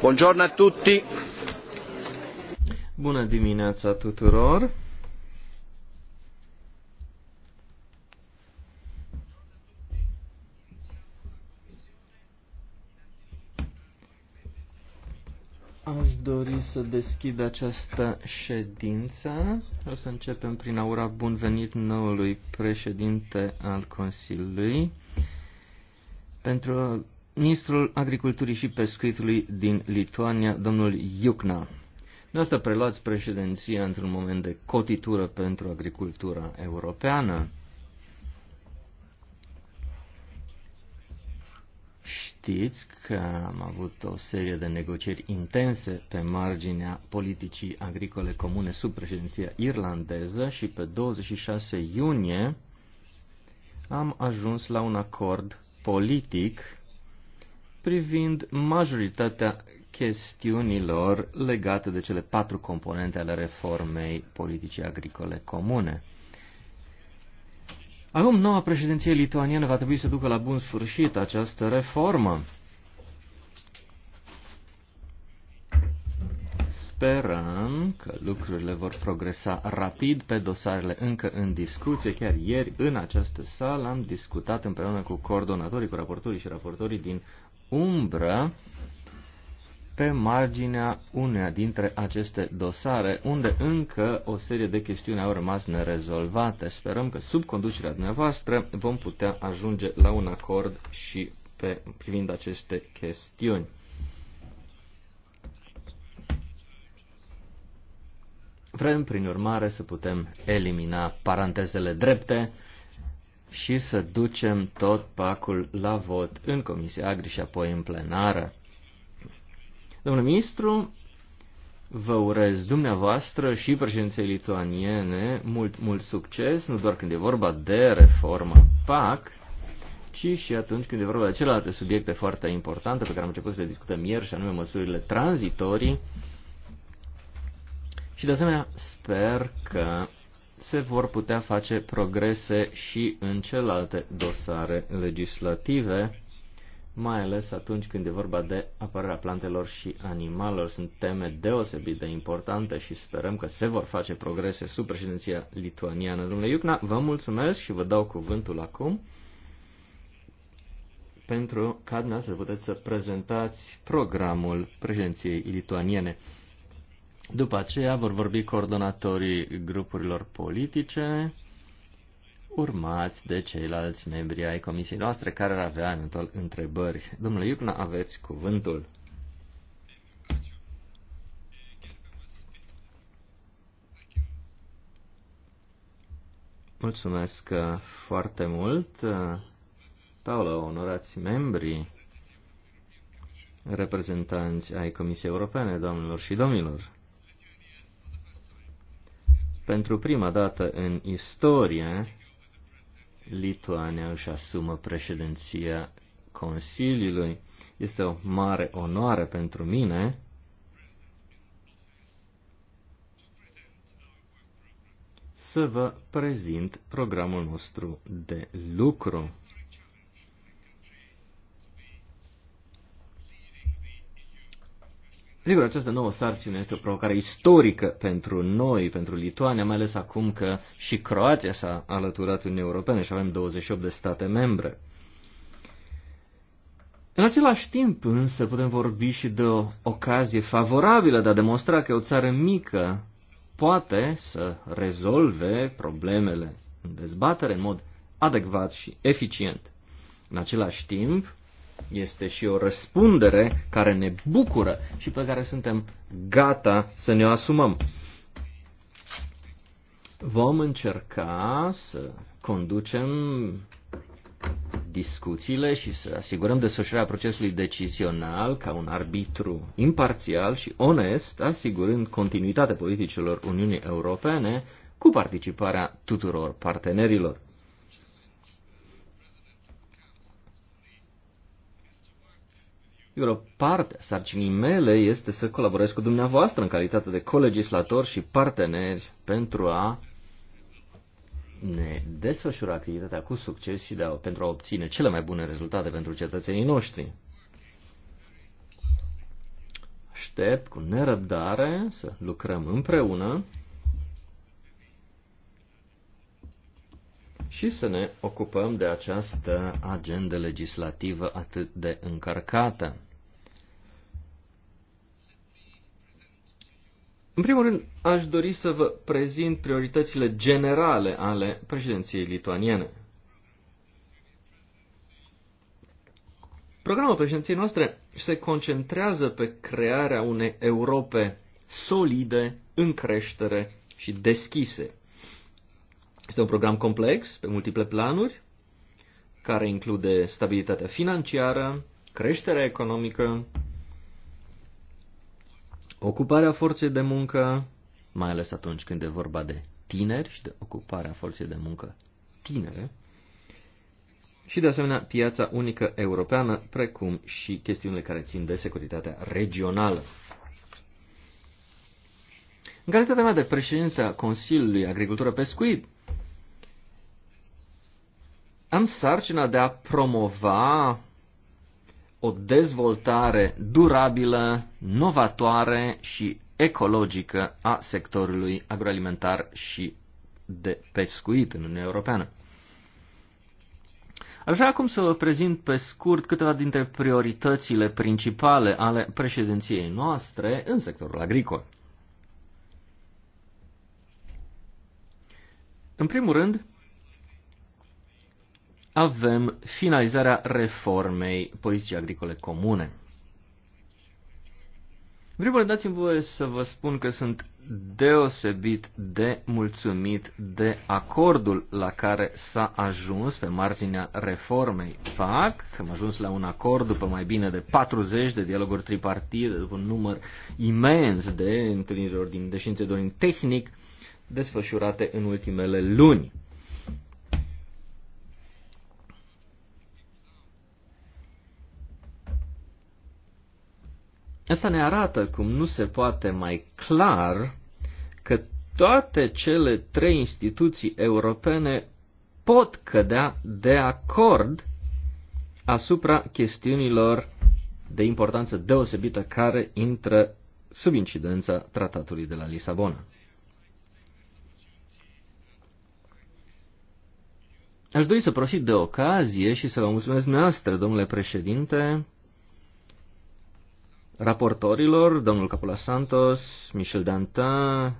Buongiorno a tutti. Bună dimineața tuturor. să deschid această ședință. O să începem prin a ura bun venit noului președinte al Consiliului pentru ministrul Agriculturii și Pescuitului din Lituania, domnul Iucna. De asta preluați președinția într-un moment de cotitură pentru agricultura europeană. știți că am avut o serie de negocieri intense pe marginea politicii agricole comune sub președinția irlandeză și pe 26 iunie am ajuns la un acord politic privind majoritatea chestiunilor legate de cele patru componente ale reformei politicii agricole comune. Acum, noua președinție lituaniană va trebui să ducă la bun sfârșit această reformă. Sperăm că lucrurile vor progresa rapid pe dosarele încă în discuție. Chiar ieri, în această sală, am discutat împreună cu coordonatorii, cu raportorii și raportorii din umbră pe marginea uneia dintre aceste dosare, unde încă o serie de chestiuni au rămas nerezolvate. Sperăm că sub conducerea dumneavoastră vom putea ajunge la un acord și pe, privind aceste chestiuni. Vrem, prin urmare, să putem elimina parantezele drepte și să ducem tot pacul la vot în Comisia Agri și apoi în plenară. Domnule ministru, vă urez dumneavoastră și președinței lituaniene mult, mult succes, nu doar când e vorba de reforma PAC, ci și atunci când e vorba de celelalte subiecte foarte importante pe care am început să le discutăm ieri, și anume măsurile tranzitorii. Și de asemenea, sper că se vor putea face progrese și în celelalte dosare legislative mai ales atunci când e vorba de apărarea plantelor și animalelor. Sunt teme deosebit de importante și sperăm că se vor face progrese sub președinția lituaniană. Domnule Iucna, vă mulțumesc și vă dau cuvântul acum pentru ca dumneavoastră puteți să prezentați programul președinției lituaniene. După aceea vor vorbi coordonatorii grupurilor politice urmați de ceilalți membri ai comisiei noastre care ar avea eventual întrebări. Domnule Iucna, aveți cuvântul. Mulțumesc foarte mult. Paolo, onorați membri, reprezentanți ai Comisiei Europene, domnilor și domnilor. Pentru prima dată în istorie, Lituania își asumă președinția Consiliului. Este o mare onoare pentru mine să vă prezint programul nostru de lucru. Sigur, această nouă sarcină este o provocare istorică pentru noi, pentru Lituania, mai ales acum că și Croația s-a alăturat în Europene și avem 28 de state membre. În același timp, însă, putem vorbi și de o ocazie favorabilă de a demonstra că o țară mică poate să rezolve problemele în dezbatere în mod adecvat și eficient. În același timp, este și o răspundere care ne bucură și pe care suntem gata să ne o asumăm. Vom încerca să conducem discuțiile și să asigurăm desfășurarea procesului decizional ca un arbitru imparțial și onest, asigurând continuitatea politicilor Uniunii Europene cu participarea tuturor partenerilor. Iar o parte a sarcinii mele este să colaborez cu dumneavoastră în calitate de colegislator și parteneri pentru a ne desfășura activitatea cu succes și de a, pentru a obține cele mai bune rezultate pentru cetățenii noștri. Aștept cu nerăbdare să lucrăm împreună și să ne ocupăm de această agendă legislativă atât de încărcată. În primul rând, aș dori să vă prezint prioritățile generale ale președinției lituaniene. Programul președinției noastre se concentrează pe crearea unei Europe solide, în creștere și deschise. Este un program complex, pe multiple planuri, care include stabilitatea financiară, creșterea economică, ocuparea forței de muncă, mai ales atunci când e vorba de tineri și de ocuparea forței de muncă tinere, și de asemenea piața unică europeană, precum și chestiunile care țin de securitatea regională. În calitatea mea de președinte a Consiliului Agricultură Pescuit, am sarcina de a promova o dezvoltare durabilă, novatoare și ecologică a sectorului agroalimentar și de pescuit în Uniunea Europeană. Așa cum să vă prezint pe scurt câteva dintre prioritățile principale ale președinției noastre în sectorul agricol. În primul rând, avem finalizarea reformei politicii agricole comune. Vreau primul rând, dați-mi voie să vă spun că sunt deosebit de mulțumit de acordul la care s-a ajuns pe marginea reformei PAC. Am ajuns la un acord după mai bine de 40 de dialoguri tripartite, după un număr imens de întâlniri din de științe de ordin tehnic desfășurate în ultimele luni. Asta ne arată cum nu se poate mai clar că toate cele trei instituții europene pot cădea de acord asupra chestiunilor de importanță deosebită care intră sub incidența tratatului de la Lisabona. Aș dori să profit de ocazie și să vă mulțumesc dumneavoastră, domnule președinte, raportorilor, domnul Capula Santos, Michel Dantin,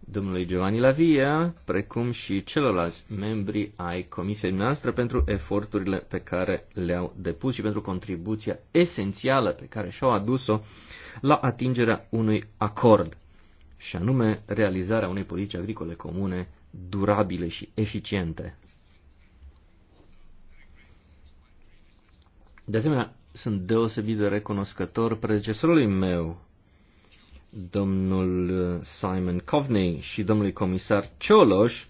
domnului Giovanni Lavia, precum și celorlalți membri ai comisiei noastre pentru eforturile pe care le-au depus și pentru contribuția esențială pe care și-au adus-o la atingerea unui acord, și anume realizarea unei politici agricole comune durabile și eficiente. De asemenea, sunt deosebit de recunoscător predecesorului meu, domnul uh, Simon Covney și domnului comisar Cioloș,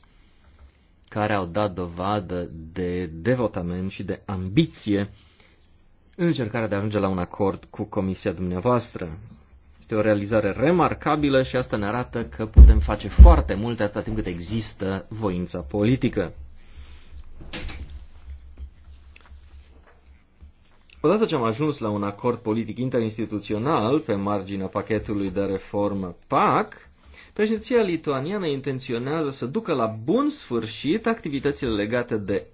care au dat dovadă de devotament și de ambiție în încercarea de a ajunge la un acord cu comisia dumneavoastră. Este o realizare remarcabilă și asta ne arată că putem face foarte multe atâta timp cât există voința politică. Odată ce am ajuns la un acord politic interinstituțional pe marginea pachetului de reformă PAC, președinția lituaniană intenționează să ducă la bun sfârșit activitățile legate de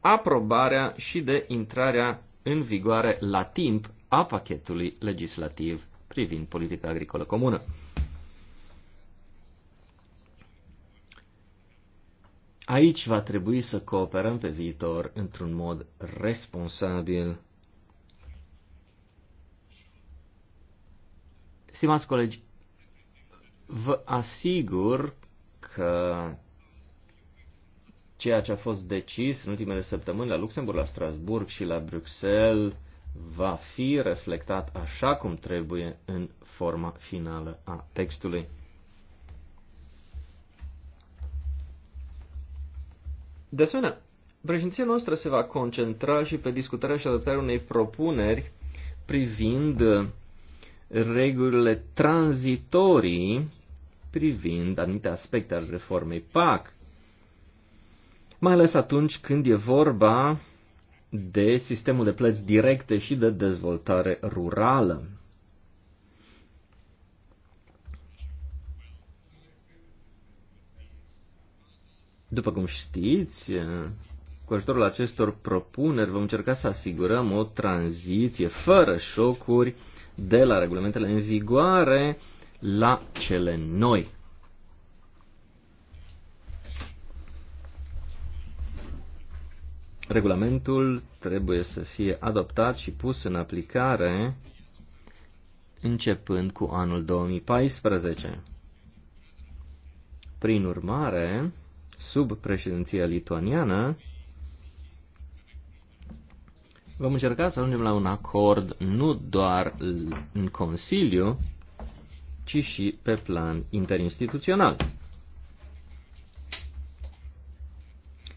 aprobarea și de intrarea în vigoare la timp a pachetului legislativ privind politica agricolă comună. Aici va trebui să cooperăm pe viitor într-un mod responsabil Stimați colegi, vă asigur că ceea ce a fost decis în ultimele săptămâni la Luxemburg, la Strasburg și la Bruxelles va fi reflectat așa cum trebuie în forma finală a textului. De asemenea, președinția noastră se va concentra și pe discutarea și adoptarea unei propuneri privind regulile tranzitorii privind anumite aspecte ale reformei PAC, mai ales atunci când e vorba de sistemul de plăți directe și de dezvoltare rurală. După cum știți, cu ajutorul acestor propuneri vom încerca să asigurăm o tranziție fără șocuri de la regulamentele în vigoare la cele noi. Regulamentul trebuie să fie adoptat și pus în aplicare începând cu anul 2014. Prin urmare, sub președinția lituaniană, vom încerca să ajungem la un acord nu doar în Consiliu, ci și pe plan interinstituțional.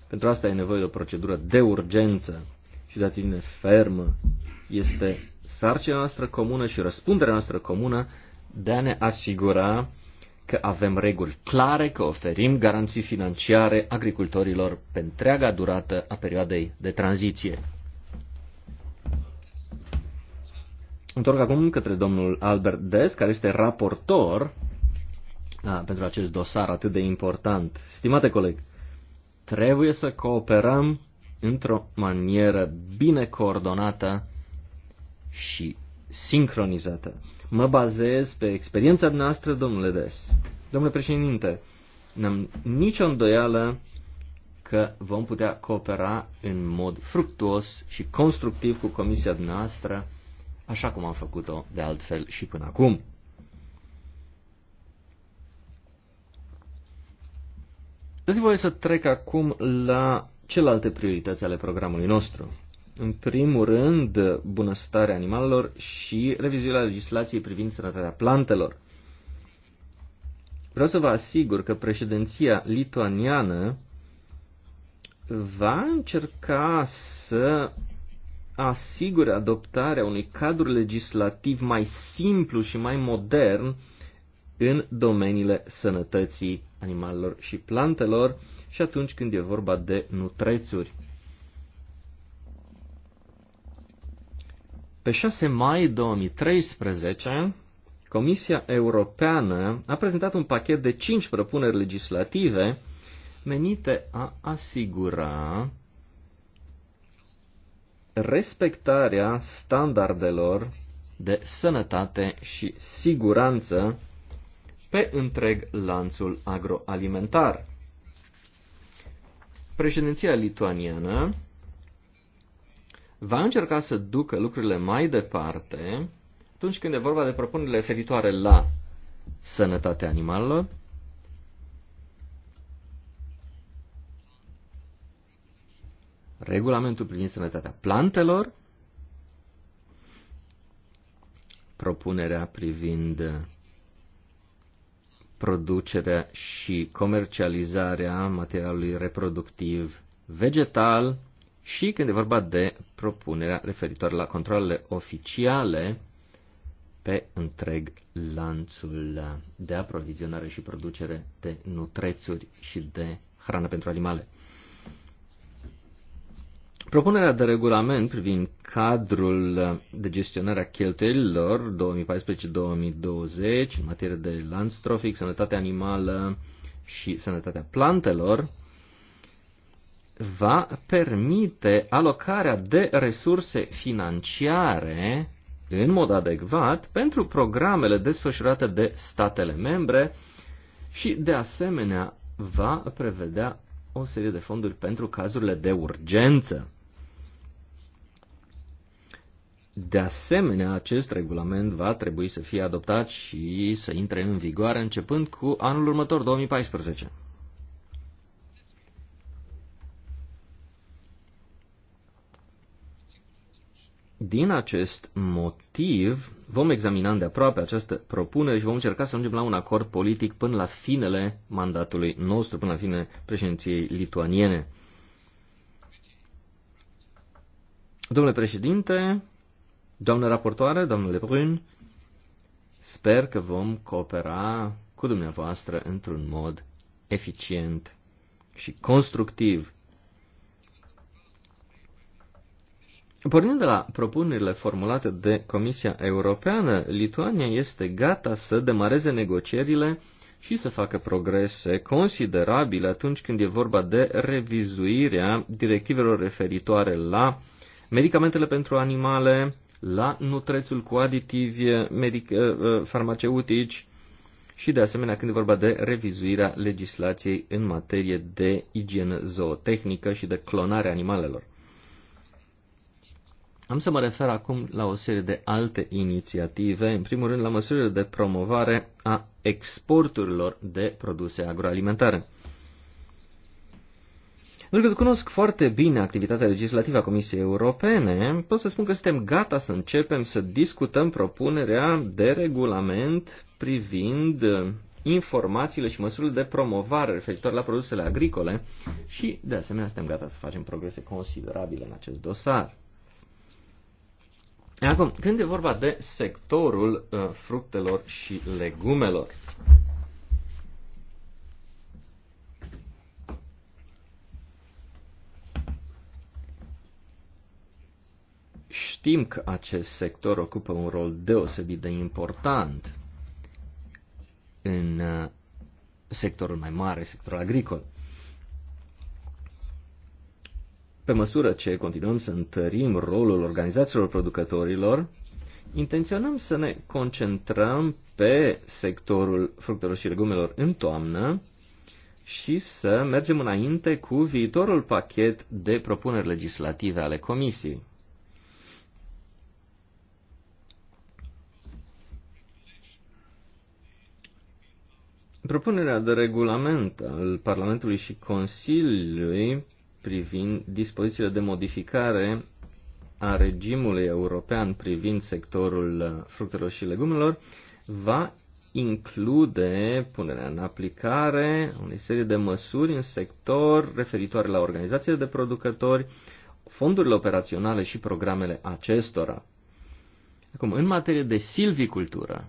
Pentru asta e nevoie de o procedură de urgență și de atitudine fermă. Este sarcina noastră comună și răspunderea noastră comună de a ne asigura că avem reguli clare, că oferim garanții financiare agricultorilor pe întreaga durată a perioadei de tranziție. întorc acum către domnul Albert Des, care este raportor a, da, pentru acest dosar atât de important. Stimate coleg, trebuie să cooperăm într-o manieră bine coordonată și sincronizată. Mă bazez pe experiența noastră, domnule Des. Domnule președinte, n-am nicio îndoială că vom putea coopera în mod fructuos și constructiv cu comisia noastră așa cum am făcut-o de altfel și până acum. Îți voi să trec acum la celelalte priorități ale programului nostru. În primul rând, bunăstarea animalelor și revizuirea legislației privind sănătatea plantelor. Vreau să vă asigur că președinția lituaniană va încerca să asigure adoptarea unui cadru legislativ mai simplu și mai modern în domeniile sănătății animalelor și plantelor și atunci când e vorba de nutrețuri. Pe 6 mai 2013, Comisia Europeană a prezentat un pachet de 5 propuneri legislative menite a asigura respectarea standardelor de sănătate și siguranță pe întreg lanțul agroalimentar. Președinția lituaniană va încerca să ducă lucrurile mai departe atunci când e vorba de propunerile referitoare la sănătatea animalelor regulamentul privind sănătatea plantelor, propunerea privind producerea și comercializarea materialului reproductiv vegetal și când e vorba de propunerea referitoare la controlele oficiale pe întreg lanțul de aprovizionare și producere de nutrețuri și de hrană pentru animale. Propunerea de regulament privind cadrul de gestionare a cheltuielilor 2014-2020 în materie de lanț trofic, sănătate animală și sănătatea plantelor va permite alocarea de resurse financiare în mod adecvat pentru programele desfășurate de statele membre și, de asemenea, va prevedea o serie de fonduri pentru cazurile de urgență. De asemenea, acest regulament va trebui să fie adoptat și să intre în vigoare începând cu anul următor, 2014. Din acest motiv, vom examina îndeaproape această propunere și vom încerca să ajungem la un acord politic până la finele mandatului nostru, până la finele președinției lituaniene. Domnule președinte, Doamnă raportoare, domnule Brun, sper că vom coopera cu dumneavoastră într-un mod eficient și constructiv. Pornind de la propunerile formulate de Comisia Europeană, Lituania este gata să demareze negocierile și să facă progrese considerabile atunci când e vorba de revizuirea directivelor referitoare la medicamentele pentru animale, la nutrețul cu aditivi medic- ă, ă, farmaceutici și, de asemenea, când e vorba de revizuirea legislației în materie de igienă zootehnică și de clonare animalelor. Am să mă refer acum la o serie de alte inițiative, în primul rând la măsurile de promovare a exporturilor de produse agroalimentare. Pentru că cunosc foarte bine activitatea legislativă a Comisiei Europene, pot să spun că suntem gata să începem să discutăm propunerea de regulament privind informațiile și măsurile de promovare referitor la produsele agricole și, de asemenea, suntem gata să facem progrese considerabile în acest dosar. Acum, când e vorba de sectorul uh, fructelor și legumelor, Știm că acest sector ocupă un rol deosebit de important în uh, sectorul mai mare, sectorul agricol. Pe măsură ce continuăm să întărim rolul organizațiilor producătorilor, intenționăm să ne concentrăm pe sectorul fructelor și legumelor în toamnă și să mergem înainte cu viitorul pachet de propuneri legislative ale Comisiei. Propunerea de regulament al Parlamentului și Consiliului privind dispozițiile de modificare a regimului european privind sectorul fructelor și legumelor va include punerea în aplicare unei serie de măsuri în sector referitoare la organizația de producători, fondurile operaționale și programele acestora. Acum, în materie de silvicultură,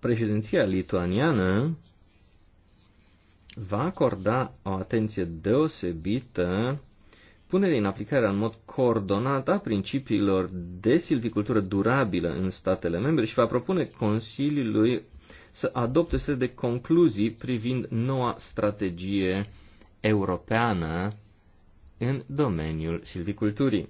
președinția lituaniană va acorda o atenție deosebită punerii în aplicare în mod coordonat a principiilor de silvicultură durabilă în statele membre și va propune Consiliului să adopte serie de concluzii privind noua strategie europeană în domeniul silviculturii.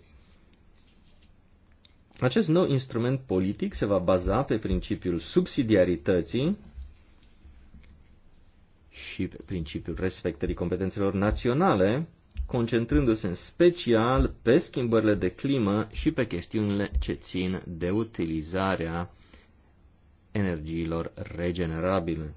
Acest nou instrument politic se va baza pe principiul subsidiarității și pe principiul respectării competențelor naționale, concentrându-se în special pe schimbările de climă și pe chestiunile ce țin de utilizarea energiilor regenerabile.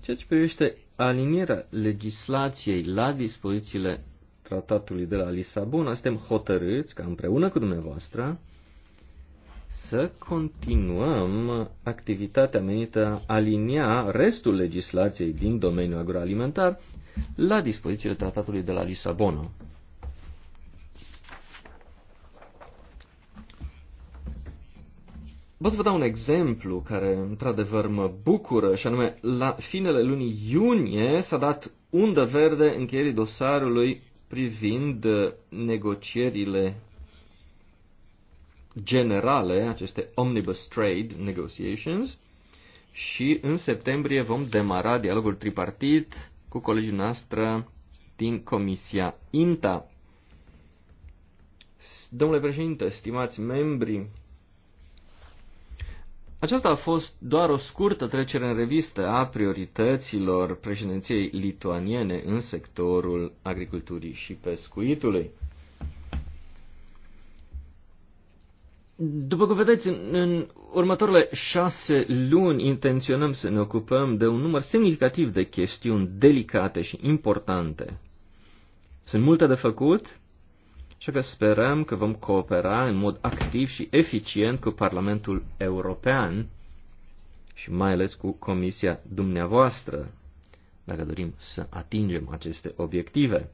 Ceea ce privește alinierea legislației la dispozițiile tratatului de la Lisabona, suntem hotărâți ca împreună cu dumneavoastră să continuăm activitatea menită a alinia restul legislației din domeniul agroalimentar la dispozițiile tratatului de la Lisabona. Pot să vă dau un exemplu care într-adevăr mă bucură, și anume, la finele lunii iunie s-a dat undă verde încheierii dosarului privind uh, negocierile generale, aceste omnibus trade negotiations, și în septembrie vom demara dialogul tripartit cu colegii noastră din Comisia INTA. Domnule președinte, stimați membri, aceasta a fost doar o scurtă trecere în revistă a priorităților președinției lituaniene în sectorul agriculturii și pescuitului. După cum vedeți, în, în următoarele șase luni intenționăm să ne ocupăm de un număr semnificativ de chestiuni delicate și importante. Sunt multe de făcut, și că sperăm că vom coopera în mod activ și eficient cu Parlamentul European și mai ales cu Comisia dumneavoastră, dacă dorim să atingem aceste obiective.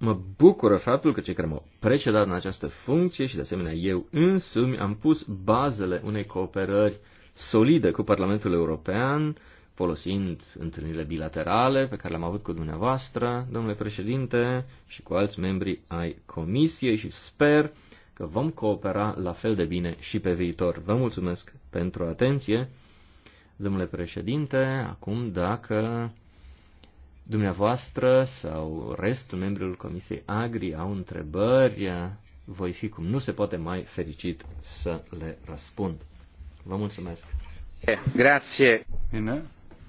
Mă bucură faptul că cei care m-au precedat în această funcție și de asemenea eu însumi am pus bazele unei cooperări solide cu Parlamentul European, folosind întâlnirile bilaterale pe care le-am avut cu dumneavoastră, domnule președinte, și cu alți membri ai comisiei și sper că vom coopera la fel de bine și pe viitor. Vă mulțumesc pentru atenție, domnule președinte. Acum, dacă dumneavoastră sau restul membrilor Comisiei Agri au întrebări, voi fi cum nu se poate mai fericit să le răspund. Vă mulțumesc. Grație. Bine.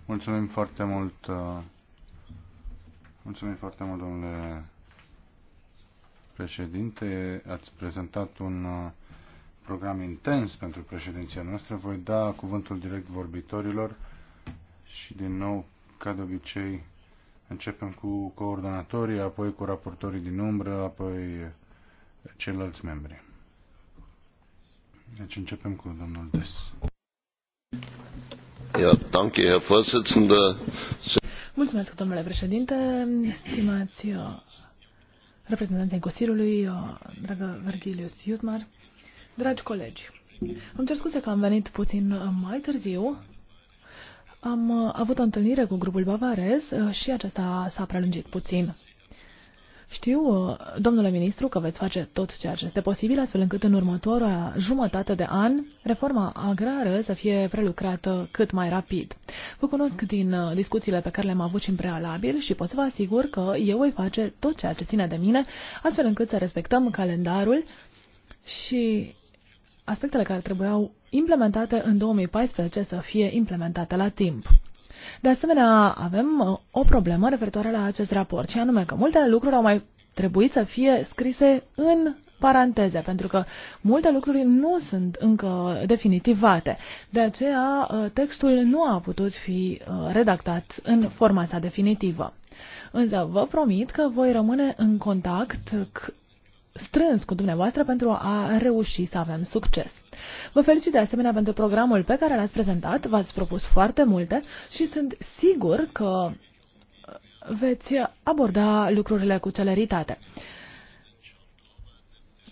Mulțumim foarte mult. Uh, mulțumim foarte mult, domnule președinte. Ați prezentat un uh, program intens pentru președinția noastră. Voi da cuvântul direct vorbitorilor și din nou, ca de obicei, începem cu coordonatorii, apoi cu raportorii din umbră, apoi ceilalți membri. Deci începem cu domnul Des. Ja, danke, Herr Vorsitzender. Mulțumesc, domnule președinte, stimați uh, reprezentanții Consiliului, uh, dragă Vergilius Iutmar, dragi colegi. Îmi cer scuze că am venit puțin uh, mai târziu. Am avut o întâlnire cu grupul bavarez și aceasta s-a prelungit puțin. Știu, domnule ministru, că veți face tot ceea ce este posibil, astfel încât în următoarea jumătate de an reforma agrară să fie prelucrată cât mai rapid. Vă cunosc din uh, discuțiile pe care le-am avut și în prealabil și pot să vă asigur că eu voi face tot ceea ce ține de mine, astfel încât să respectăm calendarul și aspectele care trebuiau implementate în 2014 să fie implementate la timp. De asemenea, avem uh, o problemă referitoare la acest raport, și anume că multe lucruri au mai trebuit să fie scrise în paranteze, pentru că multe lucruri nu sunt încă definitivate. De aceea, uh, textul nu a putut fi uh, redactat în forma sa definitivă. Însă vă promit că voi rămâne în contact strâns cu dumneavoastră pentru a reuși să avem succes. Vă felicit de asemenea pentru programul pe care l-ați prezentat, v-ați propus foarte multe și sunt sigur că veți aborda lucrurile cu celeritate.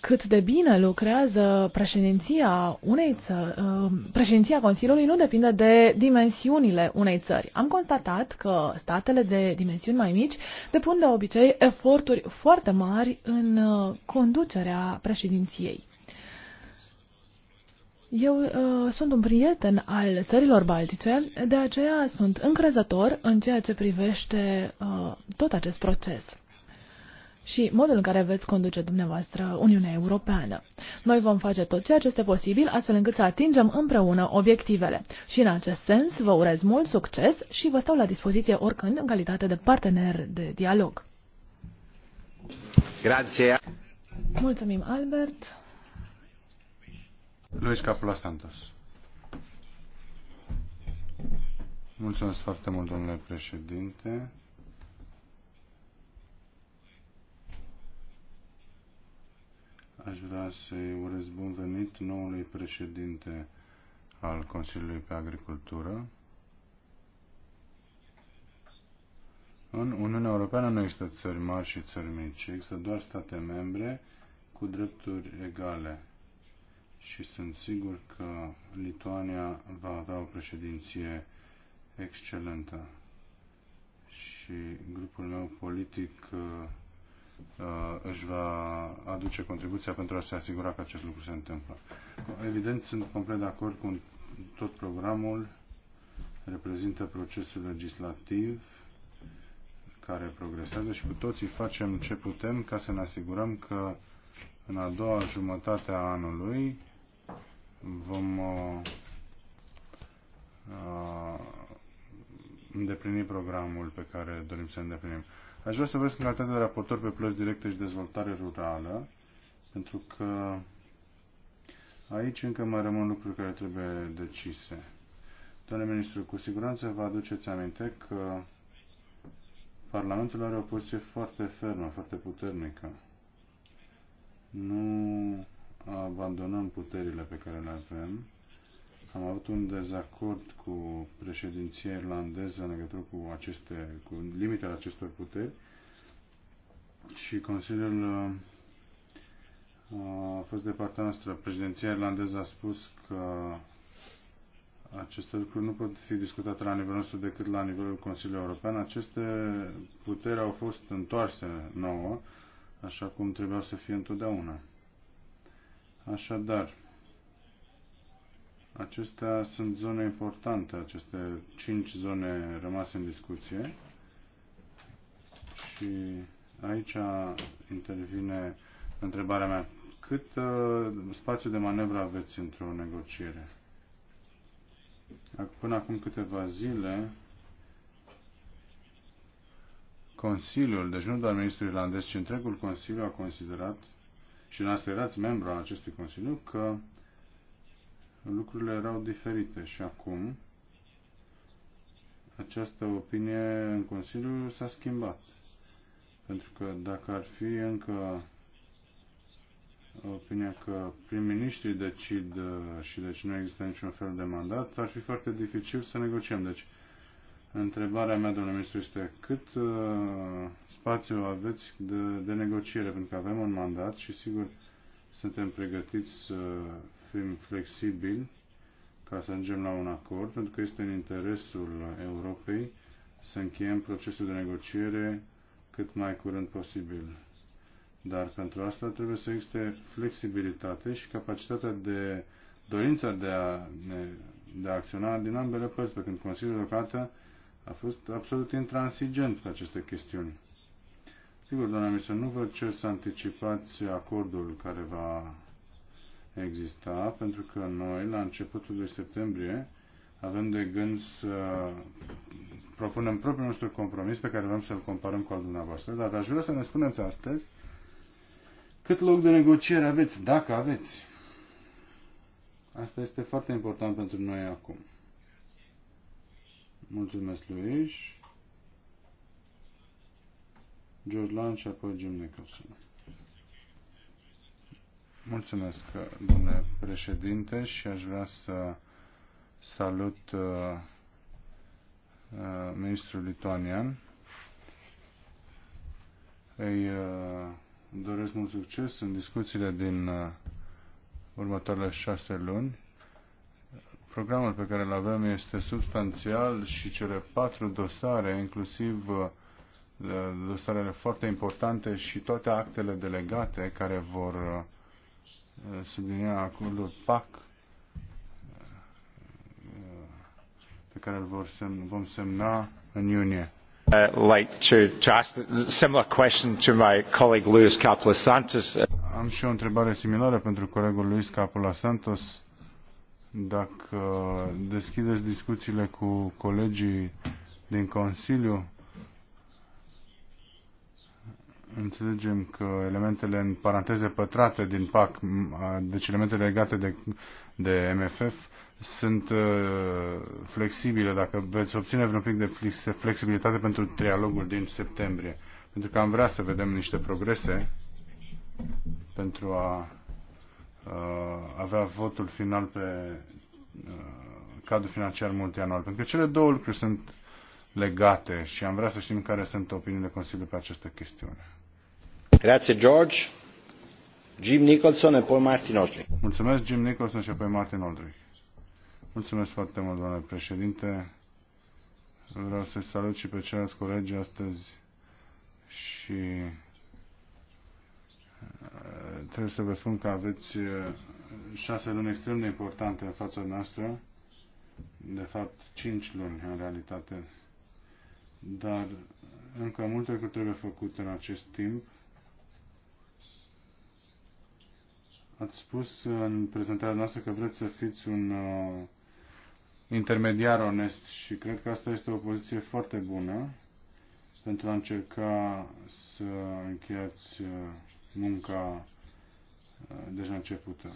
Cât de bine lucrează președinția unei țări, uh, președinția Consiliului nu depinde de dimensiunile unei țări. Am constatat că statele de dimensiuni mai mici depun de obicei eforturi foarte mari în uh, conducerea președinției. Eu uh, sunt un prieten al țărilor baltice, de aceea sunt încrezător în ceea ce privește uh, tot acest proces și modul în care veți conduce dumneavoastră Uniunea Europeană. Noi vom face tot ceea ce este posibil astfel încât să atingem împreună obiectivele. Și în acest sens vă urez mult succes și vă stau la dispoziție oricând în calitate de partener de dialog. Grazie. Mulțumim, Albert. Luis Capula Santos. Mulțumesc foarte mult, domnule președinte. Aș vrea să-i urez bun venit noului președinte al Consiliului pe Agricultură. În Uniunea Europeană nu există țări mari și țări mici, există doar state membre cu drepturi egale și sunt sigur că Lituania va avea o președinție excelentă. Și grupul meu politic uh, uh, își va aduce contribuția pentru a se asigura că acest lucru se întâmplă. Evident, sunt complet de acord cu tot programul, reprezintă procesul legislativ care progresează și cu toții facem ce putem ca să ne asigurăm că în a doua jumătate a anului vom uh, uh, îndeplini programul pe care dorim să îndeplinim. Aș vrea să vorbesc în calitate de raportor pe plăți directe și dezvoltare rurală, pentru că aici încă mai rămân lucruri care trebuie decise. Domnule ministru, cu siguranță vă aduceți aminte că Parlamentul are o poziție foarte fermă, foarte puternică. Nu abandonăm puterile pe care le avem. Am avut un dezacord cu președinția irlandeză în legătură cu, aceste, cu limitele acestor puteri și Consiliul uh, a fost de partea noastră. Președinția irlandeză a spus că aceste lucruri nu pot fi discutate la nivelul nostru decât la nivelul Consiliului European. Aceste puteri au fost întoarse nouă, așa cum trebuiau să fie întotdeauna. Așadar, acestea sunt zone importante, aceste cinci zone rămase în discuție și aici intervine întrebarea mea. Cât uh, spațiu de manevră aveți într-o negociere? Până acum câteva zile, Consiliul, deci nu doar ministrul irlandez, ci întregul Consiliu a considerat și noastră erați membru al acestui Consiliu, că lucrurile erau diferite și acum această opinie în Consiliu s-a schimbat. Pentru că dacă ar fi încă opinia că prim-ministrii decid uh, și deci nu există niciun fel de mandat, ar fi foarte dificil să negociem. Deci Întrebarea mea, domnule ministru, este cât uh, spațiu aveți de, de negociere? Pentru că avem un mandat și, sigur, suntem pregătiți să fim flexibili ca să ajungem la un acord, pentru că este în interesul Europei să încheiem procesul de negociere cât mai curând posibil. Dar pentru asta trebuie să existe flexibilitate și capacitatea de dorința de a, de a acționa din ambele părți, că în Consiliul deocamdată a fost absolut intransigent cu aceste chestiuni. Sigur, doamna Mișa, nu vă cer să anticipați acordul care va exista, pentru că noi, la începutul lui septembrie, avem de gând să propunem propriul nostru compromis pe care vrem să-l comparăm cu al dumneavoastră, dar aș vrea să ne spuneți astăzi cât loc de negociere aveți, dacă aveți. Asta este foarte important pentru noi acum. Mulțumesc, Luis. George Lan și apoi Jim Nicholson. Mulțumesc, domnule președinte, și aș vrea să salut uh, uh, ministrul lituanian. Îi uh, doresc mult succes în discuțiile din uh, următoarele șase luni Programul pe care îl avem este substanțial și cele patru dosare, inclusiv uh, dosarele foarte importante și toate actele delegate care vor uh, sublinia acordul PAC uh, pe care îl vor sem- vom semna în iunie. Uh, like to, to ask a similar question to my colleague Luis Capola Santos. Am și o întrebare similară pentru colegul Luis Capola Santos dacă deschideți discuțiile cu colegii din Consiliu, înțelegem că elementele în paranteze pătrate din PAC, deci elementele legate de, de MFF, sunt uh, flexibile, dacă veți obține vreun pic de flexibilitate pentru trialogul din septembrie. Pentru că am vrea să vedem niște progrese pentru a Uh, avea votul final pe uh, cadrul financiar multianual. Pentru că cele două lucruri sunt legate și am vrea să știm care sunt opiniile Consiliului pe această chestiune. Grazie, George. Jim Nicholson și poi Martin Oldrich. Mulțumesc, Jim Nicholson și apoi Martin Oldrich. Mulțumesc foarte mult, doamne președinte. Vreau să salut și pe ceilalți colegi astăzi și trebuie să vă spun că aveți uh, șase luni extrem de importante în fața noastră, de fapt cinci luni în realitate, dar încă multe lucruri trebuie făcute în acest timp. Ați spus uh, în prezentarea noastră că vreți să fiți un uh, intermediar onest și cred că asta este o poziție foarte bună pentru a încerca să încheiați uh, munca Uh, deja deci începută.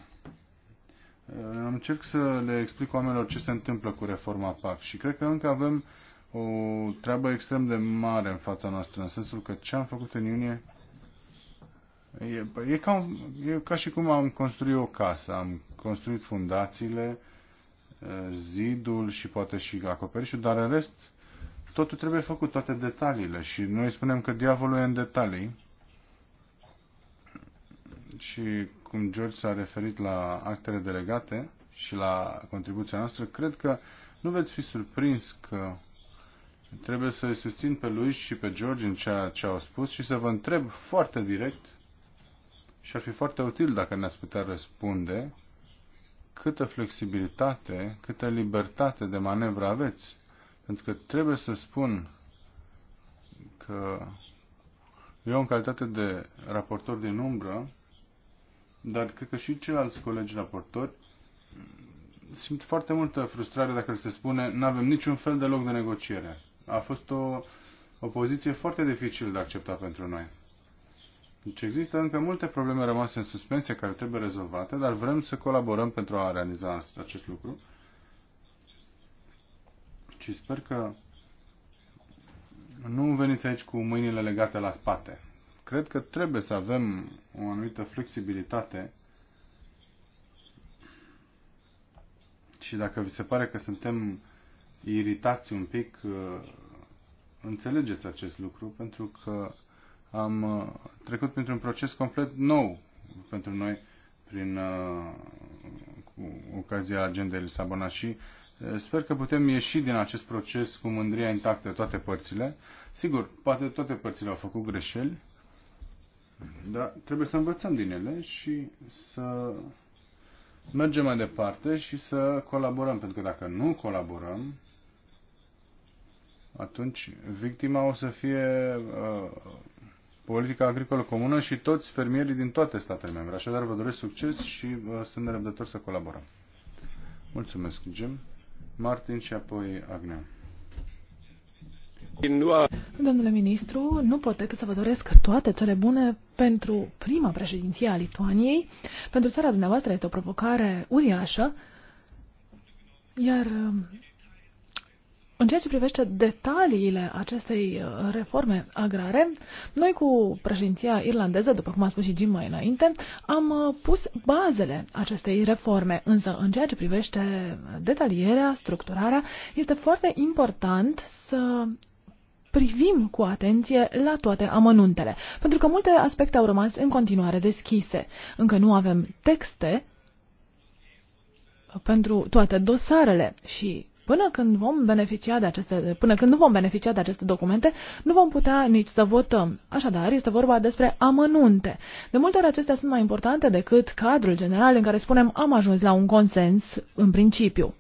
Uh, încerc să le explic oamenilor ce se întâmplă cu reforma PAC și cred că încă avem o treabă extrem de mare în fața noastră, în sensul că ce am făcut în iunie e, e, ca, e ca și cum am construit o casă, am construit fundațiile, uh, zidul și poate și acoperișul, dar în rest totul trebuie făcut, toate detaliile și noi spunem că diavolul e în detalii și cum George s-a referit la actele delegate și la contribuția noastră, cred că nu veți fi surprins că trebuie să-i susțin pe lui și pe George în ceea ce au spus și să vă întreb foarte direct și ar fi foarte util dacă ne-ați putea răspunde câtă flexibilitate, câtă libertate de manevră aveți. Pentru că trebuie să spun că eu, în calitate de raportor din umbră, dar cred că și ceilalți colegi raportori simt foarte multă frustrare dacă se spune nu avem niciun fel de loc de negociere. A fost o, o poziție foarte dificil de acceptat pentru noi. Deci există încă multe probleme rămase în suspensie care trebuie rezolvate, dar vrem să colaborăm pentru a realiza acest lucru. Și sper că nu veniți aici cu mâinile legate la spate. Cred că trebuie să avem o anumită flexibilitate și dacă vi se pare că suntem iritați un pic, uh, înțelegeți acest lucru, pentru că am uh, trecut printr-un proces complet nou pentru noi prin uh, ocazia agendei Lisabona și sper că putem ieși din acest proces cu mândria intactă toate părțile. Sigur, poate toate părțile au făcut greșeli, dar trebuie să învățăm din ele și să mergem mai departe și să colaborăm, pentru că dacă nu colaborăm, atunci victima o să fie uh, politica agricolă comună și toți fermierii din toate statele membre. Așadar, vă doresc succes și uh, sunt nerăbdător să colaborăm. Mulțumesc, Jim. Martin și apoi Agnea. Domnule ministru, nu pot decât să vă doresc toate cele bune pentru prima președinție a Lituaniei. Pentru țara dumneavoastră este o provocare uriașă, iar um, în ceea ce privește detaliile acestei uh, reforme agrare, noi cu președinția irlandeză, după cum a spus și Jim mai înainte, am uh, pus bazele acestei reforme, însă în ceea ce privește detalierea, structurarea, este foarte important să privim cu atenție la toate amănuntele, pentru că multe aspecte au rămas în continuare deschise. Încă nu avem texte pentru toate dosarele și până când vom beneficia de aceste, până când nu vom beneficia de aceste documente, nu vom putea nici să votăm. Așadar, este vorba despre amănunte. De multe ori acestea sunt mai importante decât cadrul general în care spunem am ajuns la un consens în principiu.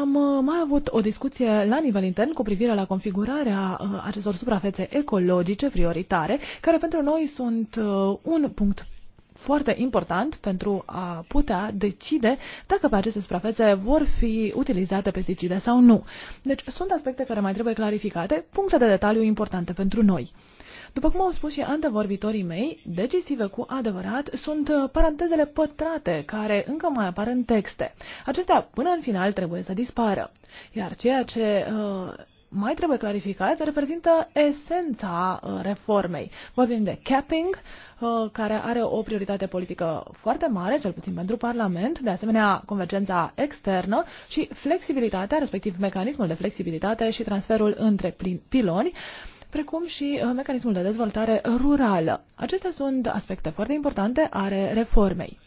Am uh, mai avut o discuție la nivel intern cu privire la configurarea uh, acestor suprafețe ecologice prioritare, care pentru noi sunt uh, un punct foarte important pentru a putea decide dacă pe aceste suprafețe vor fi utilizate pesticide sau nu. Deci sunt aspecte care mai trebuie clarificate, puncte de detaliu importante pentru noi. După cum au spus și antevorbitorii mei, decisive cu adevărat sunt uh, parantezele pătrate care încă mai apar în texte. Acestea până în final trebuie să dispară. Iar ceea ce uh, mai trebuie clarificat reprezintă esența uh, reformei. Vorbim de capping, uh, care are o prioritate politică foarte mare, cel puțin pentru Parlament, de asemenea convergența externă și flexibilitatea, respectiv mecanismul de flexibilitate și transferul între piloni, precum și uh, mecanismul de dezvoltare rurală. Acestea sunt aspecte foarte importante ale reformei.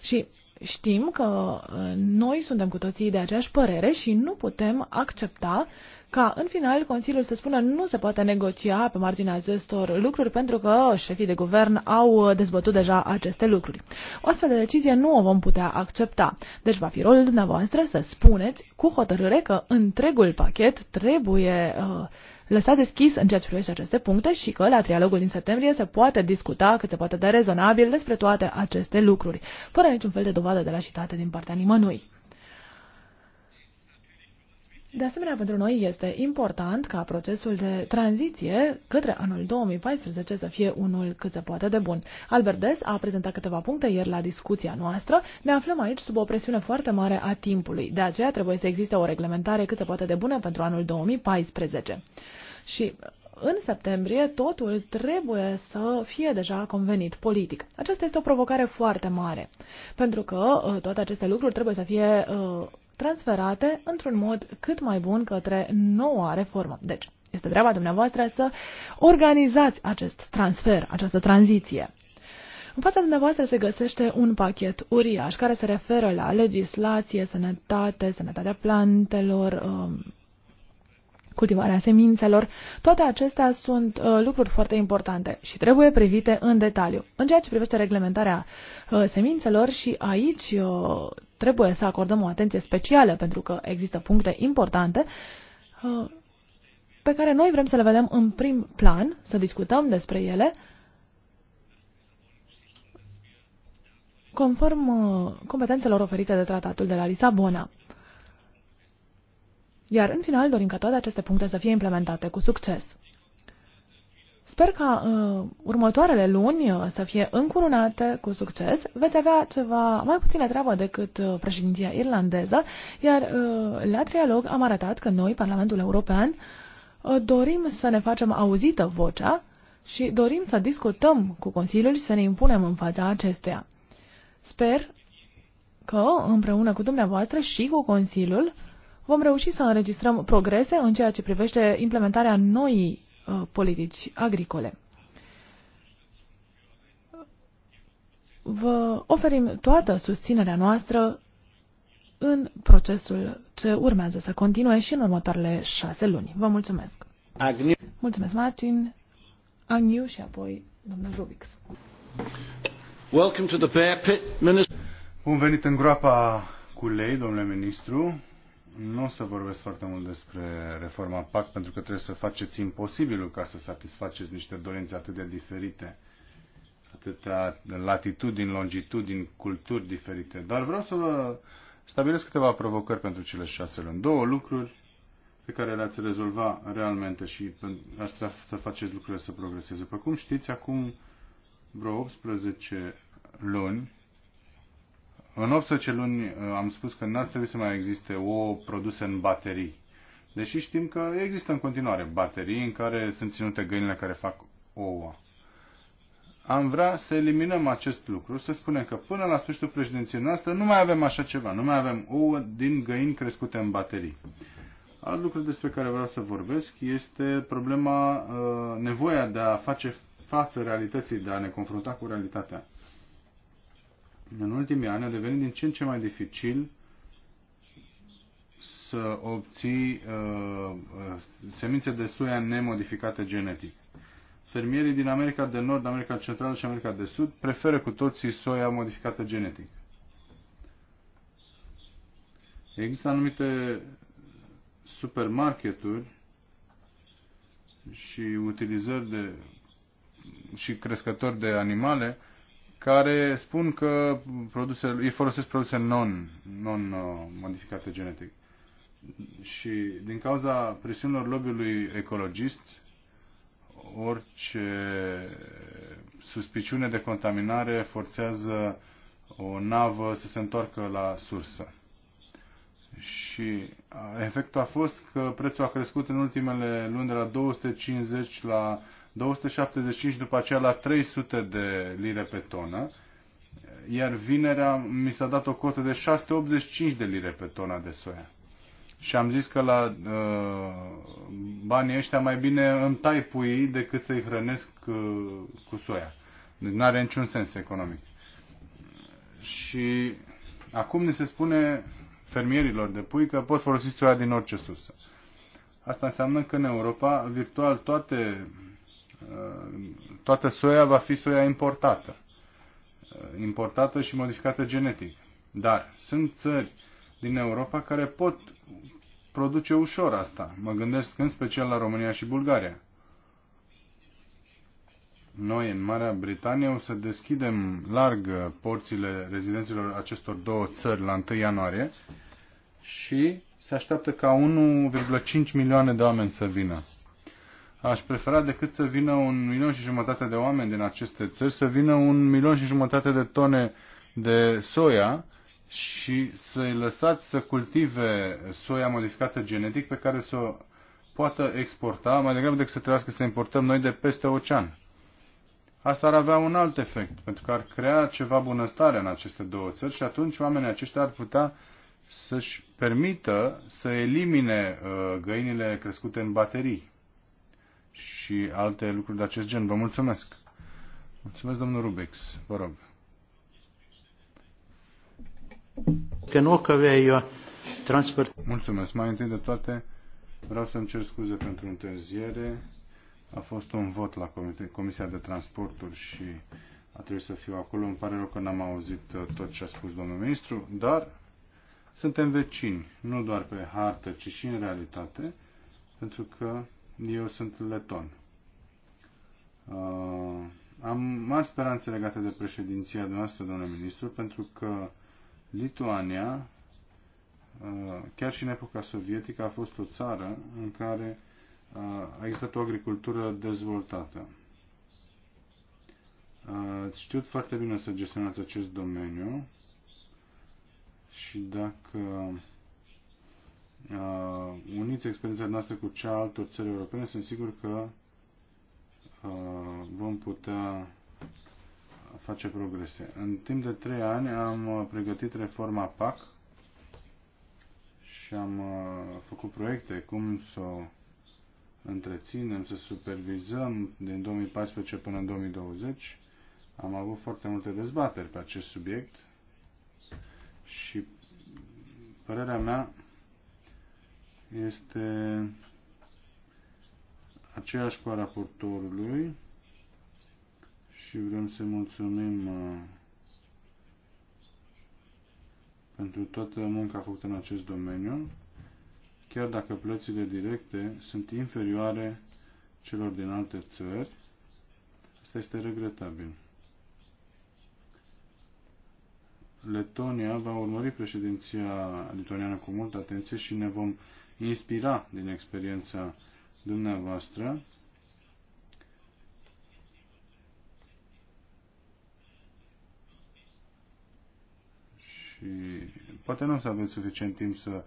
Și știm că uh, noi suntem cu toții de aceeași părere și nu putem accepta ca în final Consiliul să spună nu se poate negocia pe marginea acestor lucruri pentru că șefii de guvern au uh, dezbătut deja aceste lucruri. O astfel de decizie nu o vom putea accepta. Deci va fi rolul dumneavoastră să spuneți cu hotărâre că întregul pachet trebuie uh, lăsat deschis în ceea ce privește aceste puncte și că la trialogul din septembrie se poate discuta cât se poate de rezonabil despre toate aceste lucruri, fără niciun fel de dovadă de lașitate din partea nimănui. De asemenea, pentru noi este important ca procesul de tranziție către anul 2014 să fie unul cât se poate de bun. Albert Des a prezentat câteva puncte ieri la discuția noastră. Ne aflăm aici sub o presiune foarte mare a timpului. De aceea trebuie să existe o reglementare cât se poate de bună pentru anul 2014. Și în septembrie totul trebuie să fie deja convenit politic. Aceasta este o provocare foarte mare, pentru că uh, toate aceste lucruri trebuie să fie uh, transferate într-un mod cât mai bun către noua reformă. Deci, este treaba dumneavoastră să organizați acest transfer, această tranziție. În fața dumneavoastră se găsește un pachet uriaș care se referă la legislație, sănătate, sănătatea plantelor, um, cultivarea semințelor. Toate acestea sunt uh, lucruri foarte importante și trebuie privite în detaliu. În ceea ce privește reglementarea uh, semințelor și aici uh, trebuie să acordăm o atenție specială pentru că există puncte importante uh, pe care noi vrem să le vedem în prim plan, să discutăm despre ele, conform uh, competențelor oferite de tratatul de la Lisabona. Iar în final dorim ca toate aceste puncte să fie implementate cu succes. Sper ca uh, următoarele luni uh, să fie încurunate cu succes. Veți avea ceva mai puțină treabă decât uh, președinția irlandeză, iar uh, la trialog am arătat că noi, Parlamentul European, uh, dorim să ne facem auzită vocea și dorim să discutăm cu Consiliul și să ne impunem în fața acestuia. Sper că, împreună cu dumneavoastră și cu Consiliul, vom reuși să înregistrăm progrese în ceea ce privește implementarea noii Uh, politici agricole. Vă oferim toată susținerea noastră în procesul ce urmează să continue și în următoarele șase luni. Vă mulțumesc! Agniu. Mulțumesc, Martin, Agniu și apoi domnul Rubix. Welcome to the bear pit, Minister. Bun venit în groapa cu lei, domnule ministru. Nu o să vorbesc foarte mult despre reforma PAC, pentru că trebuie să faceți imposibilul ca să satisfaceți niște dorințe atât de diferite, atâtea latitudini, longitudini, culturi diferite. Dar vreau să vă stabilesc câteva provocări pentru cele șase luni. Două lucruri pe care le-ați rezolva realmente și ați putea să faceți lucrurile să progreseze. După cum știți, acum vreo 18 luni, în 18 luni uh, am spus că n-ar trebui să mai existe o produse în baterii. Deși știm că există în continuare baterii în care sunt ținute găinile care fac ouă. Am vrea să eliminăm acest lucru, să spunem că până la sfârșitul președinției noastre nu mai avem așa ceva, nu mai avem ouă din găini crescute în baterii. Alt lucru despre care vreau să vorbesc este problema, uh, nevoia de a face față realității, de a ne confrunta cu realitatea în ultimii ani a devenit din ce în ce mai dificil să obții uh, semințe de soia nemodificate genetic. Fermierii din America de Nord, America Centrală și America de Sud preferă cu toții soia modificată genetic. Există anumite supermarketuri și utilizări de și crescători de animale care spun că produse, ei folosesc produse non, non uh, modificate genetic. Și din cauza presiunilor lobby-ului ecologist, orice suspiciune de contaminare forțează o navă să se întoarcă la sursă. Și efectul a fost că prețul a crescut în ultimele luni de la 250 la 275 după aceea la 300 de lire pe tonă, iar vinerea mi s-a dat o cotă de 685 de lire pe tona de soia. Și am zis că la uh, banii ăștia mai bine îmi tai puii decât să-i hrănesc uh, cu soia. Deci nu are niciun sens economic. Și acum ni se spune fermierilor de pui că pot folosi soia din orice sursă. Asta înseamnă că în Europa, virtual, toate Uh, toată soia va fi soia importată. Uh, importată și modificată genetic. Dar sunt țări din Europa care pot produce ușor asta. Mă gândesc în special la România și Bulgaria. Noi, în Marea Britanie, o să deschidem larg porțile rezidenților acestor două țări la 1 ianuarie și se așteaptă ca 1,5 milioane de oameni să vină aș prefera decât să vină un milion și jumătate de oameni din aceste țări, să vină un milion și jumătate de tone de soia și să-i lăsați să cultive soia modificată genetic pe care să o poată exporta, mai degrabă decât să trebuiască să importăm noi de peste ocean. Asta ar avea un alt efect, pentru că ar crea ceva bunăstare în aceste două țări și atunci oamenii aceștia ar putea să-și permită să elimine uh, găinile crescute în baterii și alte lucruri de acest gen. Vă mulțumesc! Mulțumesc, domnul Rubex. Vă rog. transport. Mulțumesc. Mai întâi de toate, vreau să-mi cer scuze pentru întârziere. A fost un vot la Comisia de Transporturi și a trebuit să fiu acolo. Îmi pare rău că n-am auzit uh, tot ce a spus domnul ministru, dar suntem vecini, nu doar pe hartă, ci și în realitate, pentru că eu sunt leton. Uh, am mari speranțe legate de președinția dumneavoastră, domnule ministru, pentru că Lituania, uh, chiar și în epoca sovietică, a fost o țară în care uh, a existat o agricultură dezvoltată. Uh, știut foarte bine să gestionați acest domeniu și dacă Uh, uniți experiența noastră cu cea altor țări europene, sunt sigur că uh, vom putea face progrese. În timp de trei ani am uh, pregătit reforma PAC și am făcut proiecte cum să o întreținem, să supervizăm din 2014 până în 2020. Am avut foarte multe dezbateri pe acest subiect și părerea mea este aceeași cu a raportorului și vrem să mulțumim uh, pentru toată munca făcută în acest domeniu, chiar dacă plățile directe sunt inferioare celor din alte țări. Asta este regretabil. Letonia va urmări președinția lituaniană cu multă atenție și ne vom inspira din experiența dumneavoastră. Și poate nu o să aveți suficient timp să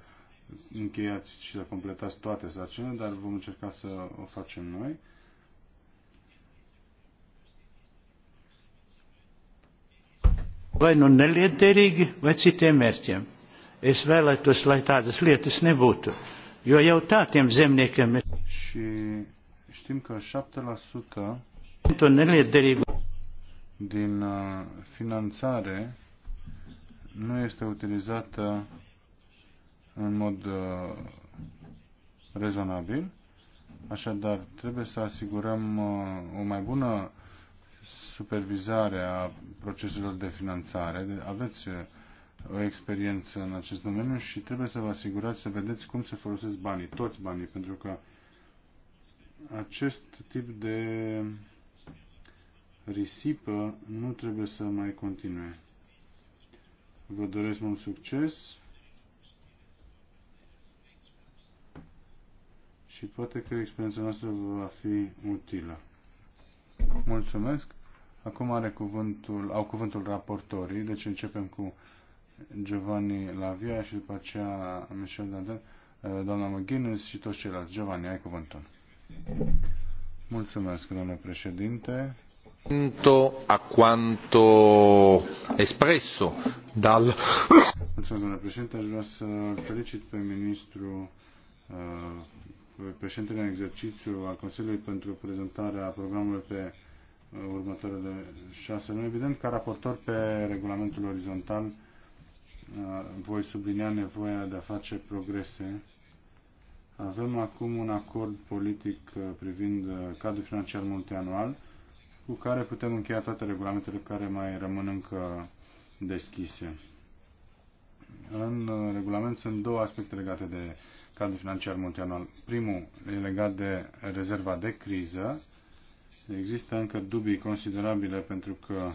încheiați și să completați toate sarcinile, dar vom încerca să o facem noi. vai nu neliederīgi, vai citiem mērķiem. Es vēlētos, lai tādas lietas nebūtu. Eu eu tatem da, zemne că... Și știm că 7% din uh, finanțare nu este utilizată în mod uh, rezonabil. Așadar, trebuie să asigurăm uh, o mai bună supervizare a proceselor de finanțare. Aveți o experiență în acest domeniu și trebuie să vă asigurați să vedeți cum se folosesc banii, toți banii, pentru că acest tip de risipă nu trebuie să mai continue. Vă doresc mult succes și poate că experiența noastră va fi utilă. Mulțumesc! Acum are cuvântul, au cuvântul raportorii, deci începem cu Giovanni Lavia și după aceea Michel Danton, eh, doamna McGuinness și toți ceilalți. Giovanni, ai cuvântul. Mulțumesc, domnule președinte. A quanto espresso dal... Mulțumesc, domnule președinte. Aș vrea să felicit pe ministru eh, președintele în exercițiu al Consiliului pentru prezentarea programului pe eh, următoarele șase luni, evident, ca raportor pe regulamentul orizontal voi sublinia nevoia de a face progrese. Avem acum un acord politic uh, privind uh, cadrul financiar multianual cu care putem încheia toate regulamentele care mai rămân încă deschise. În uh, regulament sunt două aspecte legate de cadrul financiar multianual. Primul e legat de rezerva de criză. Există încă dubii considerabile pentru că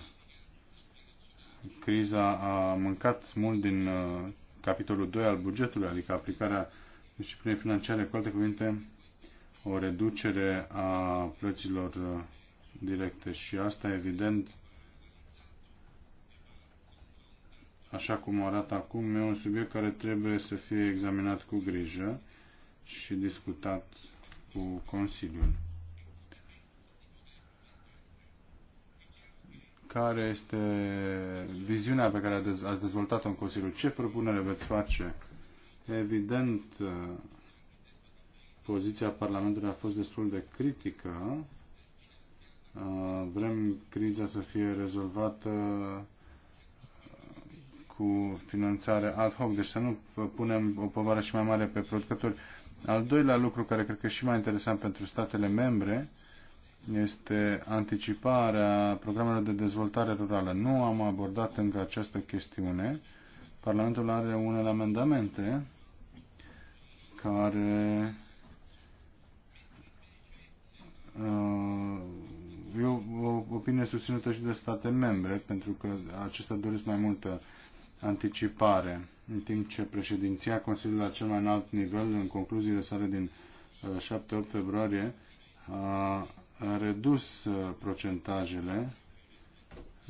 criza a mâncat mult din uh, capitolul 2 al bugetului, adică aplicarea disciplinei financiare, cu alte cuvinte, o reducere a plăților uh, directe și asta, evident, așa cum arată acum, e un subiect care trebuie să fie examinat cu grijă și discutat cu Consiliul. care este viziunea pe care ați dezvoltat-o în Consiliu? Ce propunere veți face? Evident, poziția Parlamentului a fost destul de critică. Vrem criza să fie rezolvată uh, cu finanțare ad hoc, deci să nu punem o povară și mai mare pe producători. Al doilea lucru care cred că e și mai interesant pentru statele membre este anticiparea programelor de dezvoltare rurală. Nu am abordat încă această chestiune. Parlamentul are unele amendamente care uh, eu o opinie susținută și de state membre, pentru că acestea doresc mai multă anticipare, în timp ce președinția Consiliului la cel mai înalt nivel, în concluziile sale din 7-8 uh, februarie, a a redus uh, procentajele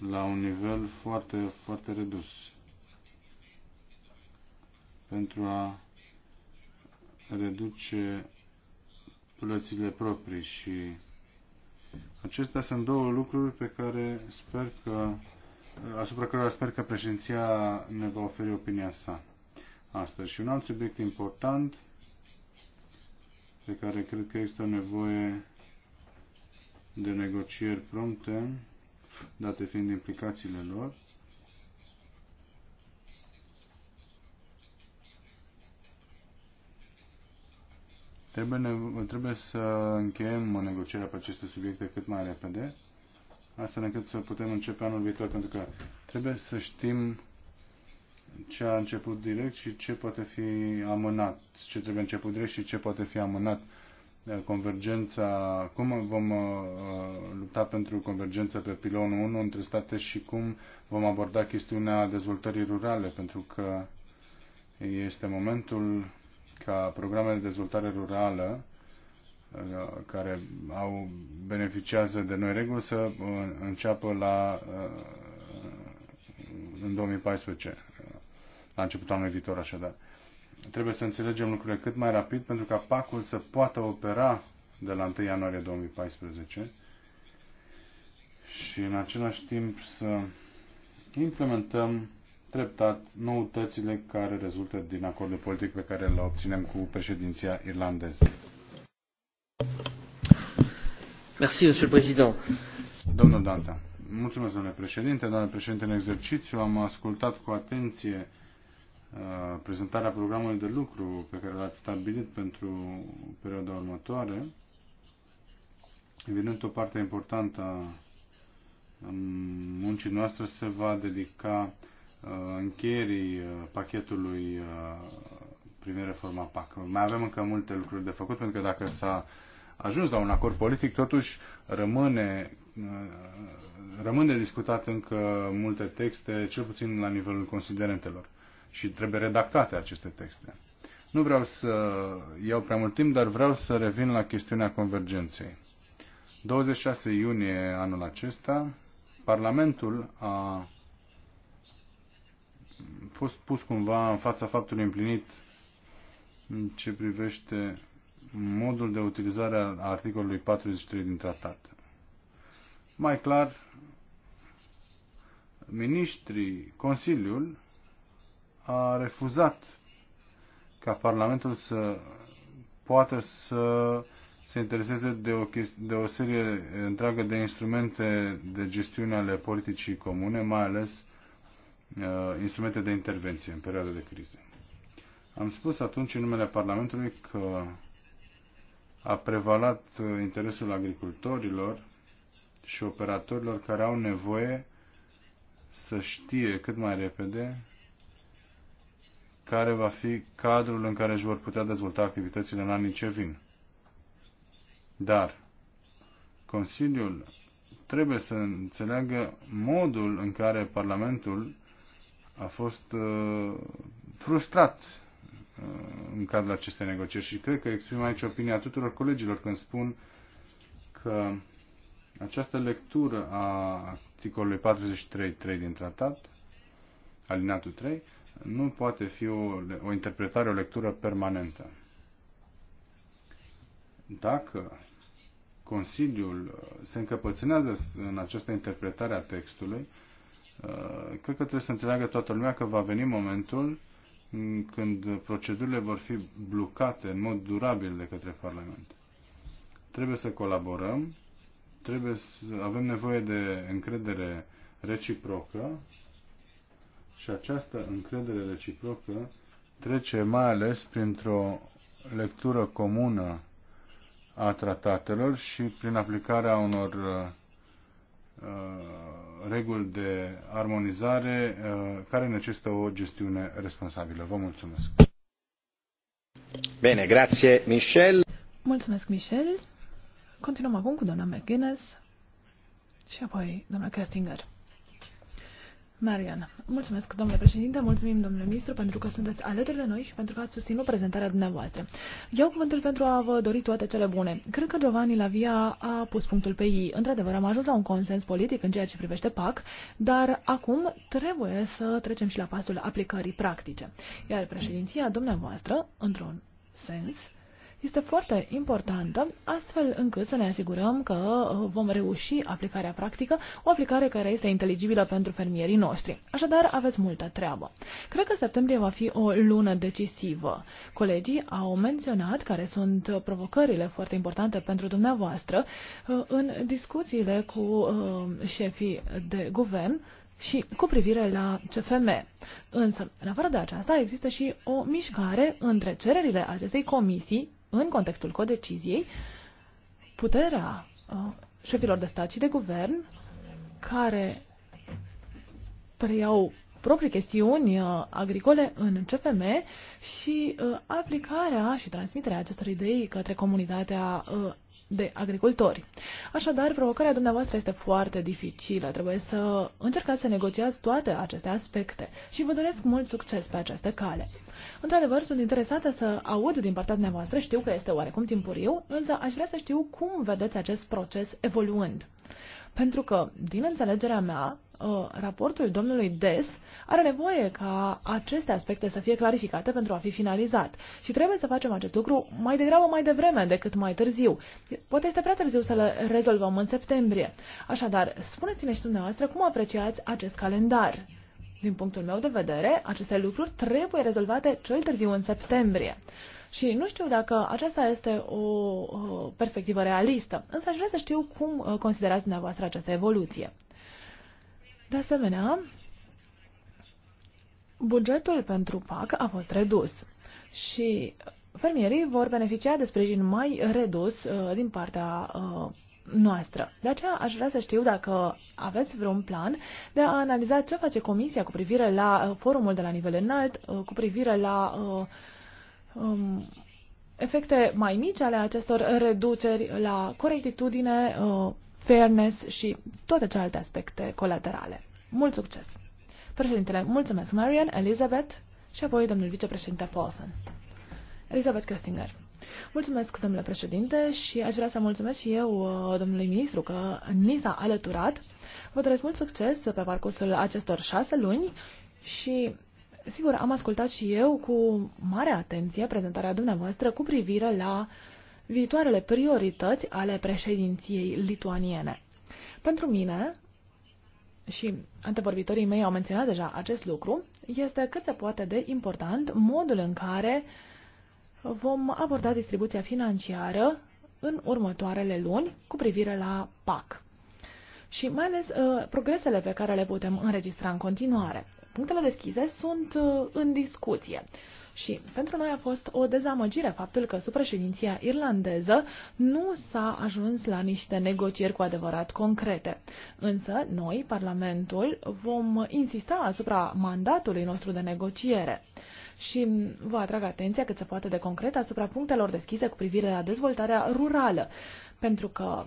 la un nivel foarte, foarte redus pentru a reduce plățile proprii și acestea sunt două lucruri pe care sper că asupra cărora sper că președinția ne va oferi opinia sa astăzi. Și un alt subiect important pe care cred că este o nevoie de negocieri prompte, date fiind implicațiile lor. Trebuie, trebuie să încheiem negocierea pe aceste subiecte cât mai repede, astfel încât să putem începe anul viitor, pentru că trebuie să știm ce a început direct și ce poate fi amânat, ce trebuie început direct și ce poate fi amânat Eh, convergența, cum vom eh, eh, lupta pentru convergență pe pilonul 1 între state și cum vom aborda chestiunea dezvoltării rurale, pentru că este momentul ca programele de dezvoltare rurală care au, beneficiază de noi reguli să înceapă la, în 2014, la începutul anului viitor așadar. Trebuie să înțelegem lucrurile cât mai rapid pentru ca pacul să poată opera de la 1 ianuarie 2014 și în același timp să implementăm treptat noutățile care rezultă din acordul politic pe care îl obținem cu președinția irlandeză. Merci, Monsieur le Président. Domnul Danta, mulțumesc, domnule președinte. Domnule președinte, în exercițiu am ascultat cu atenție Uh, prezentarea programului de lucru pe care l-ați stabilit pentru perioada următoare. Evident, o parte importantă a muncii noastre se va dedica uh, încheierii uh, pachetului prin reforma PAC. Mai avem încă multe lucruri de făcut, pentru că dacă s-a ajuns la un acord politic, totuși rămâne, rămân de discutat încă multe texte, cel puțin la nivelul considerentelor și trebuie redactate aceste texte. Nu vreau să iau prea mult timp, dar vreau să revin la chestiunea convergenței. 26 iunie anul acesta, Parlamentul a fost pus cumva în fața faptului împlinit în ce privește modul de utilizare a articolului 43 din tratat. Mai clar, ministrii, Consiliul a refuzat ca Parlamentul să poată să se intereseze de o, de o serie întreagă de instrumente de gestiune ale politicii comune, mai ales uh, instrumente de intervenție în perioada de criză. Am spus atunci în numele Parlamentului că a prevalat uh, interesul agricultorilor și operatorilor care au nevoie să știe cât mai repede care va fi cadrul în care își vor putea dezvolta activitățile în anii ce vin. Dar Consiliul trebuie să înțeleagă modul în care Parlamentul a fost uh, frustrat uh, în cadrul acestei negocieri și cred că exprim aici opinia tuturor colegilor când spun că această lectură a articolului 43.3 din tratat, alinatul 3, nu poate fi o, o interpretare, o lectură permanentă. Dacă Consiliul uh, se încăpățânează în această interpretare a textului, uh, cred că trebuie să înțeleagă toată lumea că va veni momentul când procedurile vor fi blocate în mod durabil de către Parlament. Trebuie să colaborăm, trebuie să avem nevoie de încredere reciprocă și această încredere reciprocă trece mai ales printr-o lectură comună a tratatelor și prin aplicarea unor uh, uh, reguli de armonizare uh, care necesită o gestiune responsabilă. Vă mulțumesc. Bine, grație, Michel. Mulțumesc, Michel. Continuăm acum cu doamna McGuinness și apoi doamna Castinger. Marian. Mulțumesc, domnule președinte, mulțumim, domnule ministru, pentru că sunteți alături de noi și pentru că ați susținut prezentarea dumneavoastră. Iau cuvântul pentru a vă dori toate cele bune. Cred că Giovanni Lavia a pus punctul pe ei. Într-adevăr, am ajuns la un consens politic în ceea ce privește PAC, dar acum trebuie să trecem și la pasul aplicării practice. Iar președinția dumneavoastră, într-un sens, este foarte importantă, astfel încât să ne asigurăm că uh, vom reuși aplicarea practică, o aplicare care este inteligibilă pentru fermierii noștri. Așadar, aveți multă treabă. Cred că septembrie va fi o lună decisivă. Colegii au menționat care sunt provocările foarte importante pentru dumneavoastră uh, în discuțiile cu uh, șefii de guvern și cu privire la CFM. Însă, în afară de aceasta, există și o mișcare între cererile acestei comisii în contextul codeciziei, puterea uh, șefilor de stat și de guvern care preiau proprii chestiuni uh, agricole în CFM și uh, aplicarea și transmiterea acestor idei către comunitatea de agricultori. Așadar, provocarea dumneavoastră este foarte dificilă. Trebuie să încercați să negociați toate aceste aspecte și vă doresc mult succes pe această cale. Într-adevăr, sunt interesată să aud din partea dumneavoastră, știu că este oarecum timpuriu, însă aș vrea să știu cum vedeți acest proces evoluând. Pentru că, din înțelegerea mea, uh, raportul domnului Des are nevoie ca aceste aspecte să fie clarificate pentru a fi finalizat. Și trebuie să facem acest lucru mai degrabă mai devreme decât mai târziu. Poate este prea târziu să le rezolvăm în septembrie. Așadar, spuneți-ne și dumneavoastră cum apreciați acest calendar. Din punctul meu de vedere, aceste lucruri trebuie rezolvate cel târziu în septembrie. Și nu știu dacă aceasta este o perspectivă realistă, însă aș vrea să știu cum uh, considerați dumneavoastră această evoluție. De asemenea, bugetul pentru PAC a fost redus și fermierii vor beneficia de sprijin mai redus uh, din partea uh, noastră. De aceea aș vrea să știu dacă aveți vreun plan de a analiza ce face Comisia cu privire la uh, forumul de la nivel înalt, uh, cu privire la uh, um, efecte mai mici ale acestor reduceri, la corectitudine, fairness și toate celelalte aspecte colaterale. Mult succes! Președintele, mulțumesc Marian, Elizabeth și apoi domnul vicepreședinte Paulson. Elizabeth Köstinger. Mulțumesc, domnule președinte, și aș vrea să mulțumesc și eu uh, domnului ministru că ni s-a alăturat. Vă doresc mult succes pe parcursul acestor șase luni și Sigur, am ascultat și eu cu mare atenție prezentarea dumneavoastră cu privire la viitoarele priorități ale președinției lituaniene. Pentru mine, și antevorbitorii mei au menționat deja acest lucru, este cât se poate de important modul în care uh, vom aborda distribuția financiară în următoarele luni cu privire la PAC și mai ales uh, progresele pe care le putem înregistra în continuare. Punctele deschise sunt uh, în discuție. Și pentru noi a fost o dezamăgire faptul că sub președinția irlandeză nu s-a ajuns la niște negocieri cu adevărat concrete. Însă noi, Parlamentul, vom insista asupra mandatului nostru de negociere și vă atrag atenția cât se poate de concret asupra punctelor deschise cu privire la dezvoltarea rurală, pentru că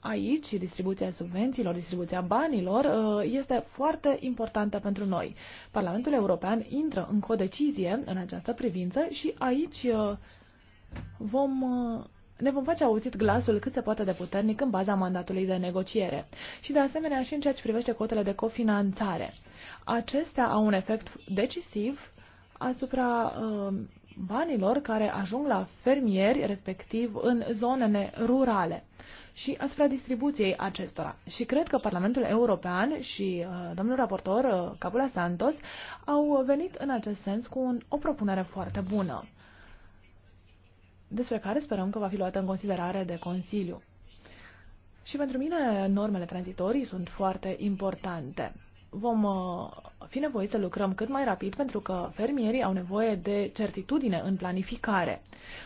aici distribuția subvențiilor, distribuția banilor uh, este foarte importantă pentru noi. Parlamentul European intră în codecizie în această privință și aici uh, vom uh, ne vom face auzit glasul cât se poate de puternic în baza mandatului de negociere și de asemenea și în ceea ce privește cotele de cofinanțare. Acestea au un efect decisiv asupra uh, banilor care ajung la fermieri, respectiv în zonele rurale și asupra distribuției acestora. Și cred că Parlamentul European și uh, domnul raportor uh, Capula Santos au venit în acest sens cu un, o propunere foarte bună, despre care sperăm că va fi luată în considerare de Consiliu. Și pentru mine normele tranzitorii sunt foarte importante vom uh, fi nevoiți să lucrăm cât mai rapid pentru că fermierii au nevoie de certitudine în planificare.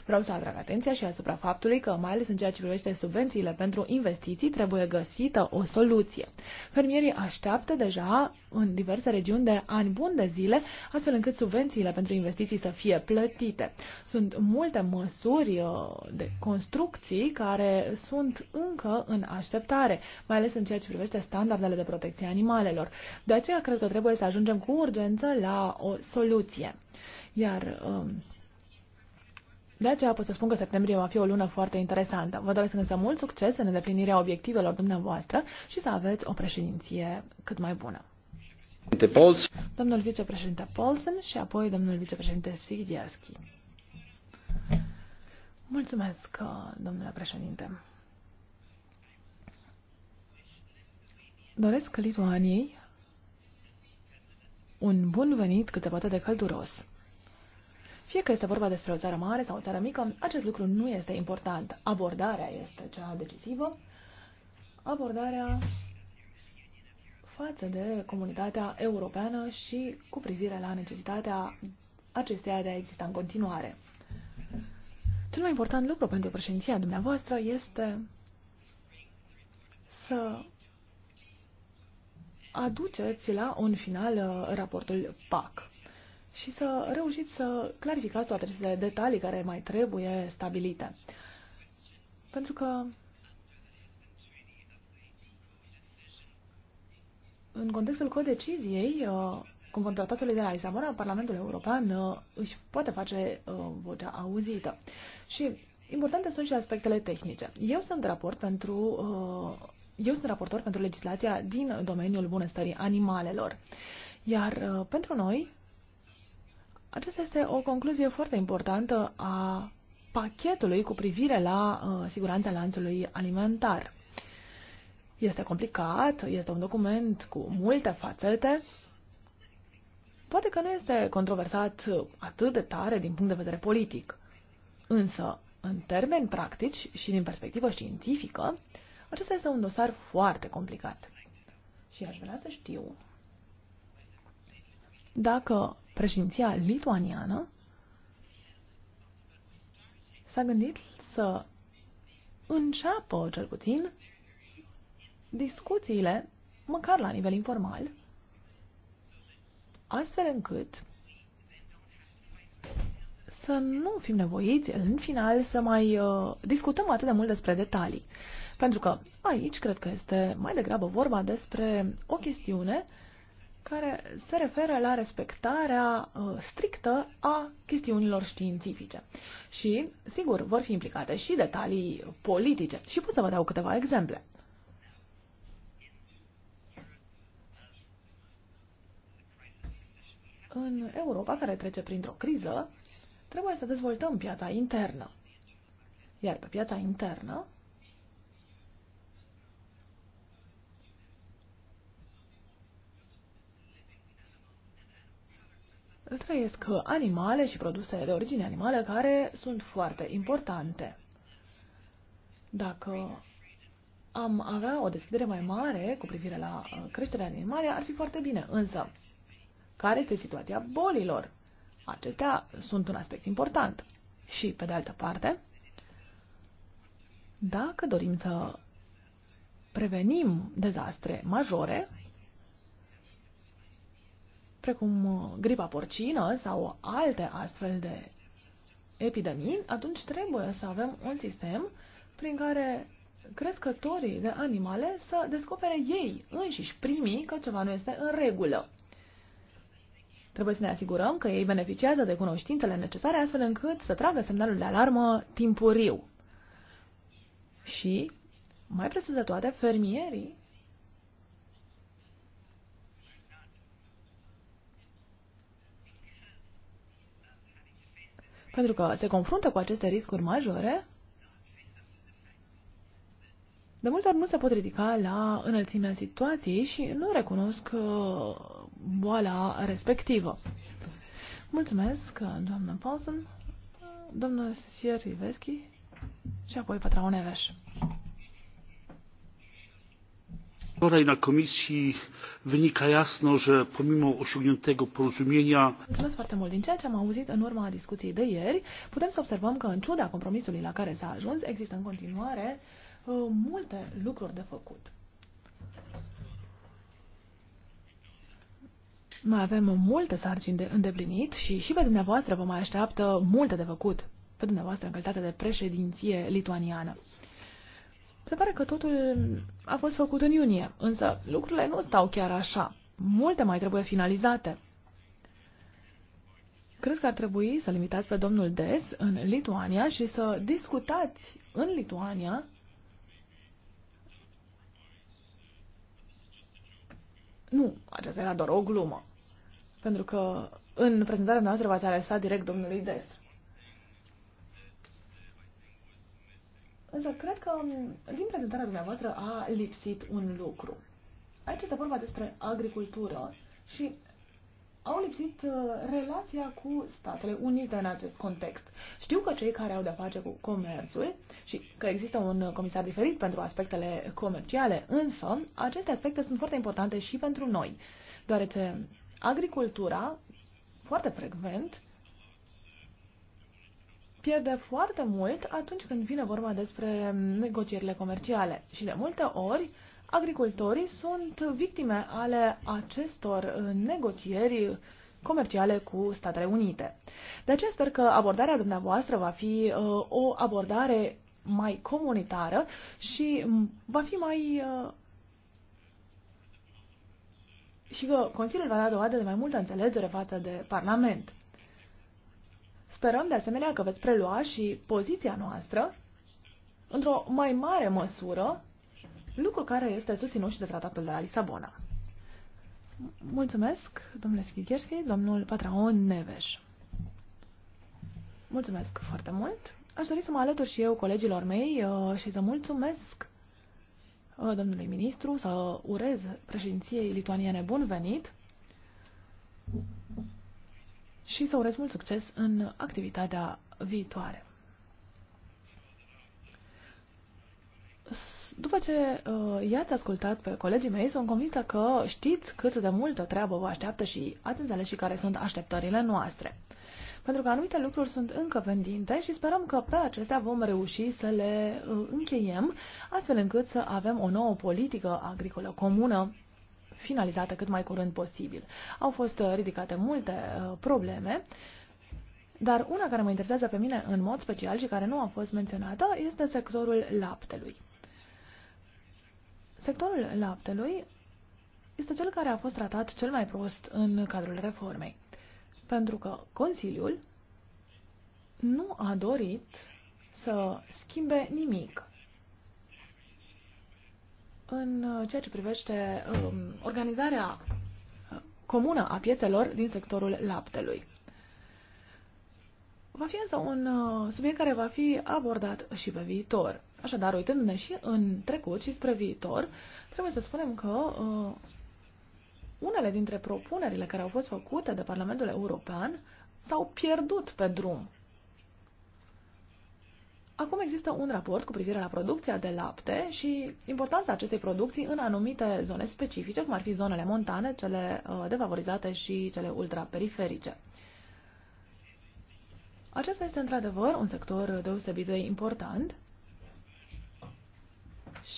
Vreau să atrag atenția și asupra faptului că, mai ales în ceea ce privește subvențiile pentru investiții, trebuie găsită o soluție. Fermierii așteaptă deja în diverse regiuni de ani buni de zile, astfel încât subvențiile pentru investiții să fie plătite. Sunt multe măsuri uh, de construcții care sunt încă în așteptare, mai ales în ceea ce privește standardele de protecție a animalelor. De aceea cred că trebuie să ajungem cu urgență la o soluție. Iar um, de aceea pot să spun că septembrie va fi o lună foarte interesantă. Vă doresc însă mult succes în îndeplinirea obiectivelor dumneavoastră și să aveți o președinție cât mai bună. Domnul vicepreședinte Paulsen și apoi domnul vicepreședinte Sigiaschi. Mulțumesc, uh, domnule președinte. Doresc Lituaniei un bun venit cât poate de călduros. Fie că este vorba despre o țară mare sau o țară mică, acest lucru nu este important. Abordarea este cea decisivă. Abordarea față de comunitatea europeană și cu privire la necesitatea acesteia de a exista în continuare. Cel mai important lucru pentru președinția dumneavoastră este să aduceți la un final uh, raportul PAC și să reușiți să clarificați toate aceste detalii care mai trebuie stabilite. Pentru că în contextul codeciziei, uh, conform tratatele de la Lisabona, Parlamentul European uh, își poate face vocea auzită. Și importante sunt și aspectele tehnice. Eu sunt raport pentru eu sunt raportor pentru legislația din domeniul bunăstării animalelor. Iar uh, pentru noi, aceasta este o concluzie foarte importantă a pachetului cu privire la uh, siguranța lanțului alimentar. Este complicat, este un document cu multe fațete. Poate că nu este controversat atât de tare din punct de vedere politic, însă, în termeni practici și din perspectivă științifică, uh, acesta este un dosar foarte complicat. Și aș vrea să știu dacă președinția lituaniană s-a gândit să înceapă, cel puțin, discuțiile, măcar la nivel informal, astfel încât să nu fim nevoiți, în final, să mai uh, discutăm atât de mult despre detalii. Pentru că aici cred că este mai degrabă vorba despre o chestiune care se referă la respectarea uh, strictă a chestiunilor științifice. Și, sigur, vor fi implicate și detalii politice. Și pot să vă dau câteva exemple. În Europa, care trece printr-o criză, Trebuie să dezvoltăm piața internă. Iar pe piața internă trăiesc animale și produse de origine animală care sunt foarte importante. Dacă am avea o deschidere mai mare cu privire la uh, creșterea animale, ar fi foarte bine. Însă, care este situația bolilor? Acestea sunt un aspect important. Și, pe de altă parte, dacă dorim să prevenim dezastre majore, precum uh, gripa porcină sau alte astfel de epidemii, atunci trebuie să avem un sistem prin care crescătorii de animale să descopere ei înșiși primii că ceva nu este în regulă. Trebuie să ne asigurăm că ei beneficiază de cunoștințele necesare astfel încât să tragă semnalul de alarmă timpuriu. Și, mai presus de toate, fermierii pentru că se confruntă cu aceste riscuri majore, de multe ori nu se pot ridica la înălțimea situației și nu recunosc uh, boala respectivă. Mulțumesc, doamnă Paulsen, domnul Sier Iveschi și apoi Pătrau Neveș. Wczoraj na komisji wynika jasno, że pomimo osiągniętego porozumienia... Mulțumesc foarte mult. Din ceea ce am auzit în urma discuției de ieri, putem să observăm că, în ciuda compromisului la care s-a ajuns, există în continuare uh, multe lucruri de făcut. Mai avem multe sarcini de îndeplinit și și pe dumneavoastră vă mai așteaptă multe de făcut, pe dumneavoastră în calitate de președinție lituaniană. Se pare că totul a fost făcut în iunie, însă lucrurile nu stau chiar așa. Multe mai trebuie finalizate. Cred că ar trebui să limitați pe domnul Des în Lituania și să discutați în Lituania nu, aceasta era doar o glumă. Pentru că în prezentarea noastră v-ați adresat direct domnului Des. Însă cred că mm, din prezentarea dumneavoastră a lipsit un lucru. Aici este vorba despre agricultură și au lipsit uh, relația cu Statele Unite în acest context. Știu că cei care au de-a face cu comerțul și că există un comisar diferit pentru aspectele comerciale, însă aceste aspecte sunt foarte importante și pentru noi, deoarece agricultura, foarte frecvent, pierde foarte mult atunci când vine vorba despre negocierile comerciale. Și de multe ori, agricultorii sunt victime ale acestor uh, negocieri comerciale cu Statele Unite. De aceea sper că abordarea dumneavoastră va fi uh, o abordare mai comunitară și va fi mai uh, și că Consiliul va da dovadă de mai multă înțelegere față de Parlament. Sperăm de asemenea că veți prelua și poziția noastră într-o mai mare măsură, lucru care este susținut și de tratatul de la Lisabona. Mulțumesc, domnule Schicherski, domnul Patraon Neveș. Mulțumesc foarte mult. Aș dori să mă alătur și eu colegilor mei uh, și să mulțumesc Uh, domnului ministru, să urez președinției lituaniene bun venit și să urez mult succes în activitatea viitoare. După ce uh, i-ați ascultat pe colegii mei, sunt convinsă că știți cât de multă treabă vă așteaptă și ați înțeles și care sunt așteptările noastre pentru că anumite lucruri sunt încă pendinte și sperăm că pe acestea vom reuși să le uh, încheiem, astfel încât să avem o nouă politică agricolă comună finalizată cât mai curând posibil. Au fost uh, ridicate multe uh, probleme, dar una care mă interesează pe mine în mod special și care nu a fost menționată este sectorul laptelui. Sectorul laptelui este cel care a fost tratat cel mai prost în cadrul reformei. Pentru că Consiliul nu a dorit să schimbe nimic în uh, ceea ce privește um, organizarea uh, comună a piețelor din sectorul laptelui. Va fi însă un uh, subiect care va fi abordat și pe viitor. Așadar, uitându-ne și în trecut și spre viitor, trebuie să spunem că uh, unele dintre propunerile care au fost făcute de Parlamentul European s-au pierdut pe drum. Acum există un raport cu privire la producția de lapte și importanța acestei producții în anumite zone specifice, cum ar fi zonele montane, cele uh, defavorizate și cele ultraperiferice. Acesta este într-adevăr un sector deosebit de important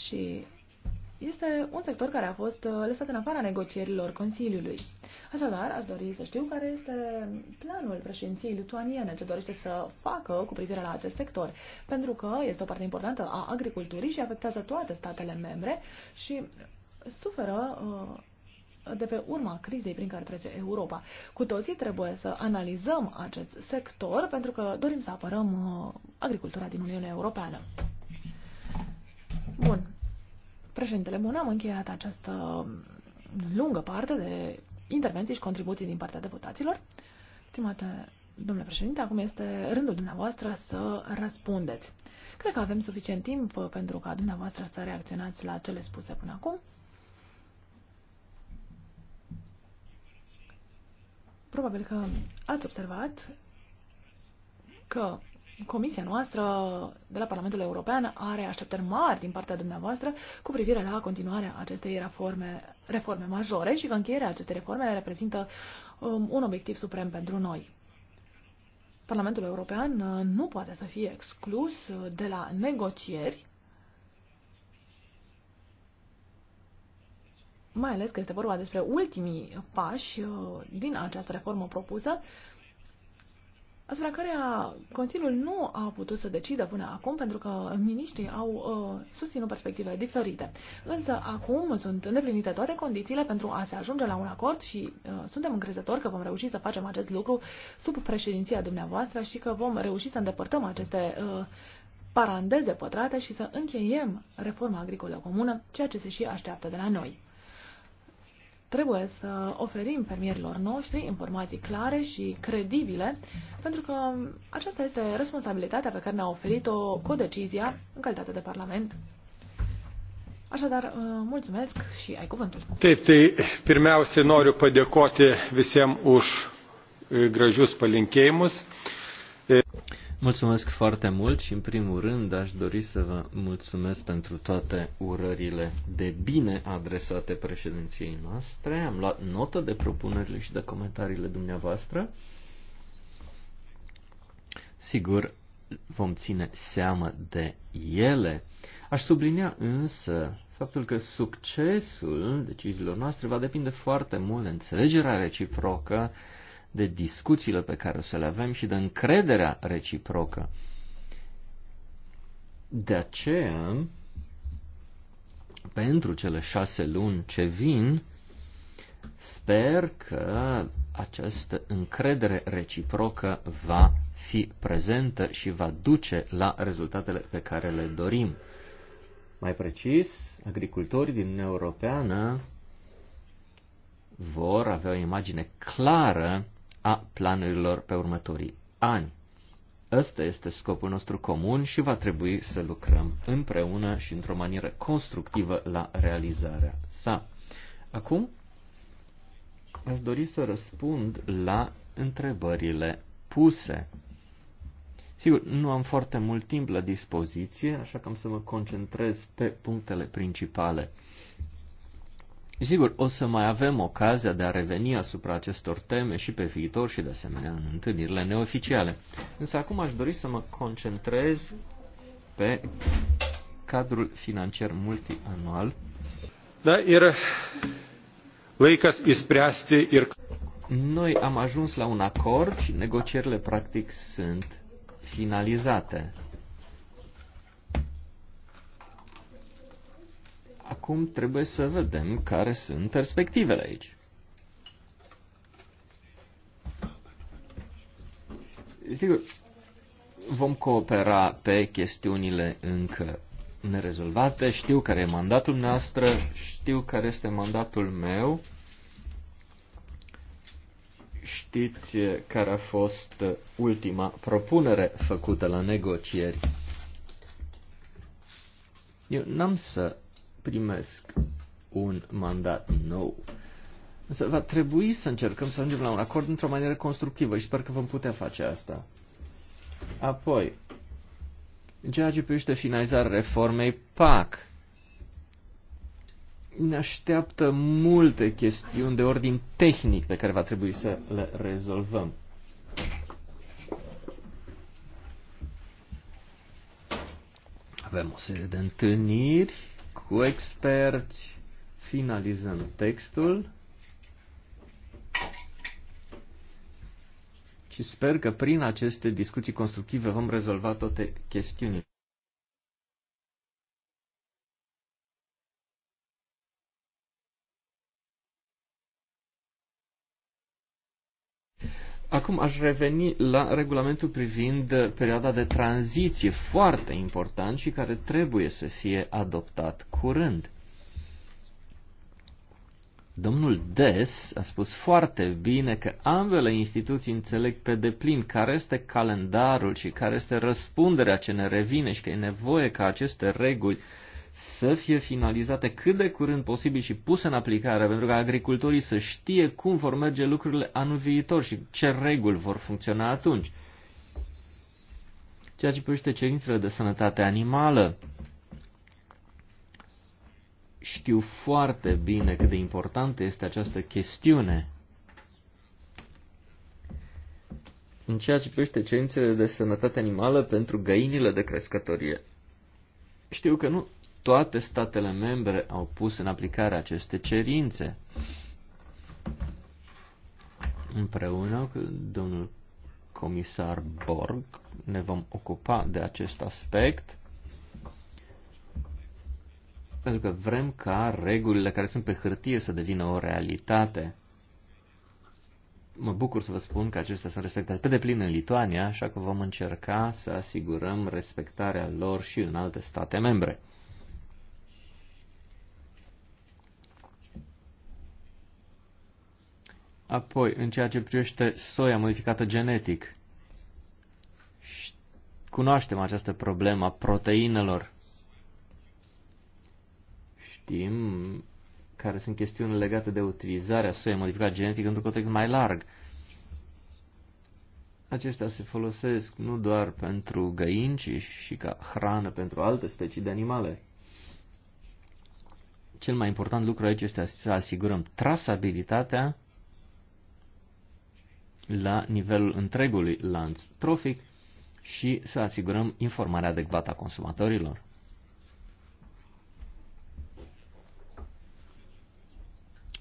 și este un sector care a fost uh, lăsat în afara negocierilor Consiliului. Așadar, aș dori să știu care este planul președinției lituaniene, ce dorește să facă cu privire la acest sector, pentru că este o parte importantă a agriculturii și afectează toate statele membre și suferă uh, de pe urma crizei prin care trece Europa. Cu toții trebuie să analizăm acest sector pentru că dorim să apărăm uh, agricultura din Uniunea Europeană. Bun, Președintele Bun, am încheiat această lungă parte de intervenții și contribuții din partea deputaților. Stimate domnule președinte, acum este rândul dumneavoastră să răspundeți. Cred că avem suficient timp pentru ca dumneavoastră să reacționați la cele spuse până acum. Probabil că ați observat că Comisia noastră de la Parlamentul European are așteptări mari din partea dumneavoastră cu privire la continuarea acestei reforme, reforme majore și că încheierea acestei reforme reprezintă um, un obiectiv suprem pentru noi. Parlamentul European uh, nu poate să fie exclus uh, de la negocieri, mai ales că este vorba despre ultimii pași uh, din această reformă propusă, asupra care Consiliul nu a putut să decidă până acum, pentru că miniștrii au uh, susținut perspective diferite. Însă acum sunt îndeplinite toate condițiile pentru a se ajunge la un acord și uh, suntem încrezători că vom reuși să facem acest lucru sub președinția dumneavoastră și că vom reuși să îndepărtăm aceste uh, parandeze pătrate și să încheiem reforma agricolă comună, ceea ce se și așteaptă de la noi. Trebuie să oferim fermierilor noștri informații clare și credibile, pentru că aceasta este responsabilitatea pe care ne-a oferit-o decizia în calitate de Parlament. Așadar, uh, mulțumesc și ai cuvântul. Taip, tai pirmiausia noriu padėkoti visiems už uh, gražius palinkėjimus. Mulțumesc foarte mult și în primul rând aș dori să vă mulțumesc pentru toate urările de bine adresate președinției noastre. Am luat notă de propunerile și de comentariile dumneavoastră. Sigur, vom ține seamă de ele. Aș sublinia însă faptul că succesul deciziilor noastre va depinde foarte mult de înțelegerea reciprocă de discuțiile pe care o să le avem și de încrederea reciprocă. De aceea, pentru cele șase luni ce vin, sper că această încredere reciprocă va fi prezentă și va duce la rezultatele pe care le dorim. Mai precis, agricultorii din Uniunea Europeană vor avea o imagine clară a planurilor pe următorii ani. Ăsta este scopul nostru comun și va trebui să lucrăm împreună și într-o manieră constructivă la realizarea sa. Acum, aș dori să răspund la întrebările puse. Sigur, nu am foarte mult timp la dispoziție, așa că am să mă concentrez pe punctele principale. Și sigur, o să mai avem ocazia de a reveni asupra acestor teme și pe viitor și de asemenea în întâlnirile neoficiale. Însă acum aș dori să mă concentrez pe cadrul financiar multianual. Da, ir laikas ispręsti ir... Noi am ajuns la un acord și negocierile practic sunt finalizate. Acum trebuie să vedem care sunt perspectivele aici. Sigur, vom coopera pe chestiunile încă nerezolvate. Știu care e mandatul noastră, știu care este mandatul meu. Știți care a fost ultima propunere făcută la negocieri. Eu n-am să primesc un mandat nou. Însă va trebui să încercăm să ajungem la un acord într-o manieră constructivă și sper că vom putea face asta. Apoi, în ceea ce privește finalizarea reformei PAC, ne așteaptă multe chestiuni de ordin tehnic pe care va trebui să le rezolvăm. Avem o serie de întâlniri cu experți, finalizăm textul și sper că prin aceste discuții constructive vom rezolva toate chestiunile. Acum aș reveni la regulamentul privind uh, perioada de tranziție, foarte important și care trebuie să fie adoptat curând. Domnul Des a spus foarte bine că ambele instituții înțeleg pe deplin care este calendarul și care este răspunderea ce ne revine și că e nevoie ca aceste reguli să fie finalizate cât de curând posibil și puse în aplicare, pentru că agricultorii să știe cum vor merge lucrurile anul viitor și ce reguli vor funcționa atunci. Ceea ce privește cerințele de sănătate animală, știu foarte bine cât de importantă este această chestiune. În ceea ce privește cerințele de sănătate animală pentru găinile de crescătorie, știu că nu toate statele membre au pus în aplicare aceste cerințe. Împreună cu domnul comisar Borg ne vom ocupa de acest aspect pentru că vrem ca regulile care sunt pe hârtie să devină o realitate. Mă bucur să vă spun că acestea sunt respectate pe deplin în Lituania, așa că vom încerca să asigurăm respectarea lor și în alte state membre. Apoi, în ceea ce privește soia modificată genetic, cunoaștem această problemă a proteinelor. Știm care sunt chestiuni legate de utilizarea soia modificată genetic într-un context mai larg. Acestea se folosesc nu doar pentru găinci și ca hrană pentru alte specii de animale. Cel mai important lucru aici este să asigurăm trasabilitatea la nivelul întregului lanț trofic și să asigurăm informarea adecvată a consumatorilor.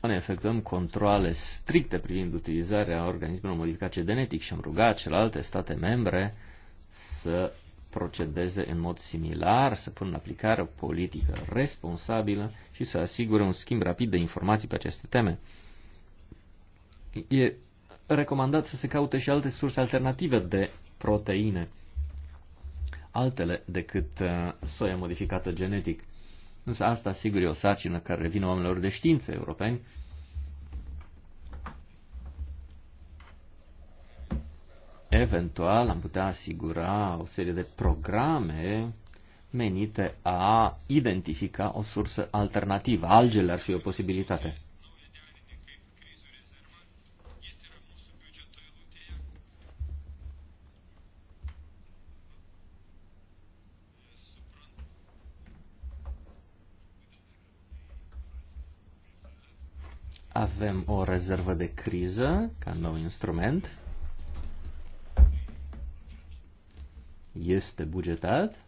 Ne efectuăm controle stricte privind utilizarea organismelor modificate genetic și am rugat celelalte state membre să procedeze în mod similar, să pună în aplicare o politică responsabilă și să asigure un schimb rapid de informații pe aceste teme. E recomandat să se caute și alte surse alternative de proteine, altele decât uh, soia modificată genetic. Însă asta, sigur, e o sarcină care revine oamenilor de știință europeni. Eventual am putea asigura o serie de programe menite a identifica o sursă alternativă. Algele ar fi o posibilitate. Avem o rezervă de criză ca nou instrument. Este bugetat.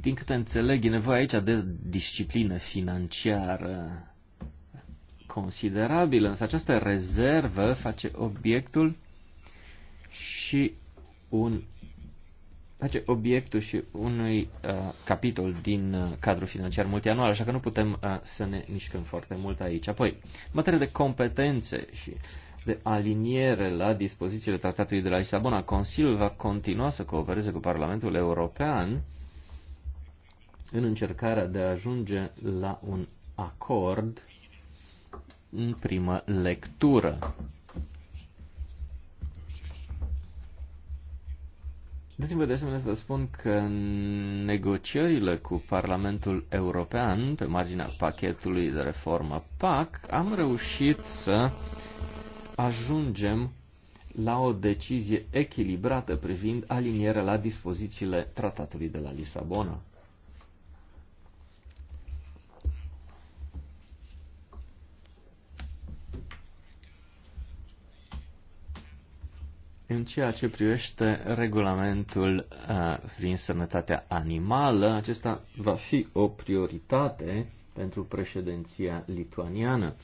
Din câte înțeleg, e nevoie aici de disciplină financiară considerabilă, însă această rezervă face obiectul și un face obiectul și unui uh, capitol din uh, cadrul financiar multianual, așa că nu putem uh, să ne mișcăm foarte mult aici. Apoi, în materie de competențe și de aliniere la dispozițiile Tratatului de la Lisabona, Consiliul va continua să coopereze cu Parlamentul European în încercarea de a ajunge la un acord în primă lectură. Dați-mi de asemenea să vă spun că negocierile cu Parlamentul European pe marginea pachetului de reformă PAC am reușit să ajungem la o decizie echilibrată privind alinierea la dispozițiile tratatului de la Lisabona. În ceea ce privește regulamentul uh, privind sănătatea animală, acesta va fi o prioritate pentru președinția lituaniană.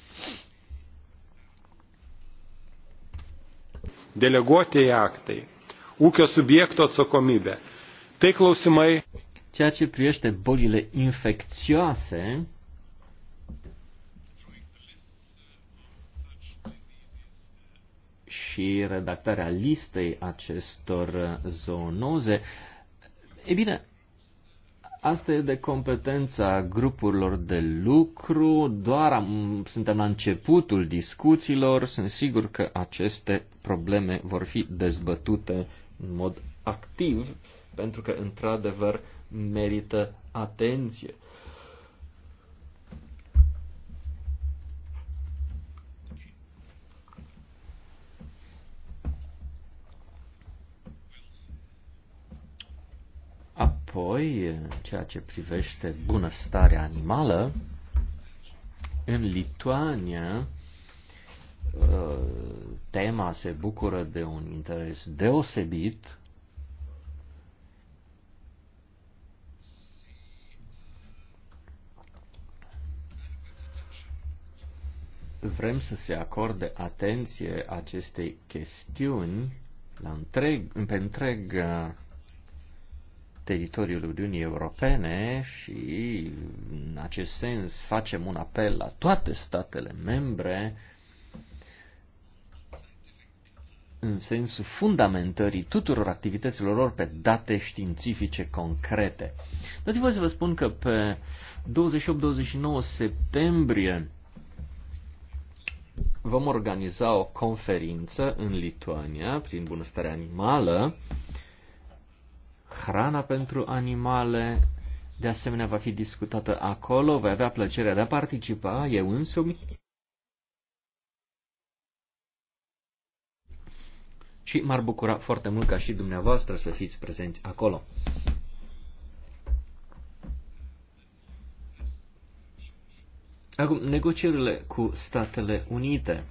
actei, actai, subiect o socomibe. Tai clausimai... Ceea ce privește bolile infecțioase, și redactarea listei acestor zoonoze. E bine, Asta e de competența grupurilor de lucru, doar am, suntem la începutul discuțiilor, sunt sigur că aceste probleme vor fi dezbătute în mod activ, pentru că, într-adevăr, merită atenție. Apoi, ceea ce privește bunăstarea animală, în Lituania uh, tema se bucură de un interes deosebit. Vrem să se acorde atenție acestei chestiuni la întreg, pe întreg uh, teritoriul Uniunii Europene și, în acest sens, facem un apel la toate statele membre în sensul fundamentării tuturor activităților lor pe date științifice concrete. Dați voi să vă spun că pe 28-29 septembrie vom organiza o conferință în Lituania prin bunăstare animală hrana pentru animale, de asemenea va fi discutată acolo, voi avea plăcerea de a participa eu însumi. Și m-ar bucura foarte mult ca și dumneavoastră să fiți prezenți acolo. Acum, negocierile cu Statele Unite.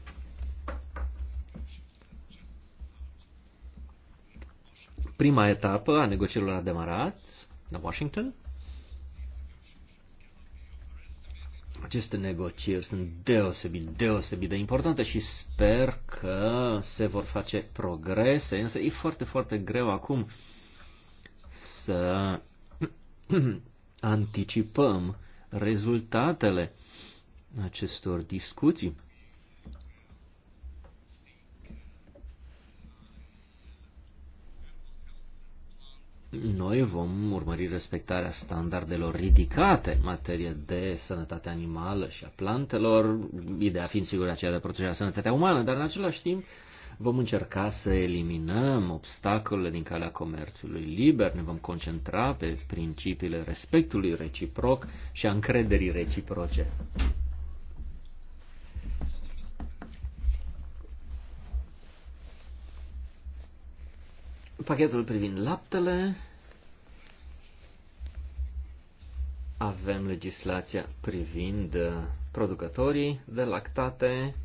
prima etapă a negocierilor a demarat la Washington. Aceste negocieri sunt deosebit, deosebit de importante și sper că se vor face progrese, însă e foarte, foarte greu acum să anticipăm rezultatele acestor discuții. Noi vom urmări respectarea standardelor ridicate în materie de sănătate animală și a plantelor, ideea fiind sigur aceea de a proteja sănătatea umană, dar în același timp vom încerca să eliminăm obstacolele din calea comerțului liber, ne vom concentra pe principiile respectului reciproc și a încrederii reciproce. Pachetul privind laptele. Avem legislația privind uh, producătorii de lactate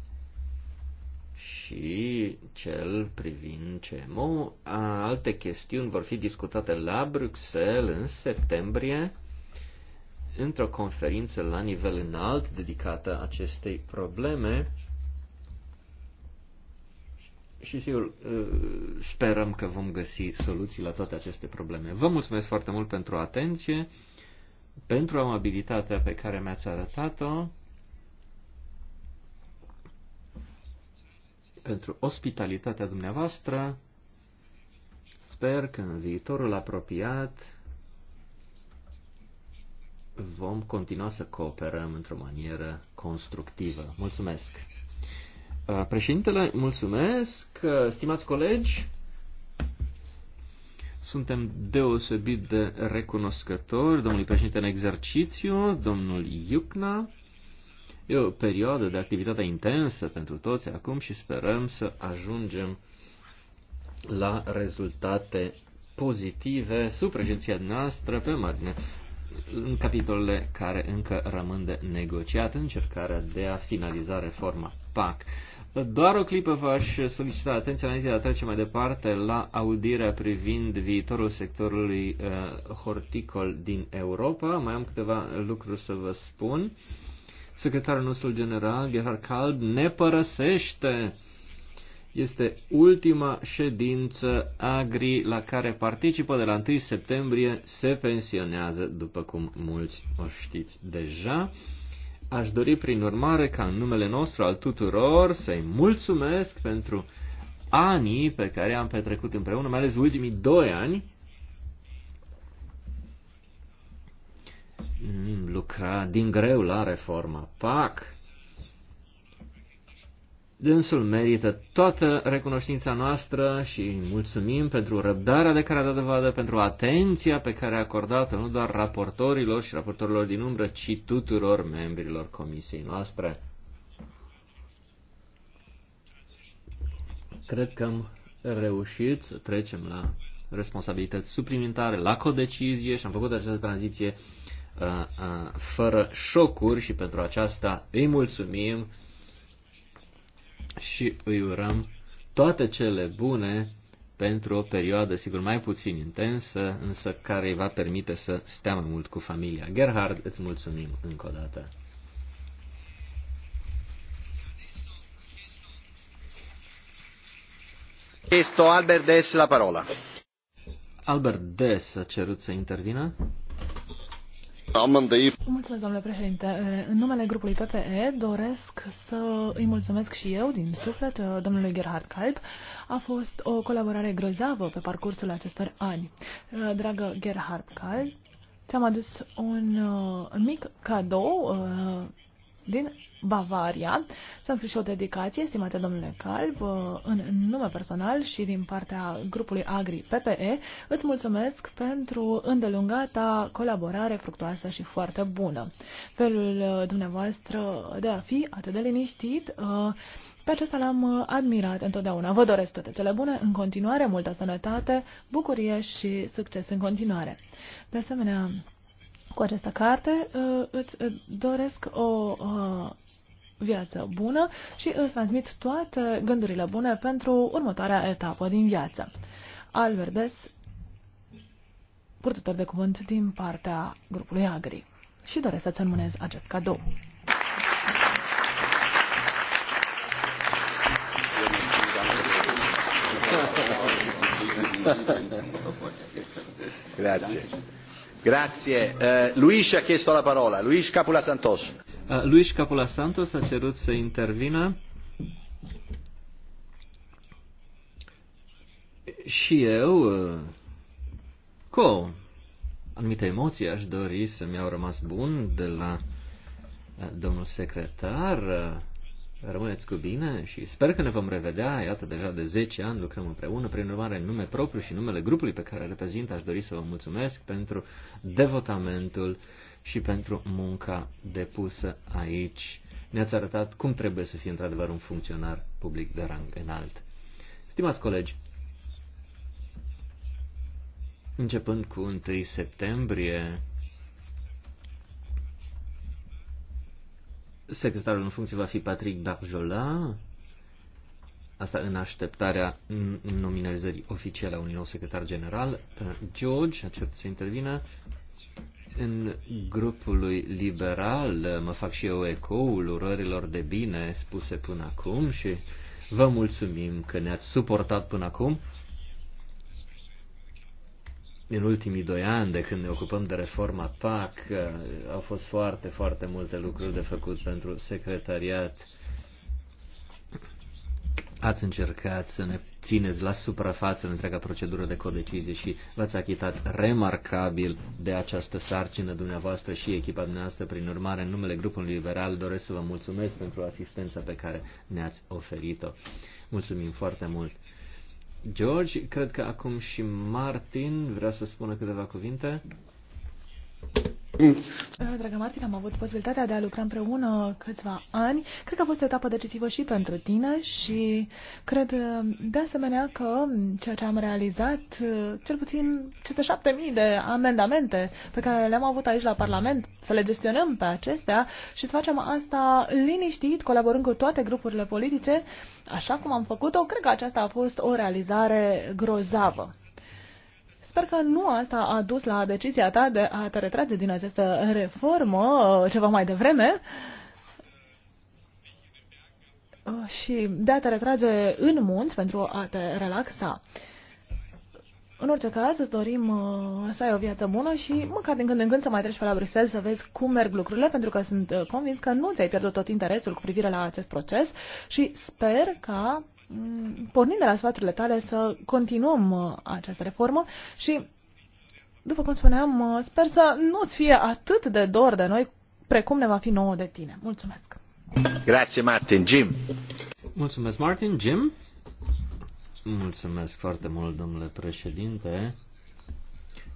și cel privind CMO. Alte chestiuni vor fi discutate la Bruxelles în septembrie într-o conferință la nivel înalt dedicată acestei probleme și sigur ă, sperăm că vom găsi soluții la toate aceste probleme. Vă mulțumesc foarte mult pentru atenție, pentru amabilitatea pe care mi-ați arătat-o, pentru ospitalitatea dumneavoastră. Sper că în viitorul apropiat vom continua să cooperăm într-o manieră constructivă. Mulțumesc! Uh, președintele, mulțumesc. Uh, stimați colegi, suntem deosebit de recunoscători domnului președinte în exercițiu, domnul Iucna. E o perioadă de activitate intensă pentru toți acum și sperăm să ajungem la rezultate pozitive sub președinția noastră pe margine în capitolele care încă rămân de negociat, încercarea de a finaliza reforma PAC. Doar o clipă v-aș solicita atenția înainte de a trece mai departe la audirea privind viitorul sectorului uh, horticol din Europa. Mai am câteva lucruri să vă spun. Secretarul nostru general, Gerhard Kalb, ne părăsește. Este ultima ședință agri la care participă de la 1 septembrie, se pensionează, după cum mulți o știți deja. Aș dori, prin urmare, ca în numele nostru al tuturor să-i mulțumesc pentru anii pe care am petrecut împreună, mai ales ultimii doi ani, lucra din greu la reforma PAC Dânsul merită toată recunoștința noastră și mulțumim pentru răbdarea de care a dat dovadă, pentru atenția pe care a acordat-o nu doar raportorilor și raportorilor din umbră, ci tuturor membrilor comisiei noastre. Cred că am reușit să trecem la responsabilități suplimentare, la codecizie și am făcut această tranziție uh, uh, fără șocuri și pentru aceasta îi mulțumim și îi urăm toate cele bune pentru o perioadă, sigur, mai puțin intensă, însă care îi va permite să stea mai mult cu familia. Gerhard, îți mulțumim încă o dată. Este Albert Des la parola. Albert Des a cerut să intervină. Mulțumesc, domnule președinte. În numele grupului PPE doresc să îi mulțumesc și eu din suflet domnului Gerhard Kalb. A fost o colaborare grozavă pe parcursul acestor ani. Dragă Gerhard Kalb, ți-am adus un uh, mic cadou uh, din Bavaria. S-a scris și o dedicație, stimate domnule Calb, în nume personal și din partea grupului Agri PPE. Îți mulțumesc pentru îndelungata colaborare fructuoasă și foarte bună. Felul uh, dumneavoastră de a fi atât de liniștit uh, pe acesta l-am uh, admirat întotdeauna. Vă doresc toate cele bune, în continuare, multă sănătate, bucurie și succes în continuare. De asemenea, cu această carte uh, îți uh, doresc o uh, viață bună și îți transmit toate gândurile bune pentru următoarea etapă din viață. Alverdes, purtător de cuvânt din partea grupului Agri și doresc să-ți înmânez acest cadou. Grazie. Eh, Luis a la parola. Luis Capula Santos. Eh, Luis Capula Santos a cerut să intervină. Și eu, eh, cu anumite emoții, aș dori să-mi au rămas bun de la domnul secretar Rămâneți cu bine și sper că ne vom revedea. Iată, deja de 10 ani lucrăm împreună. Prin urmare, în nume propriu și numele grupului pe care îl reprezint, aș dori să vă mulțumesc pentru devotamentul și pentru munca depusă aici. Ne-ați arătat cum trebuie să fie într-adevăr un funcționar public de rang înalt. Stimați colegi, începând cu 1 septembrie, Secretarul în funcție va fi Patrick Barjola, asta în așteptarea nominalizării oficiale a unui nou secretar general. Uh, George, acest să intervină. În grupul lui liberal uh, mă fac și eu ecoul urărilor de bine spuse până acum și vă mulțumim că ne-ați suportat până acum în ultimii doi ani, de când ne ocupăm de reforma PAC, uh, au fost foarte, foarte multe lucruri de făcut pentru secretariat. Ați încercat să ne țineți la suprafață în întreaga procedură de codecizie și v-ați achitat remarcabil de această sarcină dumneavoastră și echipa dumneavoastră. Prin urmare, în numele grupului liberal doresc să vă mulțumesc pentru asistența pe care ne-ați oferit-o. Mulțumim foarte mult! George, cred că acum și Martin vrea să spună câteva cuvinte. Dragă Martin, am avut posibilitatea de a lucra împreună câțiva ani. Cred că a fost o etapă decisivă și pentru tine și cred de asemenea că ceea ce am realizat, cel puțin cele șapte mii de amendamente pe care le-am avut aici la Parlament, să le gestionăm pe acestea și să facem asta liniștit, colaborând cu toate grupurile politice, așa cum am făcut-o, cred că aceasta a fost o realizare grozavă. Sper că nu asta a dus la decizia ta de a te retrage din această reformă uh, ceva mai devreme uh, și de a te retrage în munți pentru a te relaxa. În orice caz, îți dorim uh, să ai o viață bună și măcar din când în când să mai treci pe la Bruxelles să vezi cum merg lucrurile, pentru că sunt convins că nu ți-ai pierdut tot interesul cu privire la acest proces și sper că. Mm, pornind de la sfaturile tale, să continuăm uh, această reformă și, după cum spuneam, uh, sper să nu-ți fie atât de dor de noi precum ne va fi nouă de tine. Mulțumesc! Grazie, Martin. Jim! Mulțumesc, Martin. Jim? Mulțumesc foarte mult, domnule președinte.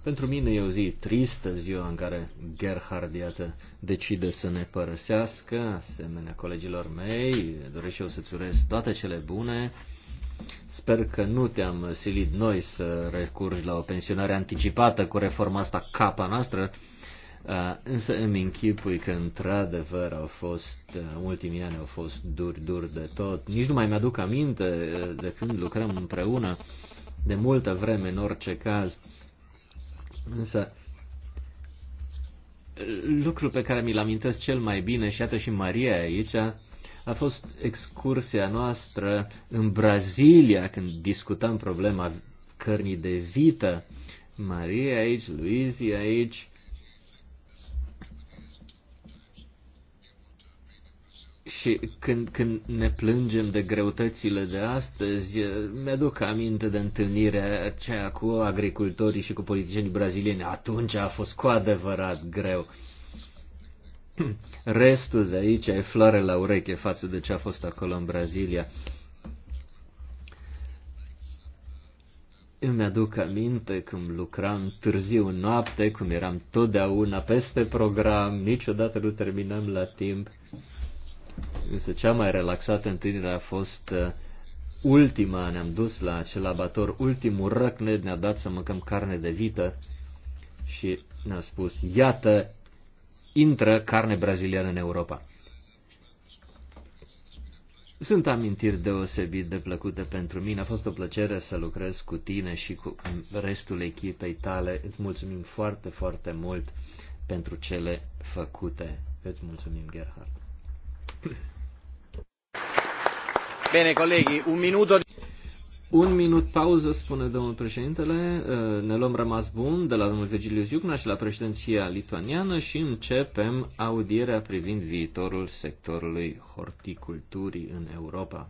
Pentru mine e o zi tristă, ziua în care Gerhard, iată, decide să ne părăsească, asemenea colegilor mei, doresc și eu să-ți urez toate cele bune. Sper că nu te-am silit noi să recurgi la o pensionare anticipată cu reforma asta capa noastră, uh, însă îmi închipui că într-adevăr au fost, în uh, ultimii ani au fost duri, duri de tot. Nici nu mai mi-aduc aminte uh, de când lucrăm împreună, de multă vreme în orice caz Însă, lucru pe care mi-l amintesc cel mai bine, și iată și Maria aici, a fost excursia noastră în Brazilia, când discutam problema cărnii de vită. Maria aici, Luizi aici, Și când, când ne plângem de greutățile de astăzi, eh, mi-aduc aminte de întâlnirea aceea cu agricultorii și cu politicienii brazilieni. Atunci a fost cu adevărat greu. Restul de aici e floare la ureche față de ce a fost acolo în Brazilia. Îmi aduc aminte cum lucram târziu în noapte, cum eram totdeauna peste program, niciodată nu terminam la timp. Însă cea mai relaxată întâlnire a fost uh, ultima, ne-am dus la acel abator, ultimul răcnet ne-a dat să mâncăm carne de vită și ne-a spus, iată, intră carne braziliană în Europa. Sunt amintiri deosebit de plăcute pentru mine. A fost o plăcere să lucrez cu tine și cu restul echipei tale. Îți mulțumim foarte, foarte mult pentru cele făcute. Îți mulțumim, Gerhard. Bine, colegi, un minut. Un minut pauză, spune domnul președintele. Uh, ne luăm rămas bun de la domnul Virgilius Iucna și la președinția lituaniană și începem audierea privind viitorul sectorului horticulturii în Europa.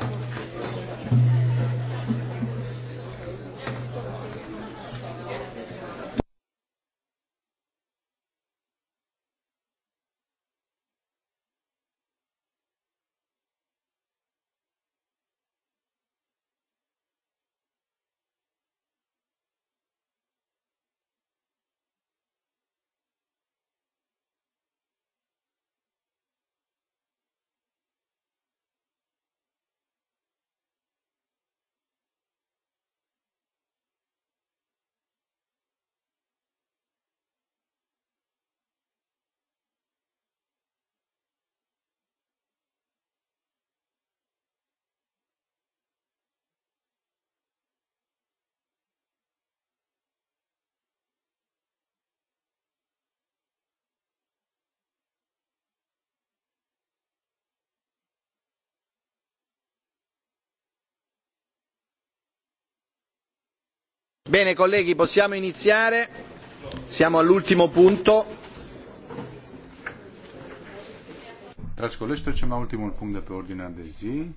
bene colleghi possiamo iniziare siamo all'ultimo punto Dragi colegi, trecem la ultimul punct de pe ordinea de zi.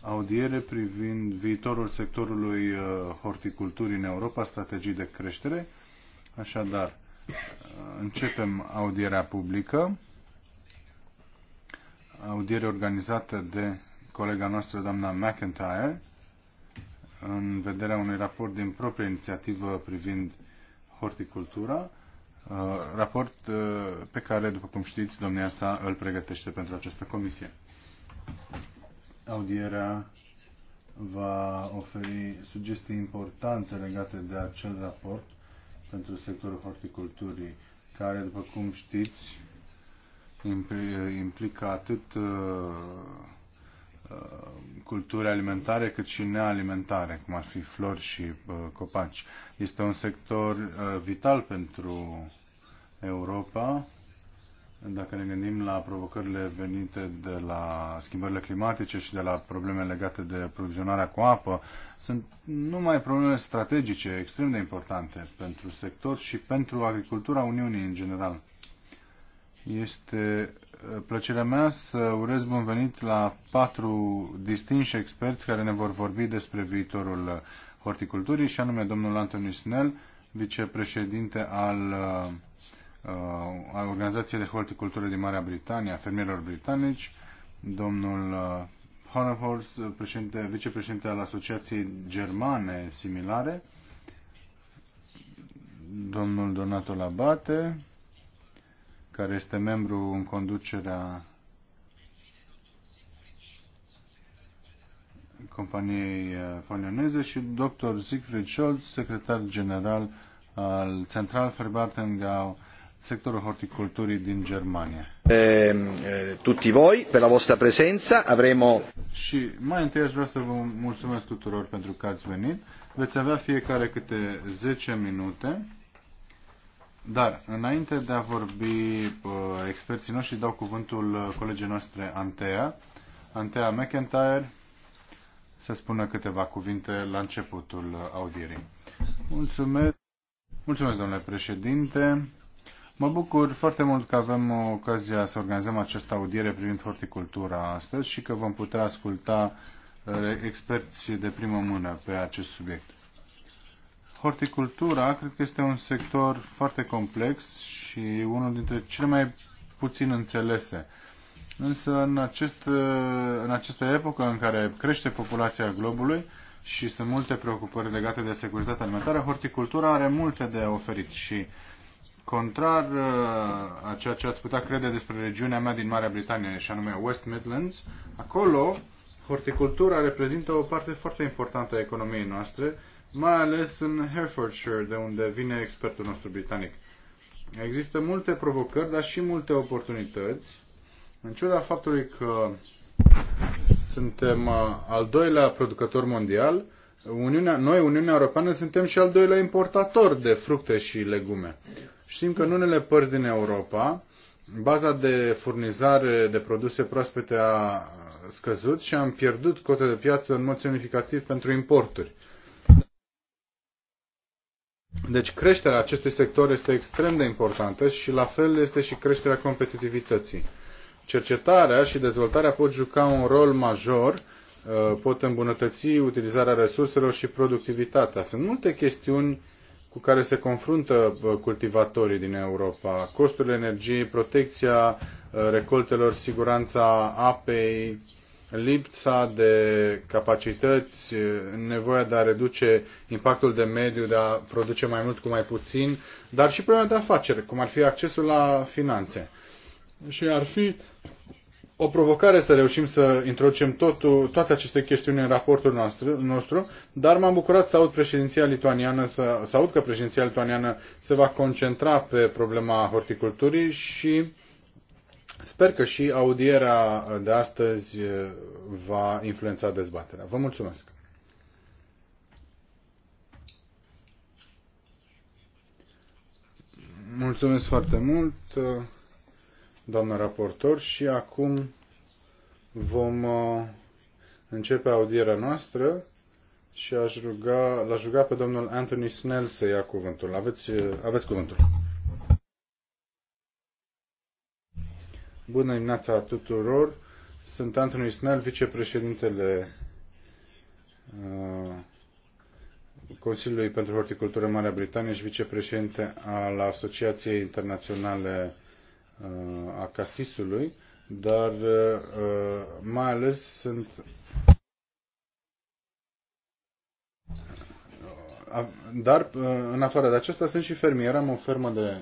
Audiere privind viitorul sectorului uh, horticulturii în Europa, strategii de creștere. Așadar, uh, începem audierea publică. Audiere organizată de colega noastră, doamna McIntyre, în vederea unui raport din proprie inițiativă privind horticultura, uh, raport uh, pe care, după cum știți, domnia sa îl pregătește pentru această comisie. Audierea va oferi sugestii importante legate de acel raport pentru sectorul horticulturii, care, după cum știți, implică atât uh, Uh, culturi alimentare cât și nealimentare, cum ar fi flori și uh, copaci. Este un sector uh, vital pentru Europa, dacă ne gândim la provocările venite de la schimbările climatice și de la probleme legate de provizionarea cu apă, sunt numai probleme strategice extrem de importante pentru sector și pentru agricultura Uniunii în general. Este plăcerea mea să urez bun venit la patru distinși experți care ne vor vorbi despre viitorul horticulturii, și anume domnul Antoni Snell, vicepreședinte al uh, a Organizației de Horticultură din Marea Britanie, a fermierilor britanici, domnul uh, Honorhorst, președinte, vicepreședinte al Asociației Germane similare, domnul Donato Labate, care este membru în conducerea companiei uh, polioneze și dr. Siegfried Scholz, secretar general al Central Verbartengau, sectorul horticulturii din Germania. E, ehm, eh, tutti voi pe la vostra prezență, avremo Și mai întâi aș vrea să vă mulțumesc tuturor pentru că ați venit. Veți avea fiecare câte 10 minute dar, înainte de a vorbi uh, experții noștri, dau cuvântul uh, colegii noastre Antea. Antea McIntyre să spună câteva cuvinte la începutul uh, audierii. Mulțumesc, Mulțumesc domnule președinte. Mă bucur foarte mult că avem ocazia să organizăm această audiere privind horticultura astăzi și că vom putea asculta uh, experți de primă mână pe acest subiect. Horticultura cred că este un sector foarte complex și unul dintre cele mai puțin înțelese. Însă în, acest, în această epocă în care crește populația globului și sunt multe preocupări legate de securitatea alimentară, horticultura are multe de oferit și contrar a ceea ce ați putea crede despre regiunea mea din Marea Britanie și anume West Midlands, acolo horticultura reprezintă o parte foarte importantă a economiei noastre mai ales în Herefordshire, de unde vine expertul nostru britanic. Există multe provocări, dar și multe oportunități. În ciuda faptului că suntem uh, al doilea producător mondial, Uniunea, noi, Uniunea Europeană, suntem și al doilea importator de fructe și legume. Știm că în unele părți din Europa, baza de furnizare de produse proaspete a scăzut și am pierdut cote de piață în mod semnificativ pentru importuri. Deci creșterea acestui sector este extrem de importantă și la fel este și creșterea competitivității. Cercetarea și dezvoltarea pot juca un rol major, uh, pot îmbunătăți utilizarea resurselor și productivitatea. Sunt multe chestiuni cu care se confruntă uh, cultivatorii din Europa. Costurile energiei, protecția uh, recoltelor, siguranța apei, lipsa de capacități, nevoia de a reduce impactul de mediu, de a produce mai mult cu mai puțin, dar și problema de afaceri, cum ar fi accesul la finanțe. Și ar fi o provocare să reușim să introducem totul, toate aceste chestiuni în raportul nostru, nostru dar m-am bucurat să aud președinția lituaniană, să, să aud că președinția lituaniană se va concentra pe problema horticulturii și uh, Sper că și audierea de astăzi eh, va influența dezbaterea. Vă mulțumesc! Mulțumesc foarte mult, eh, doamnă raportor, și acum vom eh, începe audierea noastră și aș ruga, l-aș ruga pe domnul Anthony Snell să ia cuvântul. Aveți, aveți cuvântul. Bună dimineața tuturor! Sunt Anthony Snell, vicepreședintele uh, Consiliului pentru Horticultură Marea Britanie și vicepreședinte al Asociației Internaționale uh, a Casisului, dar uh, mai ales sunt dar în afară de aceasta sunt și fermier. Am o fermă de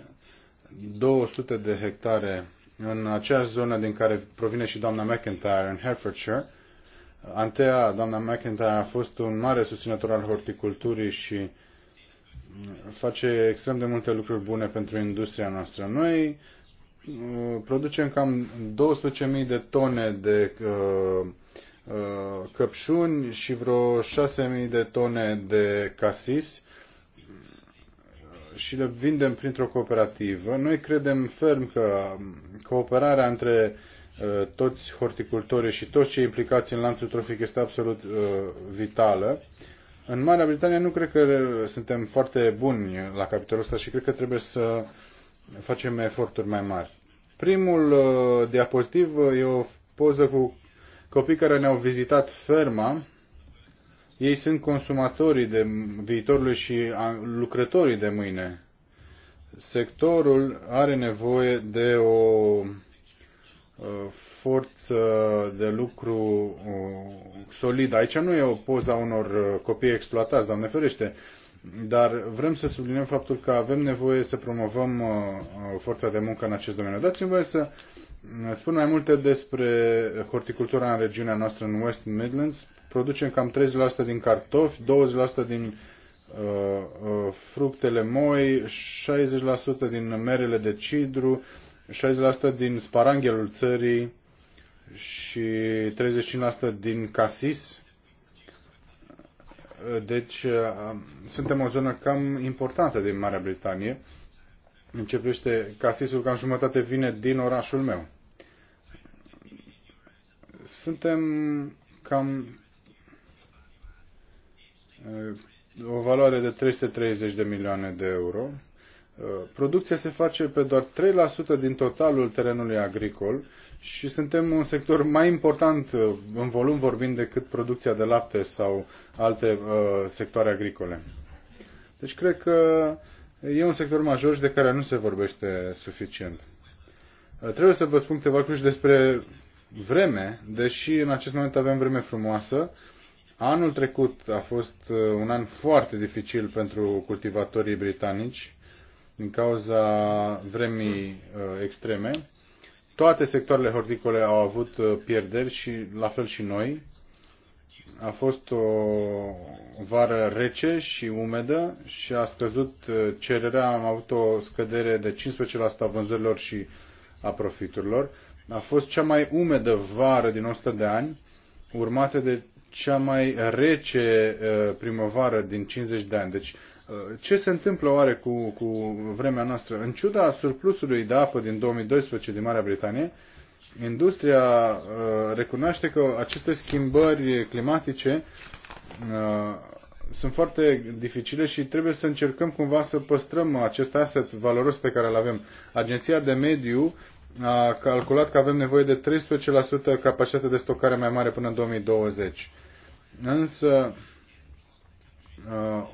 200 de hectare în acea zonă din care provine și doamna McIntyre, în Herefordshire, Antea, doamna McIntyre, a fost un mare susținător al horticulturii și face extrem de multe lucruri bune pentru industria noastră. Noi uh, producem cam 12.000 de tone de uh, uh, căpșuni și vreo 6.000 de tone de casis și le vindem printr-o cooperativă. Noi credem ferm că cooperarea între uh, toți horticultorii și toți cei implicați în lanțul trofic este absolut uh, vitală. În Marea Britanie nu cred că uh, suntem foarte buni la capitolul ăsta și cred că trebuie să facem eforturi mai mari. Primul diapozitiv e o poză cu copii care ne-au vizitat ferma ei sunt consumatorii de viitorului și lucrătorii de mâine. Sectorul are nevoie de o uh, forță de lucru uh, solidă. Aici nu e o poza unor uh, copii exploatați, Doamne ferește, dar vrem să subliniem faptul că avem nevoie să promovăm forța de muncă în acest domeniu. Dați-mi voie să spun mai multe despre horticultura în regiunea noastră în West Midlands producem cam 30% din cartofi, 20% din uh, uh, fructele moi, 60% din merele de cidru, 60% din sparanghelul țării și 35% din casis. Uh, deci uh, suntem o zonă cam importantă din Marea Britanie. Începește casisul, cam jumătate vine din orașul meu suntem cam Uh, o valoare de 330 de milioane de euro. Uh, producția se face pe doar 3% din totalul terenului agricol și suntem un sector mai important uh, în volum vorbind decât producția de lapte sau alte uh, sectoare agricole. Deci cred că e un sector major și de care nu se vorbește suficient. Trebuie să vă spun câteva lucruri despre vreme, deși în acest moment avem vreme frumoasă, uh, Anul trecut a fost uh, un an foarte dificil pentru cultivatorii britanici din cauza vremii uh, extreme. Toate sectoarele horticole au avut uh, pierderi și la fel și noi. A fost o vară rece și umedă și a scăzut cererea, am avut o scădere de 15% a vânzărilor și a profiturilor. A fost cea mai umedă vară din 100 de ani, urmată de cea mai rece uh, primăvară din 50 de ani. Deci, uh, ce se întâmplă oare cu, cu vremea noastră? În ciuda surplusului de apă din 2012 din Marea Britanie, industria uh, recunoaște că aceste schimbări climatice sunt foarte dificile și trebuie să încercăm cumva să păstrăm acest asset valoros pe care îl avem. Agenția de Mediu a calculat că avem nevoie de 13% capacitate de stocare mai mare până în 2020. Însă, uh,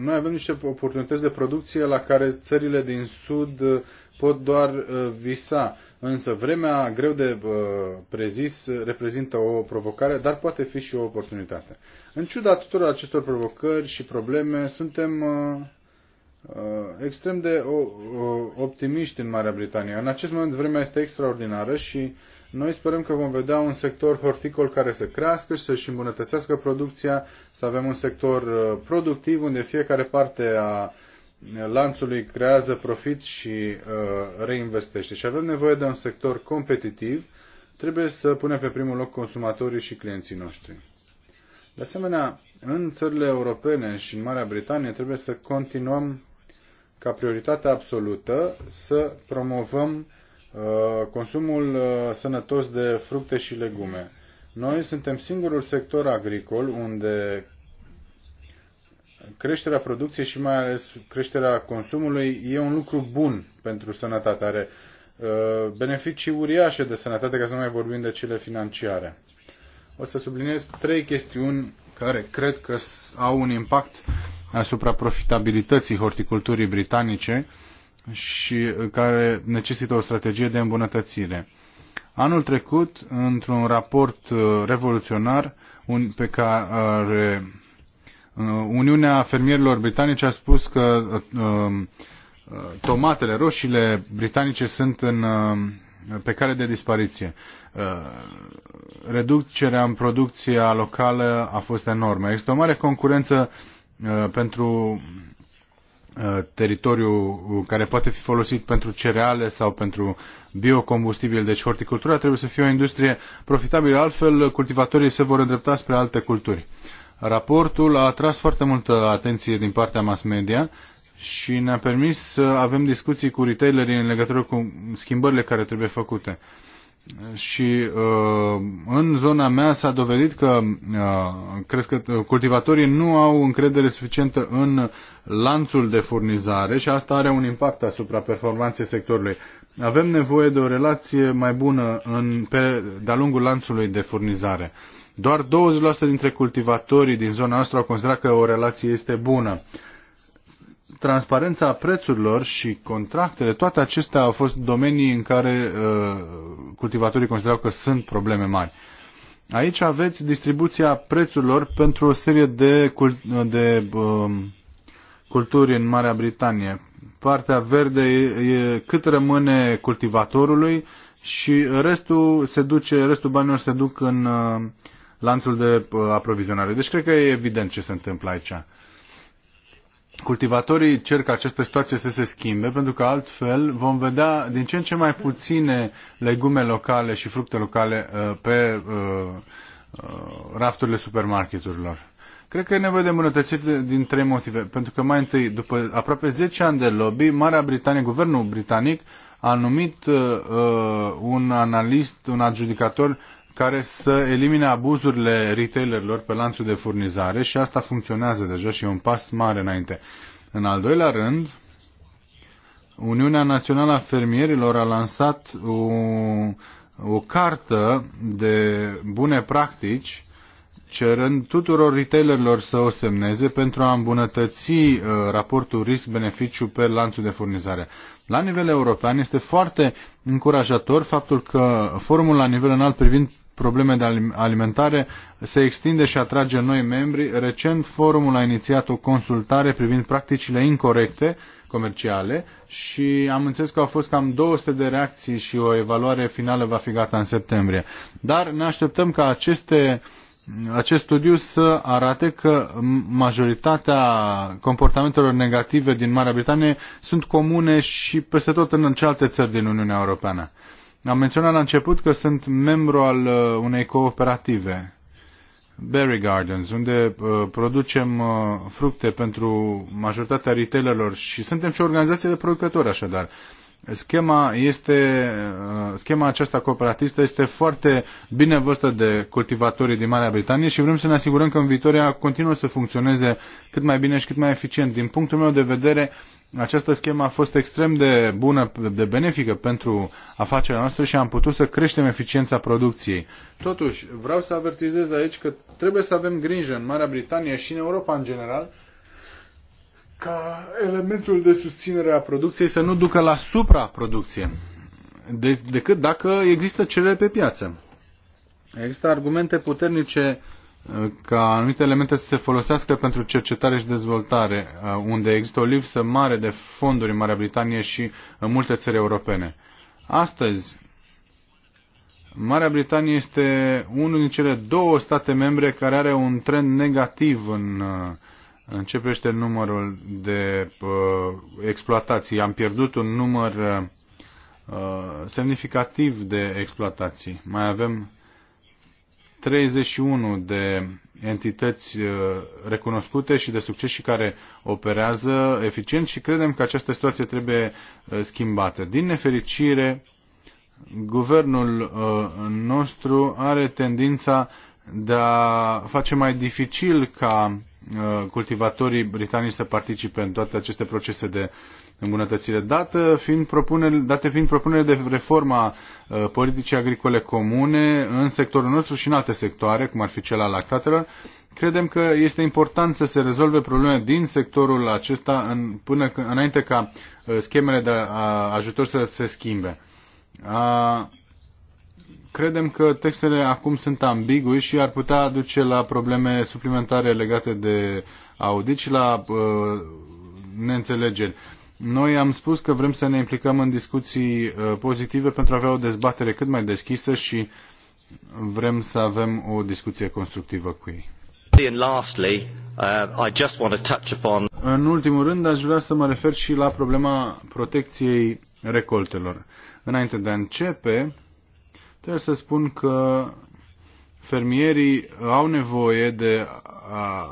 noi avem niște oportunități de producție la care țările din Sud uh, pot doar uh, visa. Însă vremea greu de prezis reprezintă o provocare, dar poate fi și o oportunitate. În ciuda tuturor acestor provocări și probleme, suntem extrem de optimiști în Marea Britanie. În acest moment vremea este extraordinară și uh, noi sperăm că vom vedea un sector horticol care să crească și să-și îmbunătățească producția, să avem un sector uh, productiv unde fiecare parte a uh, lanțului creează profit și uh, reinvestește. Și avem nevoie de un sector competitiv. Trebuie să punem pe primul loc consumatorii și clienții noștri. De asemenea, în țările europene și în Marea Britanie trebuie să continuăm ca prioritate absolută să promovăm Uh, consumul uh, sănătos de fructe și legume. Noi suntem singurul sector agricol unde creșterea producției și mai ales creșterea consumului e un lucru bun pentru sănătate. Are uh, beneficii uriașe de sănătate, ca să nu mai vorbim de cele financiare. O să subliniez trei chestiuni care cred că au un impact asupra profitabilității horticulturii britanice și uh, care necesită o strategie de îmbunătățire. Anul trecut, într-un raport uh, revoluționar pe care uh, Uniunea Fermierilor Britanici a spus că um, tomatele, roșiile britanice sunt în, pe cale de dispariție. Reducerea în producția locală a fost enormă. Există o mare concurență pentru Uh, teritoriu care poate fi folosit pentru cereale sau pentru biocombustibil. Deci horticultura trebuie să fie o industrie profitabilă, altfel cultivatorii se vor îndrepta spre alte culturi. Raportul a atras foarte multă atenție din partea mass media și ne-a permis să avem discuții cu retailerii în legătură cu schimbările care trebuie făcute și uh, în zona mea s-a dovedit că uh, cresc, uh, cultivatorii nu au încredere suficientă în lanțul de furnizare și asta are un impact asupra performanței sectorului. Avem nevoie de o relație mai bună în, pe, de-a lungul lanțului de furnizare. Doar 20% dintre cultivatorii din zona noastră au considerat că o relație este bună. Uh, transparența prețurilor și contractele, toate acestea au fost domenii în care uh, cultivatorii considerau că sunt probleme mari. Aici aveți distribuția prețurilor pentru o serie de, de uh, culturi în Marea Britanie. Partea verde e, e cât rămâne cultivatorului și restul se duce, restul banilor se duc în uh, lanțul de uh, aprovizionare. Deci cred că e evident ce se întâmplă aici cultivatorii cer ca această situație să se schimbe, pentru că altfel vom vedea din ce în ce mai puține legume locale și fructe locale uh, pe uh, uh, rafturile supermarketurilor. Cred că e nevoie de îmbunătățiri din trei motive. Pentru că mai întâi, după aproape 10 ani de lobby, Marea Britanie, guvernul britanic, a numit uh, un analist, un adjudicator care să elimine abuzurile retailerilor pe lanțul de furnizare și asta funcționează deja și e un pas mare înainte. În al doilea rând, Uniunea Națională a Fermierilor a lansat o, o cartă de bune practici cerând tuturor retailerilor să o semneze pentru a îmbunătăți uh, raportul risc-beneficiu pe lanțul de furnizare. La nivel european este foarte încurajator faptul că forumul la nivel înalt privind probleme de alimentare se extinde și atrage noi membri. Recent, forumul a inițiat o consultare privind practicile incorrecte comerciale și am înțeles că au fost cam 200 de reacții și o evaluare finală va fi gata în septembrie. Dar ne așteptăm ca aceste acest studiu să arate că majoritatea comportamentelor negative din Marea Britanie sunt comune și peste tot în celelalte țări din Uniunea Europeană. Am menționat la început că sunt membru al uh, unei cooperative, Berry Gardens, unde uh, producem uh, fructe pentru majoritatea retailerilor și suntem și o organizație de producători așadar. Schema, este, schema aceasta cooperatistă este foarte bine văzută de cultivatorii din Marea Britanie și vrem să ne asigurăm că în viitoria continuă să funcționeze cât mai bine și cât mai eficient. Din punctul meu de vedere, această schemă a fost extrem de bună, de benefică pentru afacerea noastră și am putut să creștem eficiența producției. Totuși, vreau să avertizez aici că trebuie să avem grijă în Marea Britanie și în Europa în general ca elementul de susținere a producției să nu ducă la supraproducție, de, decât dacă există cerere pe piață. Există argumente puternice ca anumite elemente să se folosească pentru cercetare și dezvoltare, uh, unde există o lipsă mare de fonduri în Marea Britanie și în multe țări europene. Astăzi, Marea Britanie este unul din cele două state membre care are un trend negativ în, uh, în ce privește numărul de uh, exploatații. Am pierdut un număr uh, semnificativ de exploatații. Mai avem 31 de entități uh, recunoscute și de succes și care operează eficient și credem că această situație trebuie uh, schimbată. Din nefericire, guvernul uh, nostru are tendința de a face mai dificil ca cultivatorii britanici să participe în toate aceste procese de uh, îmbunătățire, dată fiind propuneri, date fiind propunerile de reforma uh, politicii agricole comune în sectorul nostru și în alte sectoare, cum ar fi cel al lactatelor, credem că este important să se rezolve probleme din sectorul acesta în, până înainte ca uh, schemele de uh, ajutor să se schimbe. A, credem că textele acum sunt ambigui și ar putea duce la probleme suplimentare legate de audit și la uh, neînțelegeri. Noi am spus că vrem să ne implicăm în discuții uh, pozitive pentru a avea o dezbatere cât mai deschisă și vrem să avem o discuție constructivă cu ei. Uh, în ultimul rând, aș vrea să mă refer și la problema protecției recoltelor. Înainte de a începe, trebuie să spun că fermierii au nevoie de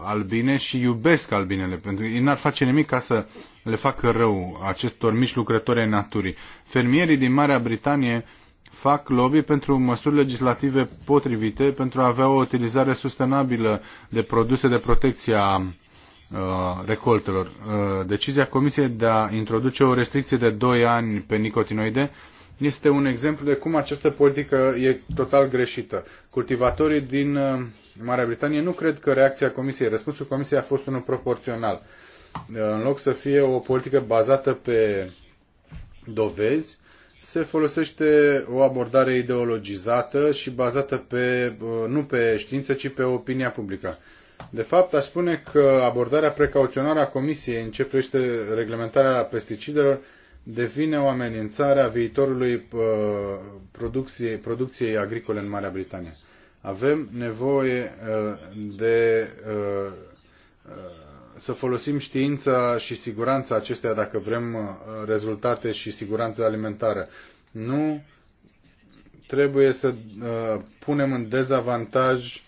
albine și iubesc albinele, pentru că ei n-ar face nimic ca să le facă rău acestor mici lucrători ai naturii. Fermierii din Marea Britanie fac lobby pentru măsuri legislative potrivite pentru a avea o utilizare sustenabilă de produse de protecție a recoltelor. Decizia Comisiei de a introduce o restricție de 2 ani pe nicotinoide este un exemplu de cum această politică e total greșită. Cultivatorii din uh, Marea Britanie nu cred că reacția Comisiei, răspunsul Comisiei a fost unul proporțional. Uh, în loc să fie o politică bazată pe dovezi, se folosește o abordare ideologizată și bazată pe, uh, nu pe știință, ci pe opinia publică. De fapt, aș spune că abordarea precauționară a Comisiei în ce privește reglementarea pesticidelor devine o amenințare a viitorului uh, producției, producției agricole în Marea Britanie. Avem nevoie uh, de uh, să folosim știința și siguranța acestea dacă vrem rezultate și siguranță alimentară. Nu trebuie să punem în dezavantaj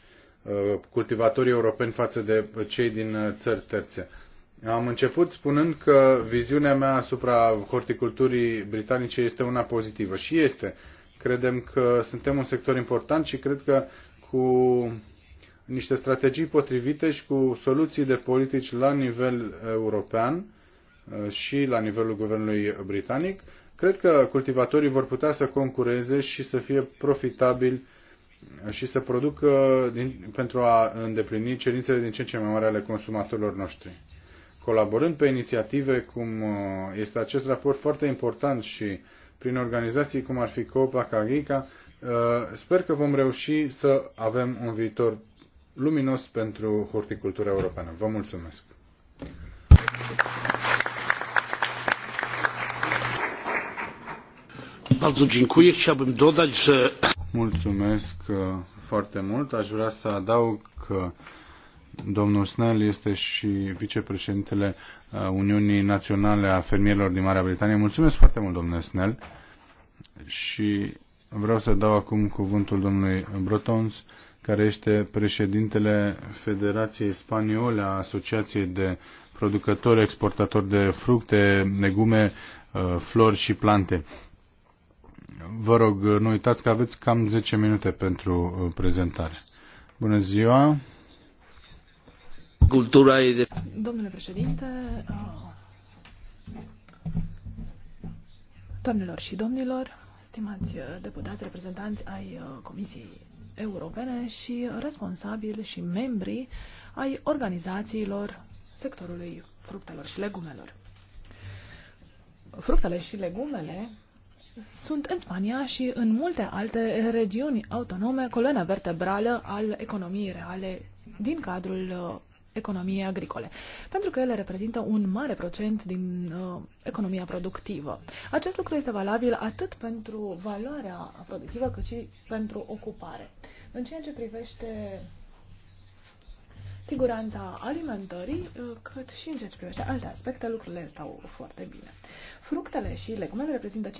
cultivatorii europeni față de cei din țări terțe. Am început spunând că viziunea mea asupra horticulturii britanice este una pozitivă și este. Credem că suntem un sector important și cred că cu niște strategii potrivite și cu soluții de politici la nivel european uh, și la nivelul guvernului britanic, cred că cultivatorii vor putea să concureze și să fie profitabili uh, și să producă din, pentru a îndeplini cerințele din ce în ce mai mari ale consumatorilor noștri colaborând pe inițiative cum uh, este acest raport foarte important și prin organizații cum ar fi Copa Cagica, uh, sper că vom reuși să avem un viitor luminos pentru horticultura europeană. Vă mulțumesc! Mulțumesc uh, foarte mult. Aș vrea să adaug că Domnul Snell este și vicepreședintele uh, Uniunii Naționale a Fermierilor din Marea Britanie. Mulțumesc foarte mult, domnule Snell. Și vreau să dau acum cuvântul domnului Brotons, care este președintele Federației Spaniole a Asociației de Producători Exportatori de Fructe, Legume, uh, Flori și Plante. Vă rog, nu uitați că aveți cam 10 minute pentru uh, prezentare. Bună ziua! Cultura e de... Domnule președinte, doamnelor și domnilor, stimați uh, deputați, reprezentanți ai uh, Comisiei Europene și responsabili și membri ai organizațiilor sectorului fructelor și legumelor. Fructele și legumele sunt în Spania și în multe alte regiuni autonome coloana vertebrală al economiei reale din cadrul uh, economiei agricole, pentru că ele reprezintă un mare procent din uh, economia productivă. Acest lucru este valabil atât pentru valoarea productivă, cât și pentru ocupare. În ceea ce privește siguranța alimentării, uh, cât și în ceea ce privește alte aspecte, lucrurile stau foarte bine. Fructele și legumele reprezintă 55%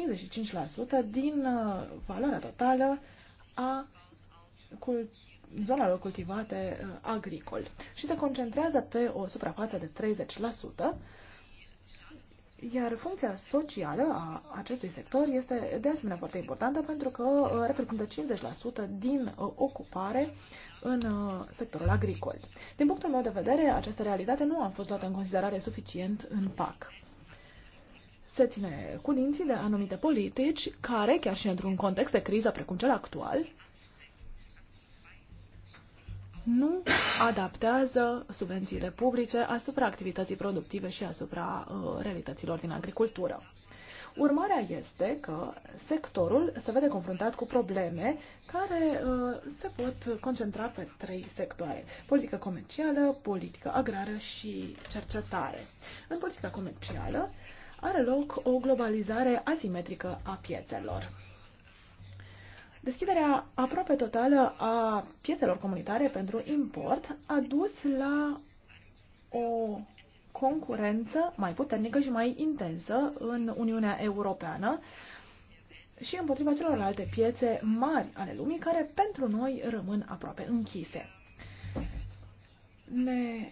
din uh, valoarea totală a cultivării zonelor cultivate uh, agricol și se concentrează pe o suprafață de 30%, iar funcția socială a acestui sector este de asemenea foarte importantă pentru că uh, reprezintă 50% din uh, ocupare în sectorul agricol. Din punctul meu de vedere, această realitate nu a fost luată în considerare suficient în PAC se ține cu dinții de anumite politici care, chiar și într-un context de criză precum cel actual, nu adaptează subvențiile publice asupra activității productive și asupra uh, realităților din agricultură. Urmarea este că sectorul se vede confruntat cu probleme care uh, se pot concentra pe trei sectoare. Politică comercială, politică agrară și cercetare. În politica comercială are loc o globalizare asimetrică a piețelor Deschiderea aproape totală a piețelor comunitare pentru import a dus la o concurență mai puternică și mai intensă în Uniunea Europeană și împotriva celorlalte piețe mari ale lumii care pentru noi rămân aproape închise. Ne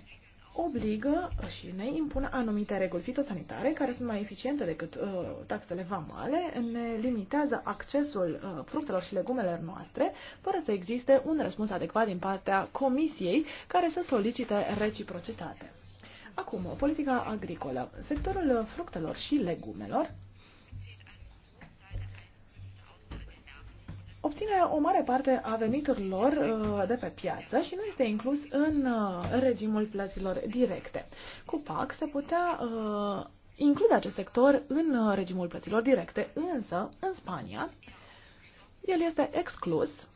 obligă și ne impune anumite reguli fitosanitare care sunt mai eficiente decât uh, taxele vamale, ne limitează accesul uh, fructelor și legumelor noastre, fără să existe un răspuns adecvat din partea Comisiei care să solicite reciprocitate. Acum, politica agricolă. Sectorul fructelor și legumelor obține o mare parte a veniturilor uh, de pe piață și nu este inclus în uh, regimul plăților directe. Cu PAC se putea uh, include acest sector în regimul plăților directe, însă în Spania el este exclus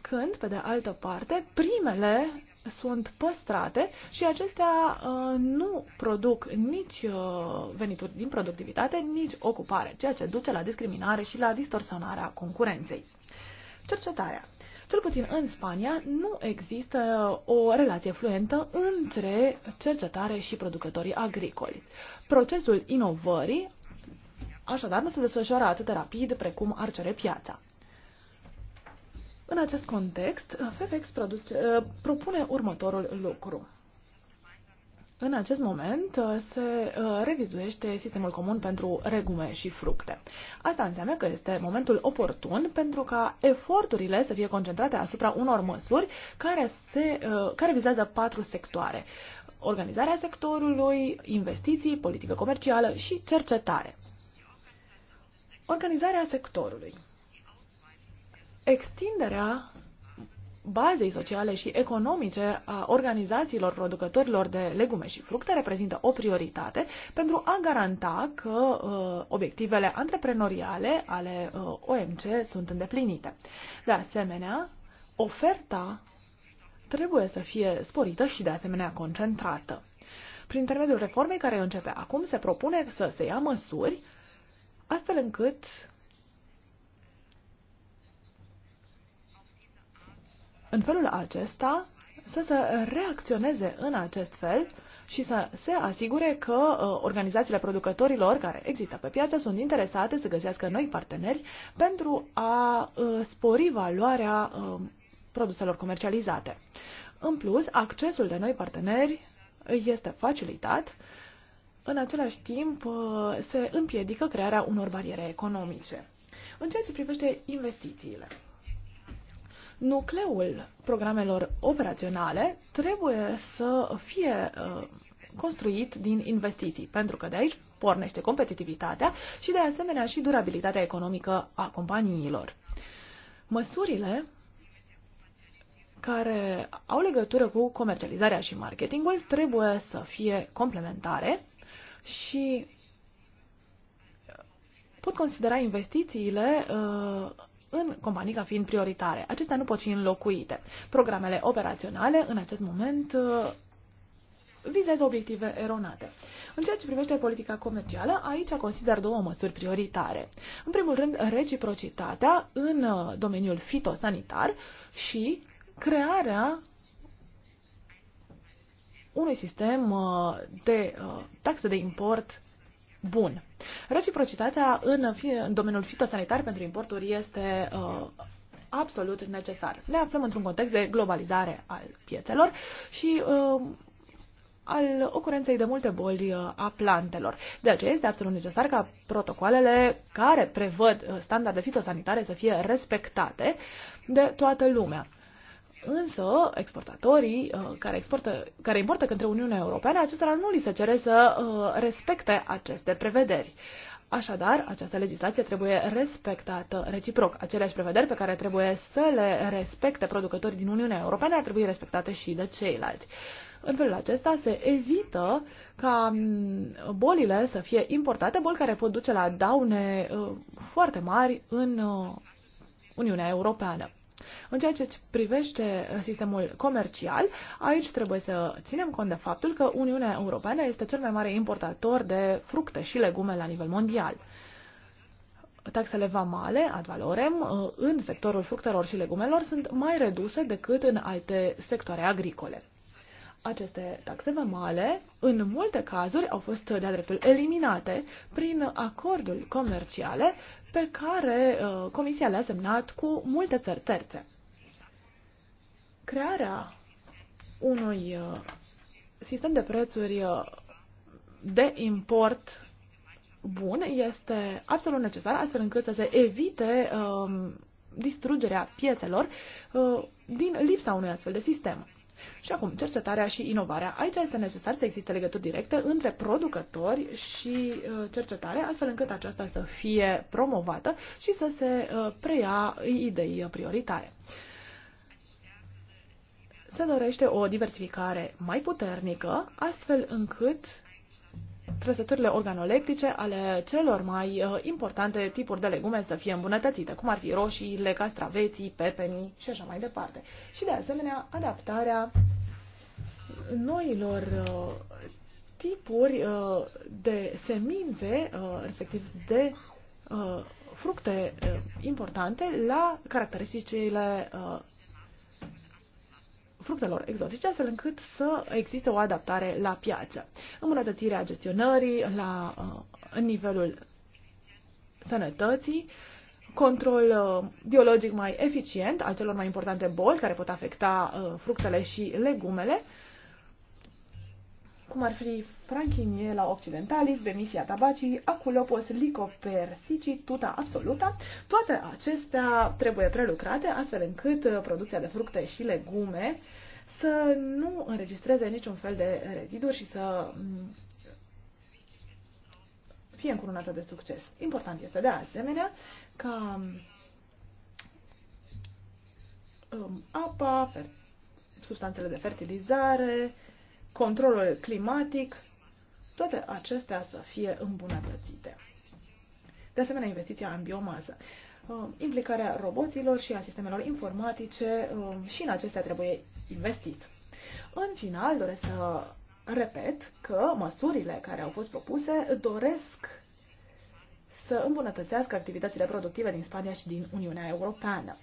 când, pe de altă parte, primele sunt păstrate și acestea uh, nu produc nici uh, venituri din productivitate, nici ocupare, ceea ce duce la discriminare și la distorsionarea concurenței. Cercetarea. Cel puțin în Spania nu există uh, o relație fluentă între cercetare și producătorii agricoli. Procesul inovării Așadar, nu se desfășoară atât de rapid precum ar cere piața. În acest context, FedEx produce, propune următorul lucru. În acest moment se uh, revizuiește sistemul comun pentru regume și fructe. Asta înseamnă că este momentul oportun pentru ca eforturile să fie concentrate asupra unor măsuri care, se, uh, care vizează patru sectoare. Organizarea sectorului, investiții, politică comercială și cercetare. Organizarea sectorului extinderea bazei sociale și economice a organizațiilor producătorilor de legume și fructe reprezintă o prioritate pentru a garanta că uh, obiectivele antreprenoriale ale uh, OMC sunt îndeplinite. De asemenea, oferta trebuie să fie sporită și de asemenea concentrată. Prin intermediul reformei care începe acum, se propune să se ia măsuri astfel încât În felul acesta să se reacționeze în acest fel și să se asigure că uh, organizațiile producătorilor care există pe piață sunt interesate să găsească noi parteneri pentru a uh, spori valoarea uh, produselor comercializate. În plus, accesul de noi parteneri este facilitat, în același timp se împiedică crearea unor bariere economice. În ceea ce privește investițiile, Nucleul programelor operaționale trebuie să fie uh, construit din investiții, pentru că de aici pornește competitivitatea și de asemenea și durabilitatea economică a companiilor. Măsurile care au legătură cu comercializarea și marketingul trebuie să fie complementare și pot considera investițiile uh, în companii ca fiind prioritare. Acestea nu pot fi înlocuite. Programele operaționale, în acest moment, uh, vizează obiective eronate. În ceea ce privește politica comercială, aici consider două măsuri prioritare. În primul rând, reciprocitatea în uh, domeniul fitosanitar și crearea unui sistem uh, de taxe de import bun. Reciprocitatea în, în domeniul fitosanitar pentru importuri este uh, absolut necesar. Ne aflăm într-un context de globalizare al piețelor și uh, al ocurenței de multe boli uh, a plantelor. De aceea este absolut necesar ca protocoalele care prevăd uh, standarde fitosanitare să fie respectate de toată lumea. Însă, exportatorii uh, care, exportă, care importă către Uniunea Europeană, acestora nu li se cere să uh, respecte aceste prevederi. Așadar, această legislație trebuie respectată reciproc. Aceleași prevederi pe care trebuie să le respecte producătorii din Uniunea Europeană ar trebui respectate și de ceilalți. În felul acesta se evită ca mm, bolile să fie importate, boli care pot duce la daune uh, foarte mari în Uniunea Europeană. În ceea ce privește uh, sistemul comercial, aici trebuie să ținem cont de faptul că Uniunea Europeană este cel mai mare importator de fructe și legume la nivel mondial. Taxele vamale, ad valorem, uh, în sectorul fructelor și legumelor sunt mai reduse decât în alte sectoare agricole. Aceste taxe vamale, în multe cazuri, au fost de-a dreptul eliminate prin acorduri comerciale pe care uh, Comisia le-a semnat cu multe țări terțe. Crearea unui uh, sistem de prețuri uh, de import bun este absolut necesar, astfel încât să se evite um, distrugerea piețelor uh, din lipsa unui astfel de sistem. Și acum, cercetarea și inovarea. Aici este necesar să existe legături directe între producători și uh, cercetare, astfel încât aceasta să fie promovată și să se uh, preia idei prioritare se dorește o diversificare mai puternică, astfel încât trăsăturile organoleptice ale celor mai uh, importante tipuri de legume să fie îmbunătățite, cum ar fi roșiile, castraveții, pepenii și așa mai departe. Și de asemenea, adaptarea noilor uh, tipuri uh, de semințe, uh, respectiv de uh, fructe uh, importante, la caracteristicile uh, fructelor exotice, astfel încât să existe o adaptare la piață. Îmbunătățirea gestionării la în uh, nivelul sănătății, control uh, biologic mai eficient al celor mai importante boli care pot afecta uh, fructele și legumele, cum ar fi Frankiniela occidentalis, Bemisia tabacii, Aculopos licopersici, Tuta absoluta, toate acestea trebuie prelucrate astfel încât uh, producția de fructe și legume să nu înregistreze niciun fel de reziduri și să mm, fie încurunată de succes. Important este de asemenea ca mm, apa, substanțele de fertilizare, controlul climatic, toate acestea să fie îmbunătățite. De asemenea, investiția în biomasă. Um, implicarea roboților și a sistemelor informatice um, și în acestea trebuie investit. În final, doresc să repet că măsurile care au fost propuse doresc să îmbunătățească activitățile productive din Spania și din Uniunea Europeană.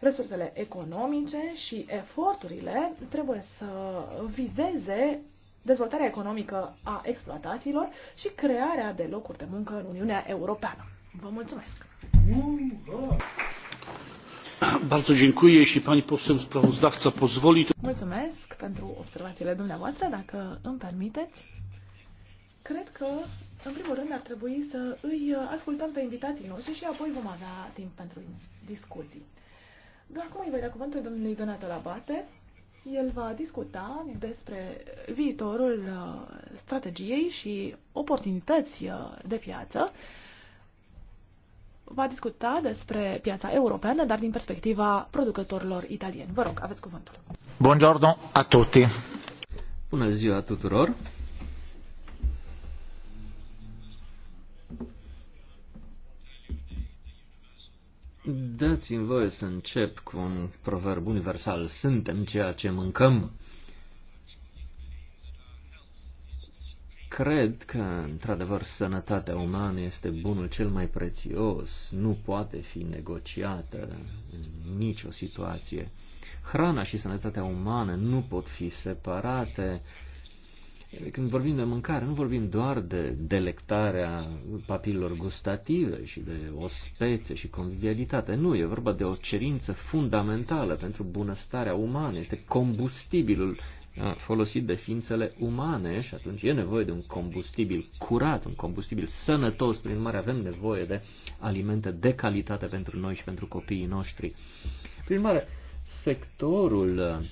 Resursele economice și eforturile trebuie să vizeze dezvoltarea economică a exploatațiilor și crearea de locuri de muncă în Uniunea Europeană. Vă mulțumesc! Bardzo dziękuję. Jeśli pani poseł sprawozdawca pozwoli, to... Mulțumesc pentru observațiile dumneavoastră. Dacă îmi permiteți, cred că, în primul rând, ar trebui să îi ascultăm pe invitații noștri și apoi vom avea timp pentru discuții. Dar acum îi voi da cuvântul domnului Donato Labate. El va discuta despre viitorul uh, strategiei și oportunități uh, de piață. Va discuta despre piața europeană, dar din perspectiva producătorilor italieni. Vă rog, aveți cuvântul. Buongiorno a tutti! Bună ziua tuturor! Dați-mi voie să încep cu un proverb universal. Suntem ceea ce mâncăm. Cred că, într-adevăr, sănătatea umană este bunul cel mai prețios, nu poate fi negociată în nicio situație. Hrana și sănătatea umană nu pot fi separate. Când vorbim de mâncare, nu vorbim doar de delectarea papilor gustative și de o spețe și convivialitate. Nu, e vorba de o cerință fundamentală pentru bunăstarea umană. Este combustibilul folosit de ființele umane și atunci e nevoie de un combustibil curat, un combustibil sănătos, prin mare avem nevoie de alimente de calitate pentru noi și pentru copiii noștri. Prin mare, sectorul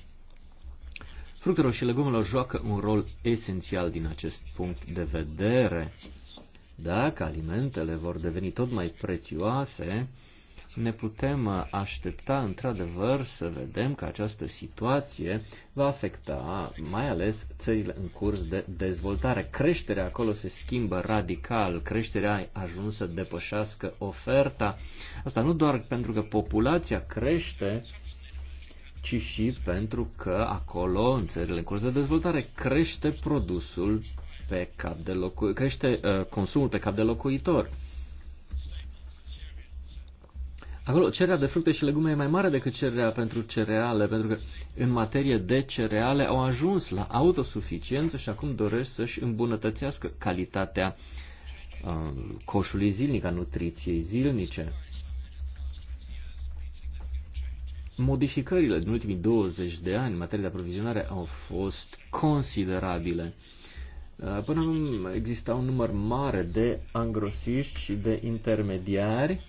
Fructelor și legumelor joacă un rol esențial din acest punct de vedere. Dacă alimentele vor deveni tot mai prețioase, ne putem aștepta într-adevăr să vedem că această situație va afecta mai ales țările în curs de dezvoltare. Creșterea acolo se schimbă radical, creșterea a ajuns să depășească oferta. Asta nu doar pentru că populația crește, ci și pentru că acolo, în țările în curs de dezvoltare, crește produsul pe cap de locu- crește uh, consumul pe cap de locuitor. Acolo cererea de fructe și legume e mai mare decât cererea pentru cereale, pentru că în materie de cereale au ajuns la autosuficiență și acum doresc să-și îmbunătățească calitatea uh, coșului zilnic, a nutriției zilnice. modificările din ultimii 20 de ani în materie de aprovizionare au fost considerabile. Uh, până acum exista un număr mare de angrosiști și de intermediari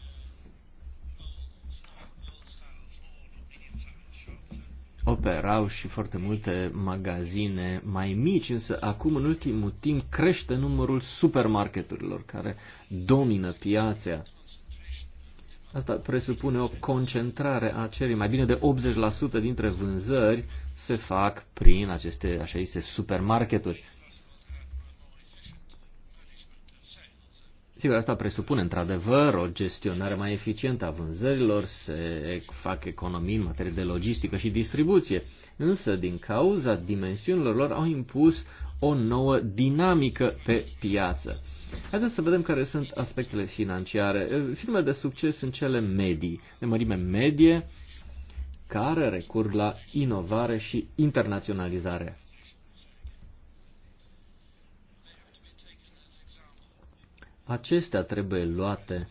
operau și foarte multe magazine mai mici, însă acum, în ultimul timp, crește numărul supermarketurilor care domină piața Asta presupune o concentrare a cererii. Mai bine de 80% dintre vânzări se fac prin aceste, așa zise, supermarketuri. Sigur, asta presupune într-adevăr o gestionare mai eficientă a vânzărilor, se fac economii în materie de logistică și distribuție, însă din cauza dimensiunilor lor au impus o nouă dinamică pe piață. Haideți să vedem care sunt aspectele financiare. Eh, Filmele de succes sunt cele medii, de mărime medie, care recurg la inovare și internaționalizare. Acestea trebuie luate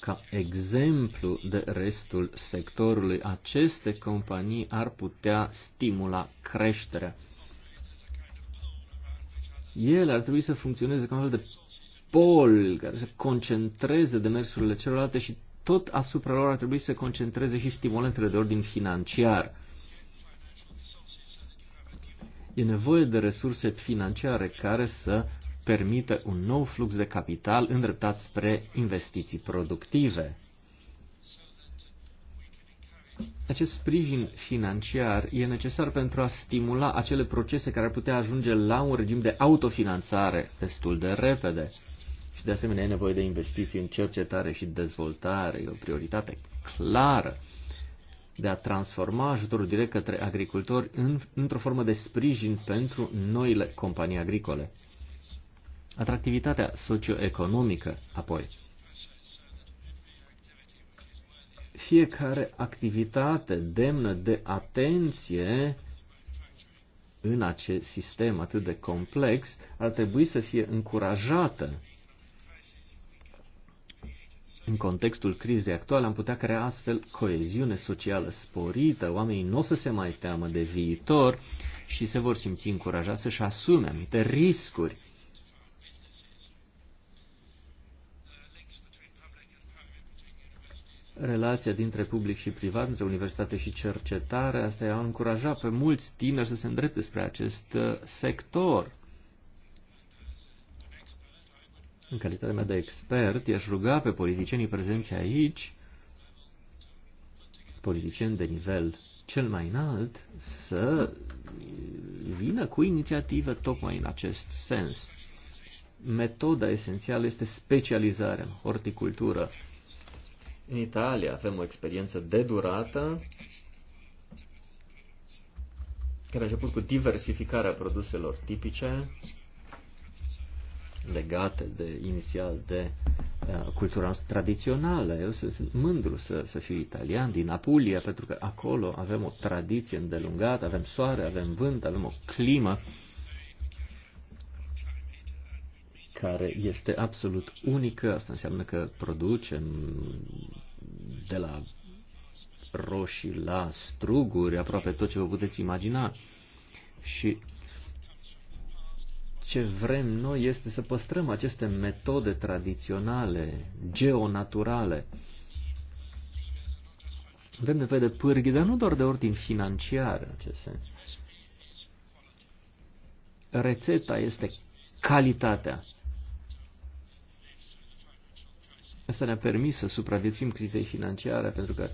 ca exemplu de restul sectorului. Aceste companii ar putea stimula creșterea. Ele ar trebui să funcționeze ca un fel de pol care să concentreze demersurile celorlalte și tot asupra lor ar trebui să se concentreze și stimulentele de ordin financiar. E nevoie de resurse financiare care să permită un nou flux de capital îndreptat spre investiții productive. Acest sprijin financiar e necesar pentru a stimula acele procese care ar putea ajunge la un regim de autofinanțare destul de repede. Și de asemenea e nevoie de investiții în cercetare și dezvoltare, e o prioritate clară de a transforma ajutorul direct către agricultori în, într-o formă de sprijin pentru noile companii agricole. Atractivitatea socioeconomică, apoi. Fiecare activitate demnă de atenție în acest sistem atât de complex ar trebui să fie încurajată. În contextul crizei actuale am putea crea astfel coeziune socială sporită, oamenii nu o să se mai teamă de viitor și se vor simți încurajați să-și asume anumite riscuri relația dintre public și privat, între universitate și cercetare. Asta i-a încurajat pe mulți tineri să se îndrepte spre acest uh, sector. În calitatea mea de expert, i-aș ruga pe politicienii prezenți aici, politicieni de nivel cel mai înalt, să vină cu inițiativă tocmai în acest sens. Metoda esențială este specializarea, horticultură, în Italia avem o experiență de durată care a început cu diversificarea produselor tipice legate de inițial de uh, cultura noastră tradițională. Eu sunt mândru să, să fiu italian din Apulia, pentru că acolo avem o tradiție îndelungată, avem soare, avem vânt, avem o climă uh, care este absolut unică. Asta înseamnă că producem de la roșii la struguri, aproape tot ce vă puteți imagina. Și ce vrem noi este să păstrăm aceste metode tradiționale, geonaturale. Avem nevoie de pârghi, dar nu doar de ordin financiar în acest sens. Rețeta este calitatea. Asta ne-a permis să supraviețuim crizei financiare, pentru că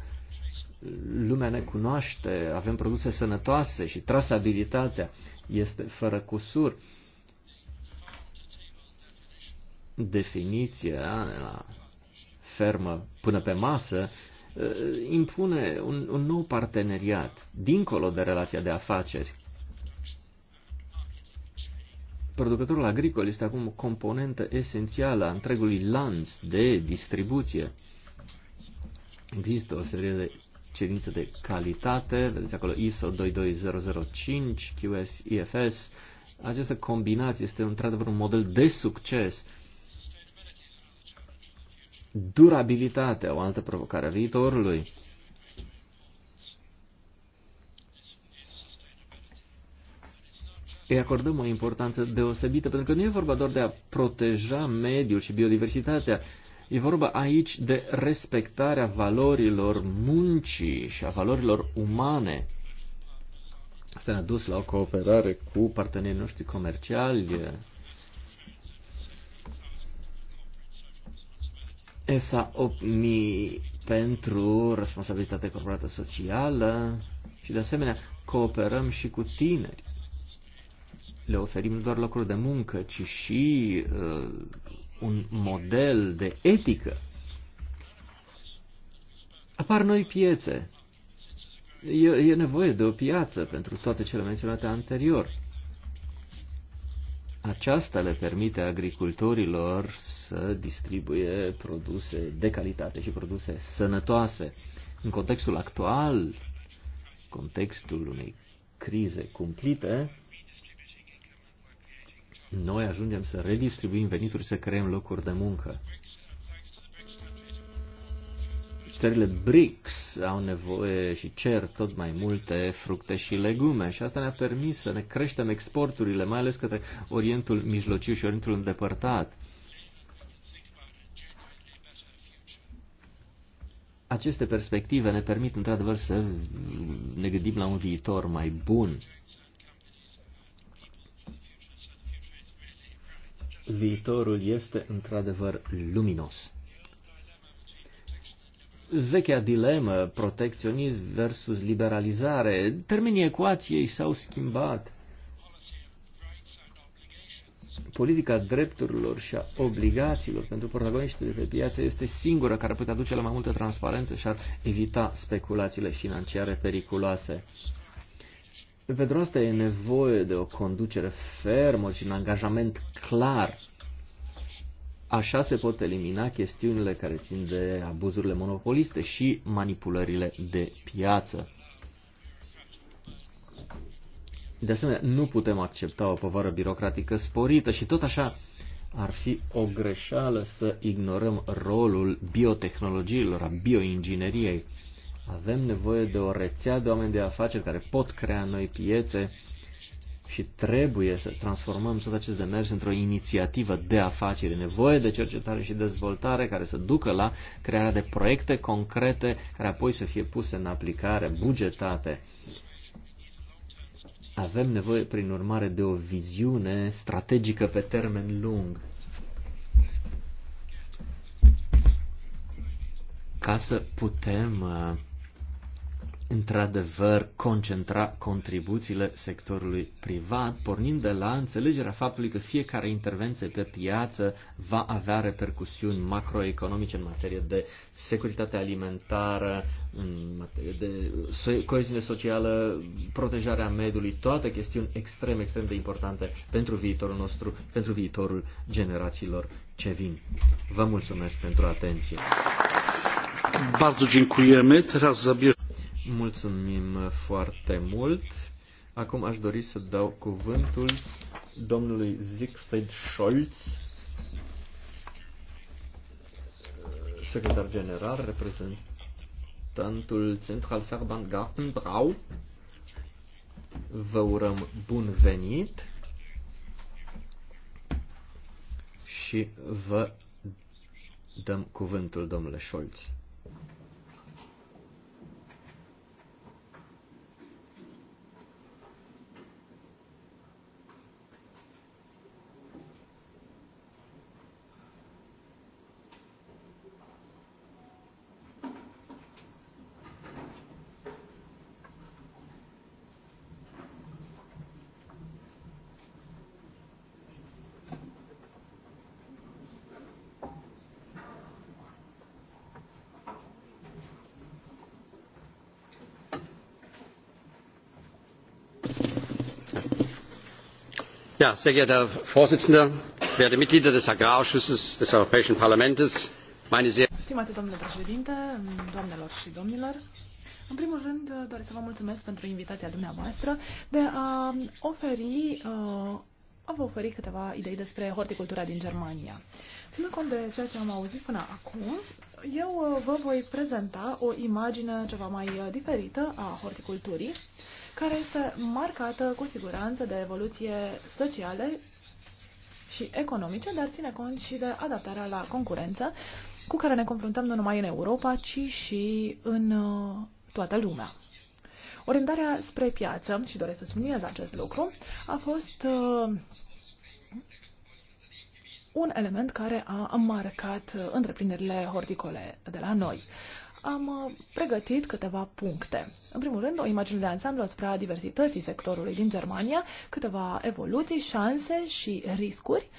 lumea ne cunoaște, avem produse sănătoase și trasabilitatea este fără cusur. Definiția de la fermă până pe masă eh, impune un, un nou parteneriat, dincolo de relația de afaceri producătorul agricol este acum o componentă esențială a întregului lanț de distribuție. Există o serie de cerințe de calitate, vedeți acolo ISO 22005, QS, IFS. Această combinație este într-adevăr un model de succes. Durabilitatea, o altă provocare a viitorului. îi acordăm o importanță deosebită, pentru că nu e vorba doar de a proteja mediul și biodiversitatea, e vorba aici de respectarea valorilor muncii și a valorilor umane. Asta ne-a dus la o cooperare cu partenerii noștri comerciali. ESA 8000 pentru responsabilitate corporată socială și de asemenea cooperăm și cu tineri le oferim nu doar locuri de muncă, ci și uh, un model de etică. Apar noi piețe. E, e nevoie de o piață pentru toate cele menționate anterior. Aceasta le permite agricultorilor să distribuie produse de calitate și produse sănătoase. În contextul actual, contextul unei crize cumplite, noi ajungem să redistribuim venituri, și să creăm locuri de muncă. Țările BRICS au nevoie și cer tot mai multe fructe și legume și asta ne-a permis să ne creștem exporturile, mai ales către Orientul Mijlociu și Orientul Îndepărtat. Aceste perspective ne permit într-adevăr să ne gândim la un viitor mai bun. viitorul este într-adevăr luminos. Vechea dilemă, protecționism versus liberalizare, termenii ecuației s-au schimbat. Politica drepturilor și a obligațiilor pentru protagoniștii de pe piață este singura care putea duce la mai multă transparență și ar evita speculațiile financiare periculoase. Pentru asta e nevoie de o conducere fermă și un angajament clar. Așa se pot elimina chestiunile care țin de abuzurile monopoliste și manipulările de piață. De asemenea, nu putem accepta o povară birocratică sporită și tot așa ar fi o greșeală să ignorăm rolul biotehnologiilor, a bioingineriei. Avem nevoie de o rețea de oameni de afaceri care pot crea noi piețe și trebuie să transformăm tot acest demers într-o inițiativă de afaceri. E nevoie de cercetare și dezvoltare care să ducă la crearea de proiecte concrete care apoi să fie puse în aplicare, bugetate. Avem nevoie, prin urmare, de o viziune strategică pe termen lung. Ca să putem uh, într-adevăr concentra contribuțiile sectorului privat, pornind de la înțelegerea faptului că fiecare intervenție pe piață va avea repercusiuni macroeconomice în materie de securitate alimentară, în materie de coeziune socială, protejarea mediului, toate chestiuni extrem, extrem de importante pentru viitorul nostru, pentru viitorul generațiilor ce vin. Vă mulțumesc pentru atenție. Bardzo dziękujemy. Teraz zabierze Mulțumim foarte mult. Acum aș dori să dau cuvântul domnului Siegfried Scholz, secretar general, reprezentantul Central Garten Gartenbrau. Vă urăm bun venit și vă dăm cuvântul, domnule Scholz. sehr geehrter herr präsident werte mitglieder des agrarausschusses des europäischen parlaments meine sehr stimate domnule președinte doamnelor și domnilor în primul rând uh, doresc să vă mulțumesc pentru invitația dumneavoastră de a uh, oferi uh, a vă oferi câteva idei despre horticultura din Germania. Ținând cont de ceea ce am auzit până acum, eu vă voi prezenta o imagine ceva mai diferită a horticulturii care este marcată cu siguranță de evoluție sociale și economice, dar ține cont și de adaptarea la concurență cu care ne confruntăm nu numai în Europa, ci și în uh, toată lumea. Orientarea spre piață, și doresc să subliniez acest lucru, a fost uh, un element care a marcat uh, întreprinderile horticole de la noi am uh, pregătit câteva puncte. În primul rând, o imagine de ansamblu asupra diversității sectorului din Germania, câteva evoluții, șanse și riscuri.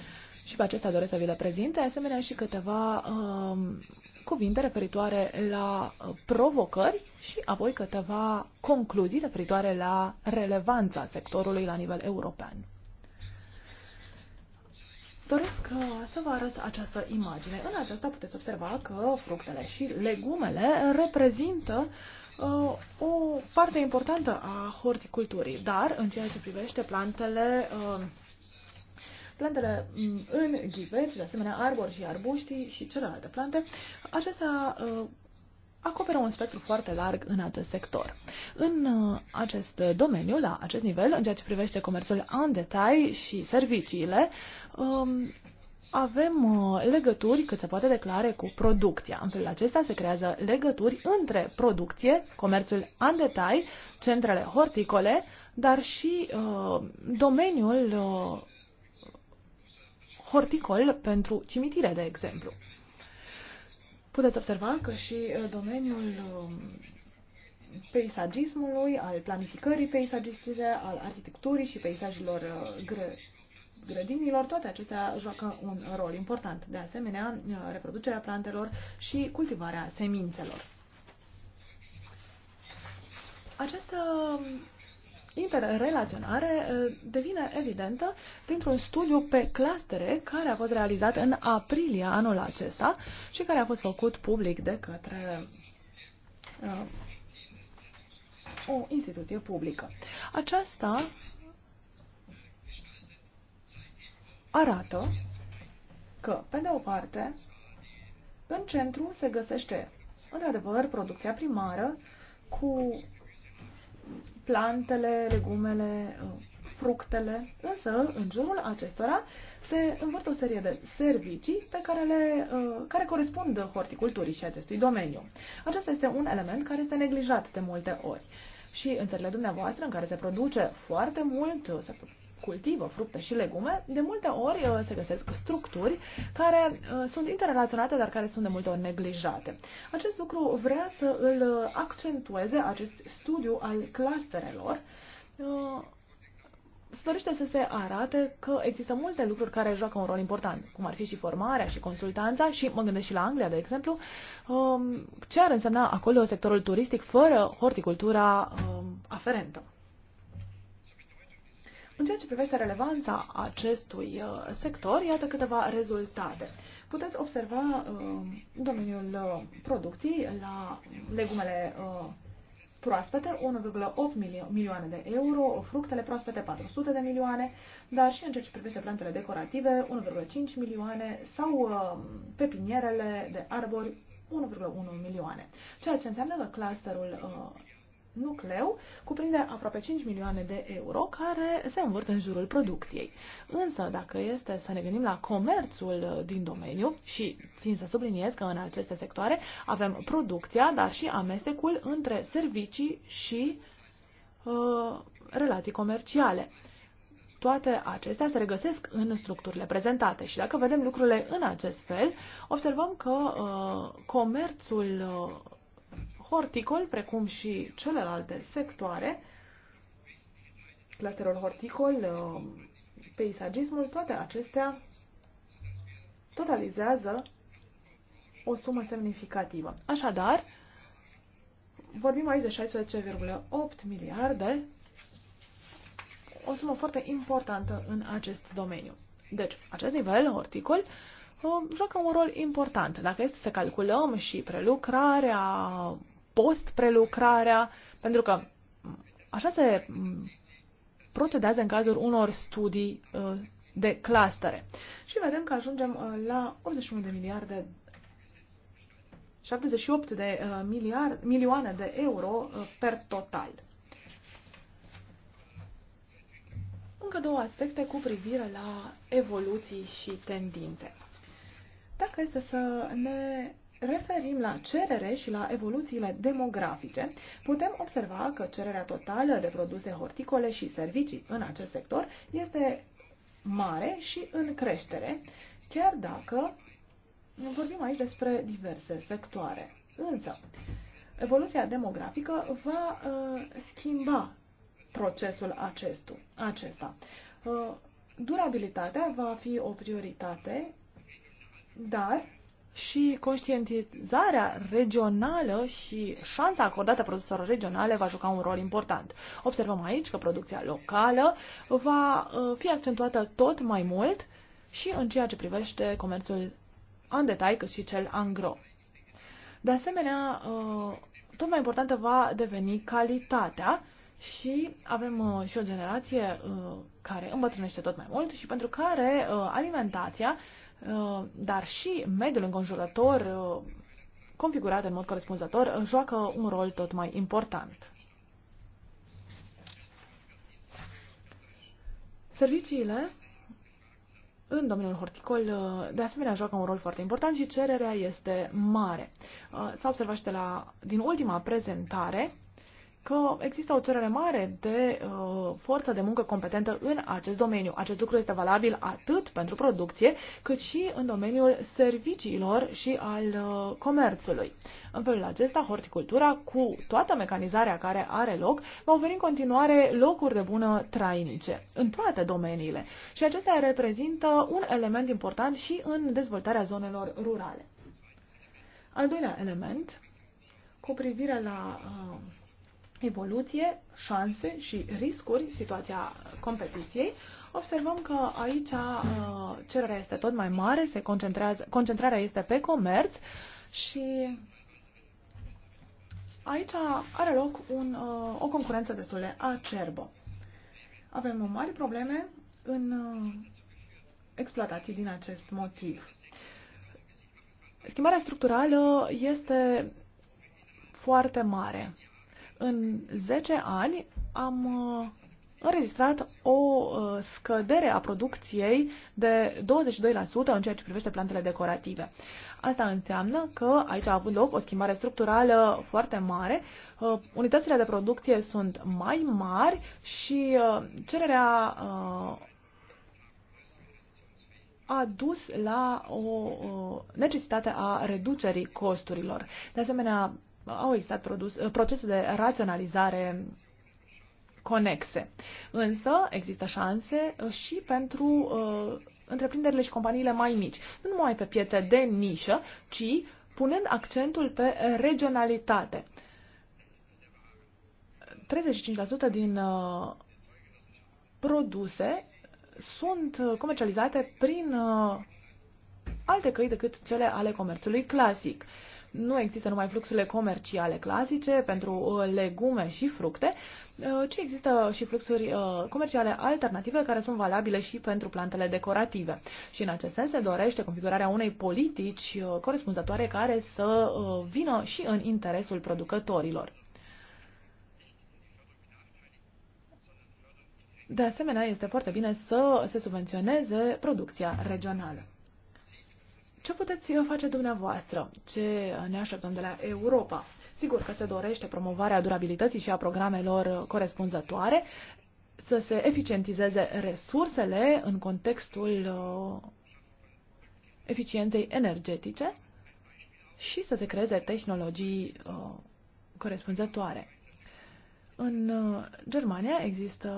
Și pe acestea doresc să vi le prezinte, asemenea și câteva um, cuvinte referitoare la uh, provocări și apoi câteva concluzii referitoare la relevanța sectorului la nivel european. Doresc uh, să vă arăt această imagine. În aceasta puteți observa că fructele și legumele reprezintă uh, o parte importantă a horticulturii, dar în ceea ce privește plantele uh, plantele mm, în ghiveci, de asemenea arbori și arbuștii și celelalte plante, acestea uh, acoperă un spectru foarte larg în acest sector. În uh, acest domeniu, la acest nivel, în ceea ce privește comerțul în detai și serviciile, um, avem uh, legături cât se poate declare cu producția. În felul acesta se creează legături între producție, comerțul în detai, centrele horticole, dar și uh, domeniul uh, horticol pentru cimitire, de exemplu. Puteți observa că și uh, domeniul um, peisagismului, al planificării peisagistice, al arhitecturii și peisajelor uh, gră, grădinilor, toate acestea joacă un rol important. De asemenea, uh, reproducerea plantelor și cultivarea semințelor. Această um, interrelaționare eh, devine evidentă printr-un studiu pe clastere care a fost realizat în aprilie anul acesta și care a fost făcut public de către uh, o instituție publică. Aceasta arată că, pe de o parte, în centru se găsește, într-adevăr, producția primară cu plantele, legumele, fructele, însă în jurul acestora se învârt o serie de servicii pe care, le, uh, care corespund horticulturii și acestui domeniu. Acesta este un element care este neglijat de multe ori. Și în țările dumneavoastră, în care se produce foarte mult, se cultivă fructe și legume, de multe ori uh, se găsesc structuri care uh, sunt interrelaționate, dar care sunt de multe ori neglijate. Acest lucru vrea să îl uh, accentueze acest studiu al clusterelor. Se dorește să se arate că există multe lucruri care joacă un rol important, cum ar fi și formarea și consultanța și mă gândesc și la Anglia, de exemplu, um, ce ar însemna acolo sectorul turistic fără horticultura um, aferentă. În ceea ce privește relevanța acestui uh, sector, iată câteva rezultate. Puteți observa în uh, domeniul uh, producției la legumele proaspete 1,8 milioane de euro, fructele proaspete 400 de milioane, dar și în ceea ce privește plantele decorative 1,5 milioane sau pepinierele de arbori 1,1 milioane, ceea ce înseamnă că clusterul nucleu cuprinde aproape 5 milioane de euro care se învârt în jurul producției. Însă, dacă este să ne gândim la comerțul din domeniu și țin să subliniez că în aceste sectoare avem producția, dar și amestecul între servicii și uh, relații comerciale. Toate acestea se regăsesc în structurile prezentate și dacă vedem lucrurile în acest fel, observăm că uh, comerțul uh, horticol, precum și celelalte sectoare, clusterul horticol, uh, peisagismul, toate acestea totalizează o sumă semnificativă. Așadar, vorbim aici de 16,8 miliarde, o sumă foarte importantă în acest domeniu. Deci, acest nivel horticol uh, joacă un rol important. Dacă este să calculăm și prelucrarea post-prelucrarea, pentru că așa se procedează în cazul unor studii uh, de clustere. Și vedem că ajungem uh, la 81 de miliarde 78 de uh, miliard, milioane de euro per total. Încă două aspecte cu privire la evoluții și tendințe. Dacă este să ne referim la cerere și la evoluțiile demografice, putem observa că cererea totală de produse horticole și servicii în acest sector este mare și în creștere, chiar dacă vorbim aici despre diverse sectoare. Însă, evoluția demografică va uh, schimba procesul acestu, acesta. Uh, durabilitatea va fi o prioritate, dar și conștientizarea regională și șansa acordată produselor regionale va juca un rol important. Observăm aici că producția locală va uh, fi accentuată tot mai mult și în ceea ce privește comerțul în detail, cât și cel angro. De asemenea, uh, tot mai importantă va deveni calitatea și avem uh, și o generație care îmbătrânește tot mai mult și pentru care alimentația Uh, dar și mediul înconjurător, uh, configurat în mod corespunzător, uh, joacă un rol tot mai important. Serviciile în domeniul horticol, de asemenea, joacă un rol foarte important și cererea este mare. S-a observat și de la, din ultima prezentare că există o cerere mare de uh, forță de muncă competentă în acest domeniu. Acest lucru este valabil atât pentru producție, cât și în domeniul serviciilor și al uh, comerțului. În felul acesta, horticultura, cu toată mecanizarea care are loc, va oferi în continuare locuri de bună trainice în toate domeniile și acestea reprezintă un element important și în dezvoltarea zonelor rurale. Al doilea element, cu privire la uh, evoluție, șanse și riscuri, situația competiției, observăm că aici uh, cererea este tot mai mare, se concentrează, concentrarea este pe comerț și aici are loc un, uh, o concurență destul de acerbă. Avem mari probleme în uh, exploatații din acest motiv. Schimbarea structurală este foarte mare. În 10 ani am uh, înregistrat o uh, scădere a producției de 22% în ceea ce privește plantele decorative. Asta înseamnă că aici a avut loc o schimbare structurală foarte mare. Uh, unitățile de producție sunt mai mari și cererea a dus la o necesitate a reducerii costurilor. De asemenea, au existat produs, uh, procese de raționalizare conexe. Însă există șanse uh, și pentru uh, întreprinderile și companiile mai mici, nu numai pe piețe de nișă, ci punând accentul pe regionalitate. 35% din uh, produse sunt uh, comercializate prin uh, alte căi decât cele ale comerțului clasic. Uh, nu există numai fluxurile comerciale clasice pentru uh, legume și fructe, uh, ci există și fluxuri uh, comerciale alternative care sunt valabile și pentru plantele decorative. Și în acest sens se dorește configurarea unei politici corespunzătoare care să vină și în interesul producătorilor. De asemenea, este foarte bine să se subvenționeze producția regională. Ce puteți uh, face dumneavoastră? Ce uh, ne așteptăm de la Europa? Sigur că se dorește promovarea durabilității și a programelor uh, corespunzătoare, să se eficientizeze resursele în contextul eficienței energetice și să se creeze tehnologii corespunzătoare. În Germania există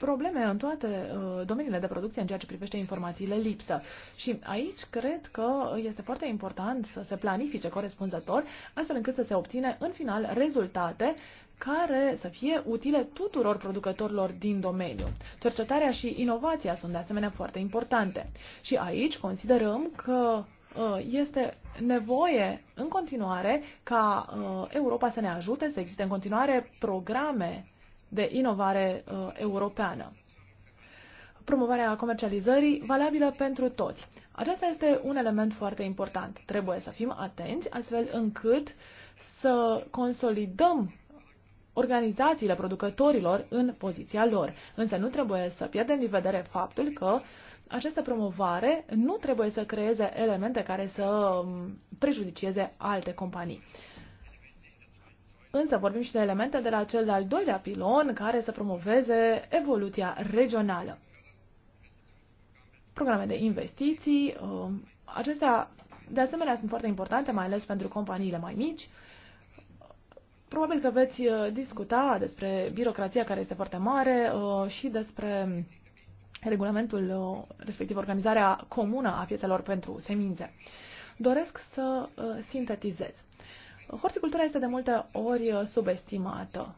probleme în toate uh, domeniile de producție în ceea ce privește informațiile lipsă. Și aici cred că este foarte important să se planifice corespunzător, astfel încât să se obține în final rezultate care să fie utile tuturor producătorilor din domeniu. Cercetarea și inovația sunt de asemenea foarte importante. Și aici considerăm că uh, este nevoie în continuare ca uh, Europa să ne ajute să existe în continuare programe de inovare uh, europeană. Promovarea comercializării valabilă pentru toți. Acesta este un element foarte important. Trebuie să fim atenți astfel încât să consolidăm organizațiile producătorilor în poziția lor. Însă nu trebuie să pierdem din vedere faptul că această promovare nu trebuie să creeze elemente care să um, prejudicieze alte companii. Însă vorbim și de elemente de la cel de-al doilea pilon care să promoveze evoluția regională. Programe de investiții, um, acestea de asemenea sunt foarte importante, mai ales pentru companiile mai mici. Probabil că veți uh, discuta despre birocrația care este foarte mare uh, și despre regulamentul, uh, respectiv organizarea comună a piețelor pentru semințe. Doresc să sintetizez. Horticultura este de multe ori subestimată.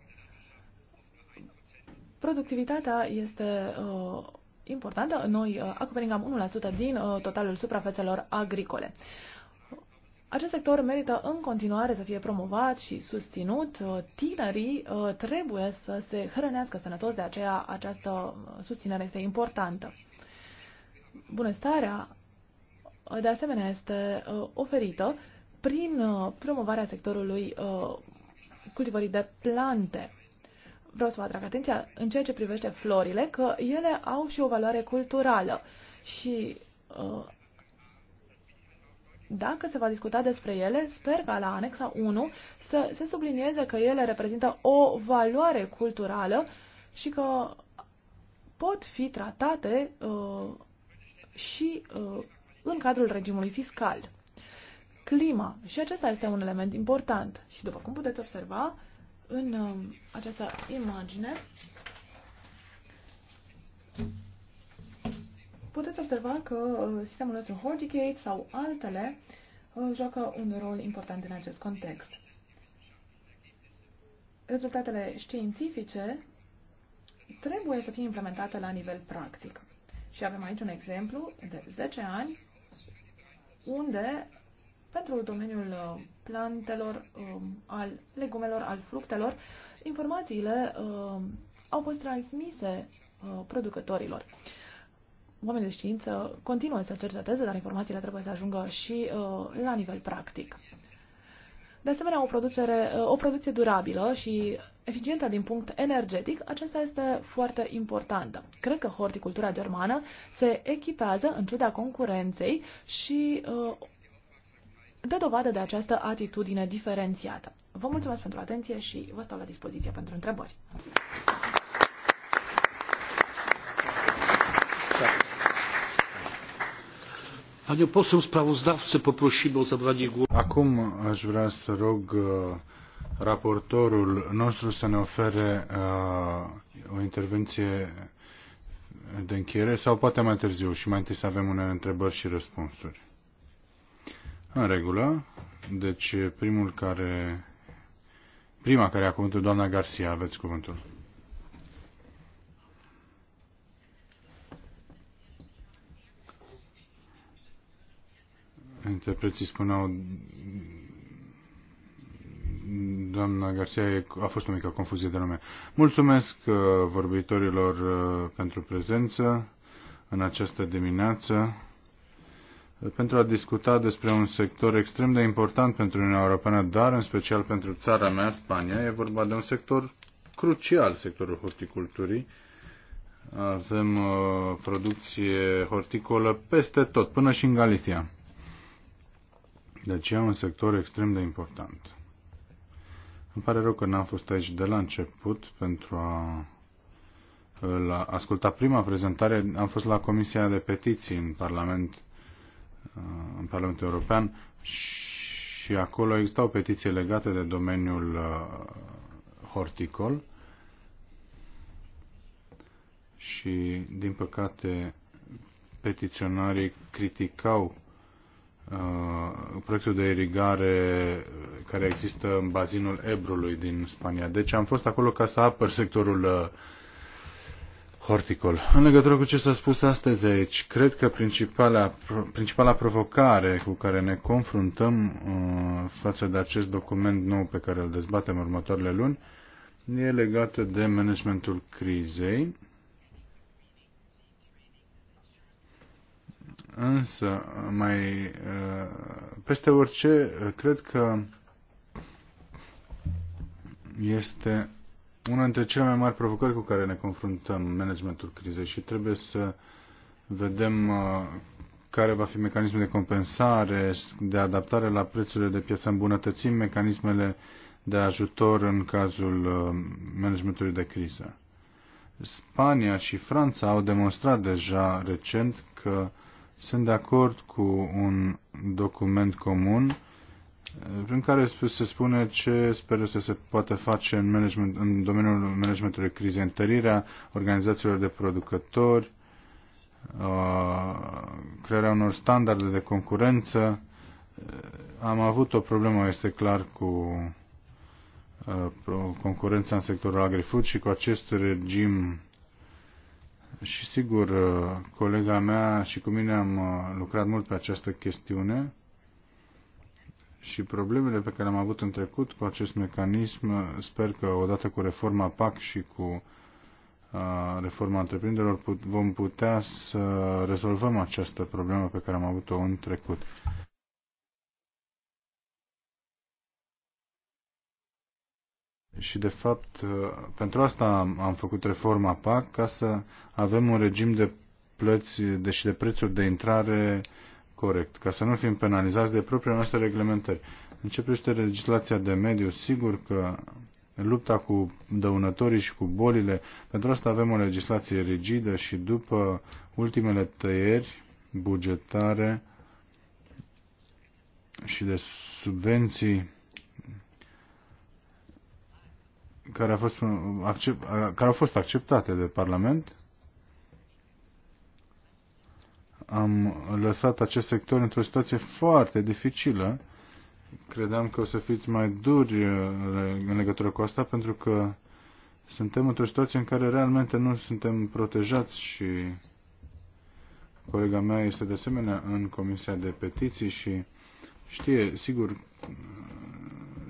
Productivitatea este uh, importantă. Noi uh, acoperim cam 1% din uh, totalul suprafețelor agricole. Acest sector merită în continuare să fie promovat și susținut. Uh, tinerii uh, trebuie să se hrănească sănătos, de aceea această susținere este importantă. Bunăstarea, de asemenea, este uh, oferită prin uh, promovarea sectorului uh, cultivării de plante. Vreau să vă atrag atenția în ceea ce privește florile, că ele au și o valoare culturală și uh, dacă se va discuta despre ele, sper ca la anexa 1 să se sublinieze că ele reprezintă o valoare culturală și că pot fi tratate uh, și uh, în cadrul regimului fiscal clima. Și acesta este un element important. Și după cum puteți observa, în uh, această imagine puteți observa că uh, sistemul nostru Horticate sau altele uh, joacă un rol important în acest context. Rezultatele științifice trebuie să fie implementate la nivel practic. Și avem aici un exemplu de 10 ani unde pentru domeniul uh, plantelor, um, al legumelor, al fructelor, informațiile um, au fost transmise uh, producătorilor. Oamenii de știință continuă să cerceteze, dar informațiile trebuie să ajungă și uh, la nivel practic. De asemenea, o, producere, o producție durabilă și eficientă din punct energetic, aceasta este foarte importantă. Cred că horticultura germană se echipează în ciuda concurenței și uh, dă dovadă de această atitudine diferențiată. Vă mulțumesc pentru atenție și vă stau la dispoziție pentru întrebări. Panie poseł sprawozdawcę poprosimy o zabranie głosu. Acum aș vrea să rog uh, raportorul nostru să ne ofere uh, o intervenție de încheiere sau poate mai târziu și mai întâi să avem unele întrebări și răspunsuri. În regulă. Deci primul care... Prima care a cuvântul, doamna Garcia, aveți cuvântul. Interpreții spuneau doamna Garcia, a fost o mică confuzie de nume. Mulțumesc uh, vorbitorilor uh, pentru prezență în această dimineață pentru a discuta despre un sector extrem de important pentru Uniunea Europeană, dar în special pentru țara mea, Spania. E vorba de un sector crucial, sectorul horticulturii. Avem uh, producție horticolă peste tot, până și în Galicia. Deci e un sector extrem de important. Îmi pare rău că n-am fost aici de la început pentru a la asculta prima prezentare. Am fost la Comisia de Petiții în Parlament Uh, în Parlamentul European și acolo existau o petiție legată de domeniul uh, horticol și, din păcate, petiționarii criticau uh, proiectul de irigare care există în bazinul Ebrului din Spania. Deci am fost acolo ca să apăr sectorul uh, Horticol. În legătură cu ce s-a spus astăzi aici, cred că principala, principala provocare cu care ne confruntăm uh, față de acest document nou pe care îl dezbatem următoarele luni e legată de managementul crizei. Însă, mai uh, peste orice, cred că este una dintre cele mai mari provocări cu care ne confruntăm managementul crizei și trebuie să vedem uh, care va fi mecanismul de compensare, de adaptare la prețurile de piață, îmbunătățim mecanismele de ajutor în cazul uh, managementului de criză. Spania și Franța au demonstrat deja recent că sunt de acord cu un document comun prin care se spune ce speră să se poată face în, management, în domeniul managementului crizei, întărirea organizațiilor de producători, uh, crearea unor standarde de concurență. Uh, am avut o problemă, este clar, cu uh, concurența în sectorul agrifood și cu acest regim și sigur, colega mea și cu mine am lucrat mult pe această chestiune și problemele pe care le-am avut în trecut cu acest mecanism, sper că odată cu reforma PAC și cu uh, reforma întreprinderilor vom putea să rezolvăm această problemă pe care am avut-o în trecut. Și, de fapt, uh, pentru asta am făcut reforma PAC, ca să avem un regim de plăți, deși de prețuri de intrare uh, corect, ca să nu fim penalizați de propriile noastre reglementări. Începește legislația de mediu, sigur că lupta cu dăunătorii și cu bolile, pentru asta avem o legislație rigidă și după ultimele tăieri bugetare și de subvenții care, fost, accept, care au fost acceptate de Parlament, am lăsat acest sector într-o situație foarte dificilă. Credeam că o să fiți mai duri uh, în legătură cu asta, pentru că suntem într-o situație în care realmente nu suntem protejați și colega mea este de asemenea în Comisia de Petiții și știe, sigur,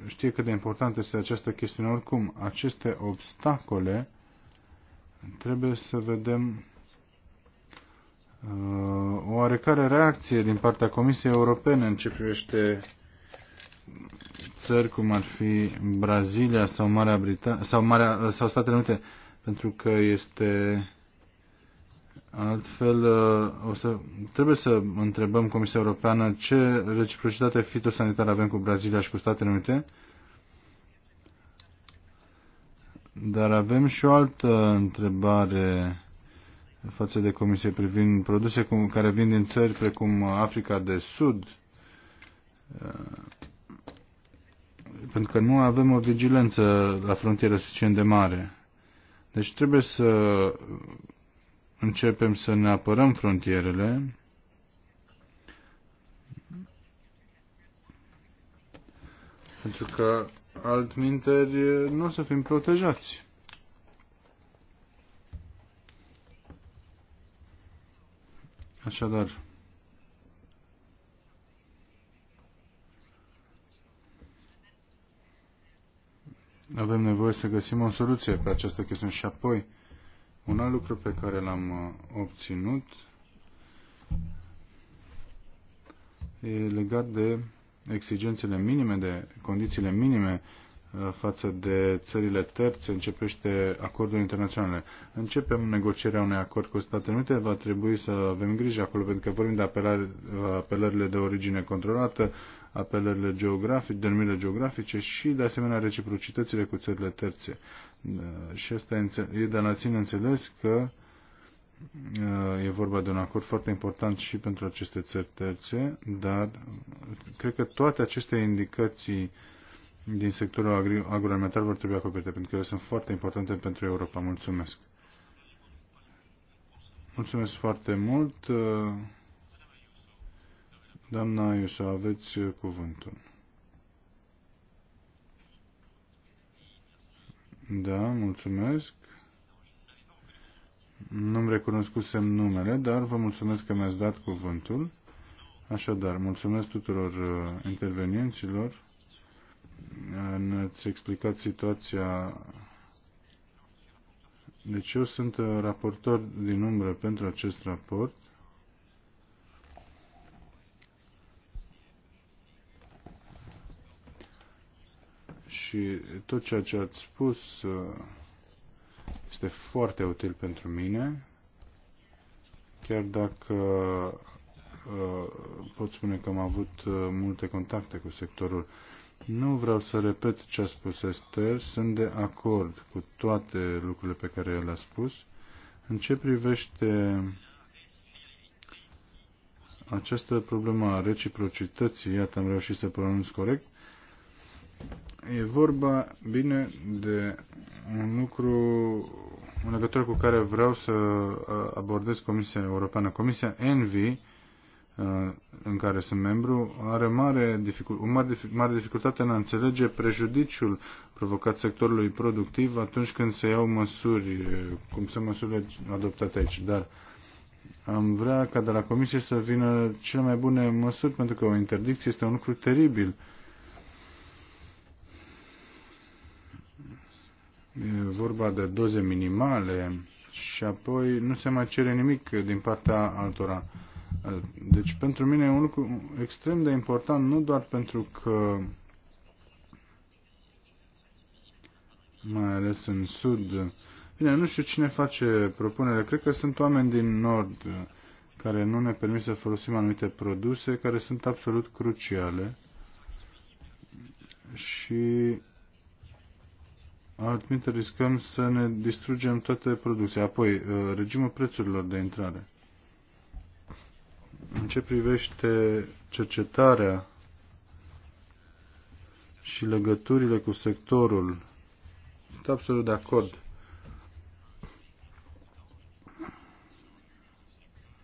știe cât de importantă este această chestiune. Oricum, aceste obstacole trebuie să vedem Uh, oarecare reacție din partea Comisiei Europene în ce privește țări cum ar fi Brazilia sau Marea Britanie sau, Marea, sau Statele Unite, pentru că este altfel uh, o să, trebuie să întrebăm Comisia Europeană ce reciprocitate fitosanitară avem cu Brazilia și cu Statele Unite, dar avem și o altă întrebare față de Comisie privind produse care vin din țări precum Africa de Sud, eh, pentru că nu avem o vigilență la frontieră suficient de mare. Deci trebuie să începem să ne apărăm frontierele. Pentru că altminteri nu o să fim protejați. Așadar, avem nevoie să găsim o soluție pe această chestiune și apoi un alt lucru pe care l-am uh, obținut e legat de exigențele minime, de condițiile minime față de țările terțe, începește acordurile internaționale. Începem negocierea unui acord cu Statele Unite, va trebui să avem grijă acolo, pentru că vorbim de apelare, apelările de origine controlată, apelările geografice, denumirile geografice și, de asemenea, reciprocitățile cu țările terțe. Uh, și asta e de la ține înțeles că uh, e vorba de un acord foarte important și pentru aceste țări terțe, dar cred că toate aceste indicații din sectorul agroalimentar vor trebui acoperite, pentru că ele sunt foarte importante pentru Europa. Mulțumesc! Mulțumesc foarte mult! Doamna Iusa, aveți cuvântul. Da, mulțumesc. Nu-mi recunoscusem numele, dar vă mulțumesc că mi-ați dat cuvântul. Așadar, mulțumesc tuturor uh, intervenienților ne-ați explicat situația. Deci eu sunt uh, raportor din umbră pentru acest raport. Și tot ceea ce ați spus uh, este foarte util pentru mine, chiar dacă uh, pot spune că am avut multe contacte cu sectorul nu vreau să repet ce a spus Esther, sunt de acord cu toate lucrurile pe care el a spus. În ce privește această problemă a reciprocității, iată am reușit să pronunț corect, e vorba bine de un lucru în legătură cu care vreau să abordez Comisia Europeană. Comisia Envi Uh, în care sunt membru are mare dificult, o mare, mare dificultate în a înțelege prejudiciul provocat sectorului productiv atunci când se iau măsuri, uh, cum sunt măsurile adoptate aici. Dar am vrea ca de la Comisie să vină cele mai bune măsuri, pentru că o interdicție este un lucru teribil. E vorba de doze minimale și apoi nu se mai cere nimic din partea altora. Deci pentru mine e un lucru extrem de important, nu doar pentru că mai ales în sud. Bine, nu știu cine face propunere. Cred că sunt oameni din nord care nu ne permit să folosim anumite produse care sunt absolut cruciale și altminte riscăm să ne distrugem toate producția. Apoi, regimul prețurilor de intrare. În ce privește cercetarea și legăturile cu sectorul, sunt absolut de acord.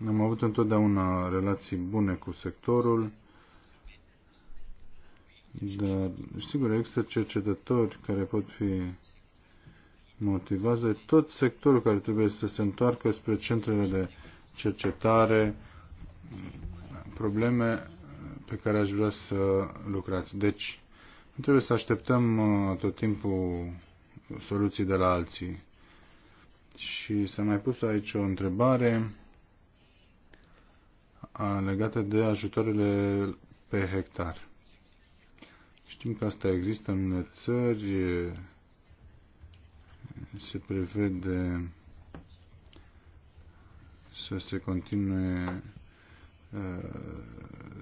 Am avut întotdeauna relații bune cu sectorul, dar sigur există cercetători care pot fi motivați de tot sectorul care trebuie să se întoarcă spre centrele de cercetare, probleme pe care aș vrea să lucrați. Deci, nu trebuie să așteptăm uh, tot timpul soluții de la alții. Și s-a mai pus aici o întrebare legată de ajutoarele pe hectar. Știm că asta există în țări, se prevede să se continue Uh,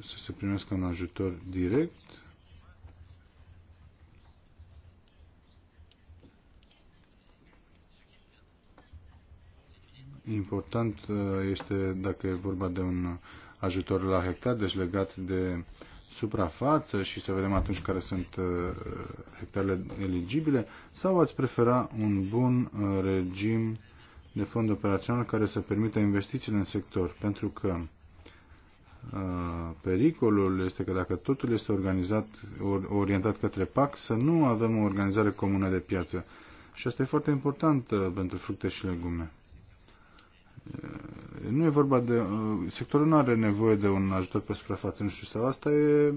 să se primească un ajutor direct. Important uh, este dacă e vorba de un ajutor la hectar, deci legat de suprafață și să vedem atunci care sunt uh, hectarele eligibile, sau ați prefera un bun regim de fond operațional care să permită investițiile în sector, pentru că pericolul este că dacă totul este organizat, orientat către PAC, să nu avem o organizare comună de piață. Și asta e foarte important uh, pentru fructe și legume. Uh, nu e vorba de... Uh, sectorul nu are nevoie de un ajutor pe suprafață, nu știu sau asta e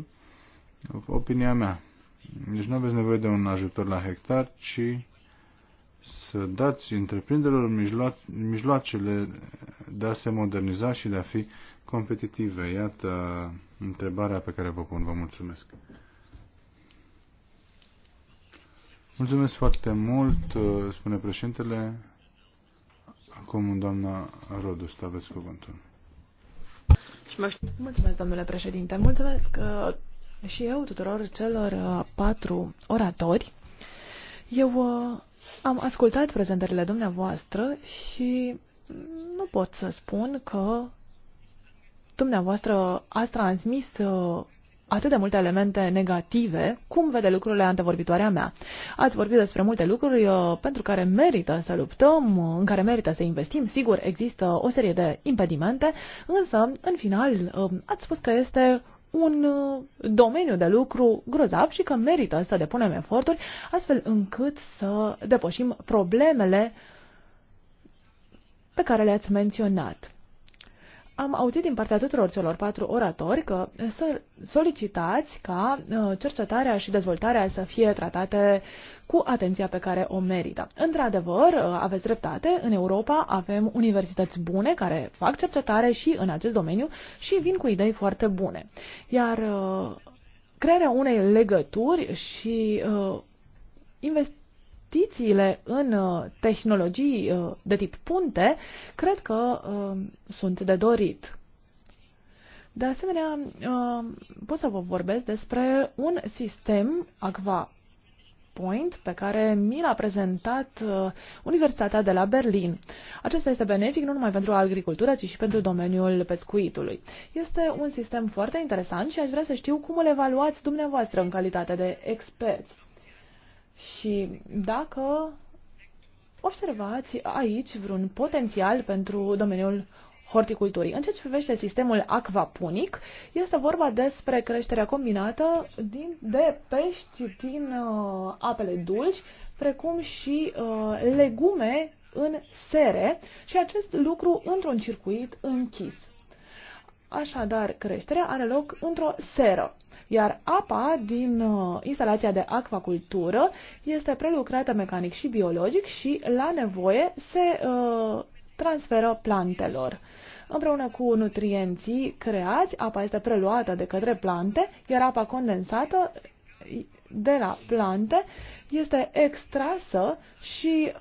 opinia mea. Deci nu aveți nevoie de un ajutor la hectar, ci să dați întreprinderilor mijloacele de a se moderniza și de a fi uh, competitive. Iată întrebarea pe care vă pun. Vă mulțumesc. Mulțumesc foarte mult, spune președintele. Acum, doamna Rodu, aveți cuvântul. Mulțumesc, domnule președinte. Mulțumesc uh, și eu tuturor celor uh, patru oratori. Eu uh, am ascultat prezentările dumneavoastră și nu pot să spun că dumneavoastră ați transmis uh, atât de multe elemente negative, cum vede lucrurile antevorbitoarea mea. Ați vorbit despre multe lucruri uh, pentru care merită să luptăm, uh, în care merită să investim. Sigur, există o serie de impedimente, însă, în final, ați spus că este un domeniu de lucru grozav și că merită să depunem eforturi astfel încât să depășim problemele pe care le-ați menționat am auzit din partea tuturor celor patru oratori că solicitați ca uh, cercetarea și dezvoltarea să fie tratate cu atenția pe care o merită. Într-adevăr, uh, aveți dreptate, în Europa avem universități bune care fac cercetare și în acest domeniu și vin cu idei foarte bune. Iar uh, crearea unei legături și invest investițiile în uh, tehnologii uh, de tip punte, cred că uh, sunt de dorit. De asemenea, pot să vă vorbesc despre un sistem Aqua Point pe care mi l-a prezentat Universitatea de la Berlin. Acesta este benefic nu numai pentru agricultură, ci și pentru domeniul pescuitului. Este un sistem foarte interesant și aș vrea să știu cum îl evaluați dumneavoastră în calitate de experți. Și dacă observați aici vreun potențial pentru domeniul horticulturii. În ceea ce privește sistemul aquaponic, este vorba despre creșterea combinată din, de pești din uh, apele dulci, precum și uh, legume în sere și acest lucru într-un circuit închis. Așadar, creșterea are loc într-o seră, iar apa din uh, instalația de acvacultură este prelucrată mecanic și biologic și, la nevoie, se uh, transferă plantelor. Împreună cu nutrienții creați, apa este preluată de către plante, iar apa condensată de la plante este extrasă și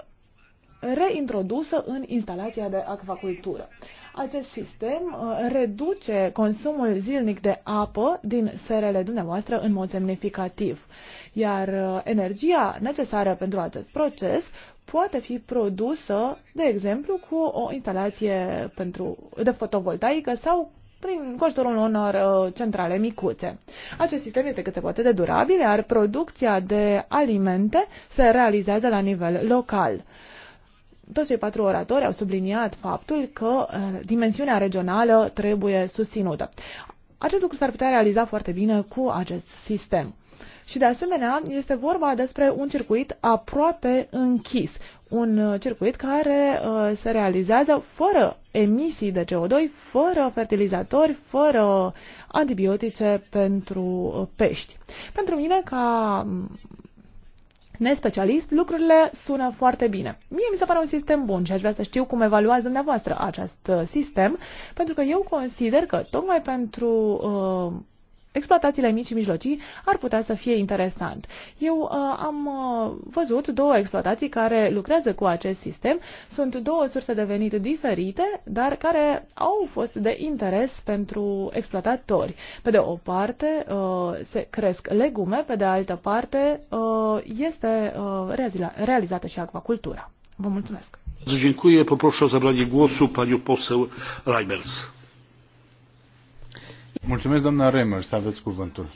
reintrodusă în instalația de acvacultură. Acest sistem uh, reduce consumul zilnic de apă din serele dumneavoastră în mod semnificativ, iar uh, energia necesară pentru acest proces poate fi produsă, de exemplu, cu o instalație pentru, de fotovoltaică sau prin costurul unor uh, centrale micuțe. Acest sistem este cât se poate de durabil, iar producția de alimente se realizează la nivel local toți cei patru oratori au subliniat faptul că eh, dimensiunea regională trebuie susținută. Acest lucru s-ar putea realiza foarte bine cu acest sistem. Și de asemenea este vorba despre un circuit aproape închis, un eh, circuit care uh, se realizează fără emisii de CO2, fără fertilizatori, fără antibiotice pentru pești. Pentru mine, ca mm, nespecialist, lucrurile sună foarte bine. Mie mi se pare un sistem bun și aș vrea să știu cum evaluați dumneavoastră acest uh, sistem, pentru că eu consider că tocmai pentru uh, exploatațiile mici și mijlocii ar putea să fie interesant. Eu uh, am uh, văzut două exploatații care lucrează cu acest sistem. Sunt două surse de venit diferite, dar care au fost de interes pentru exploatatori. Pe de o parte uh, se cresc legume, pe de altă parte uh, este uh, realizată și acvacultura. Vă mulțumesc. Dziękuję. Poproszę o zabranie głosu panią poseł Reimers. Mulțumesc, doamna Remer, să aveți cuvântul.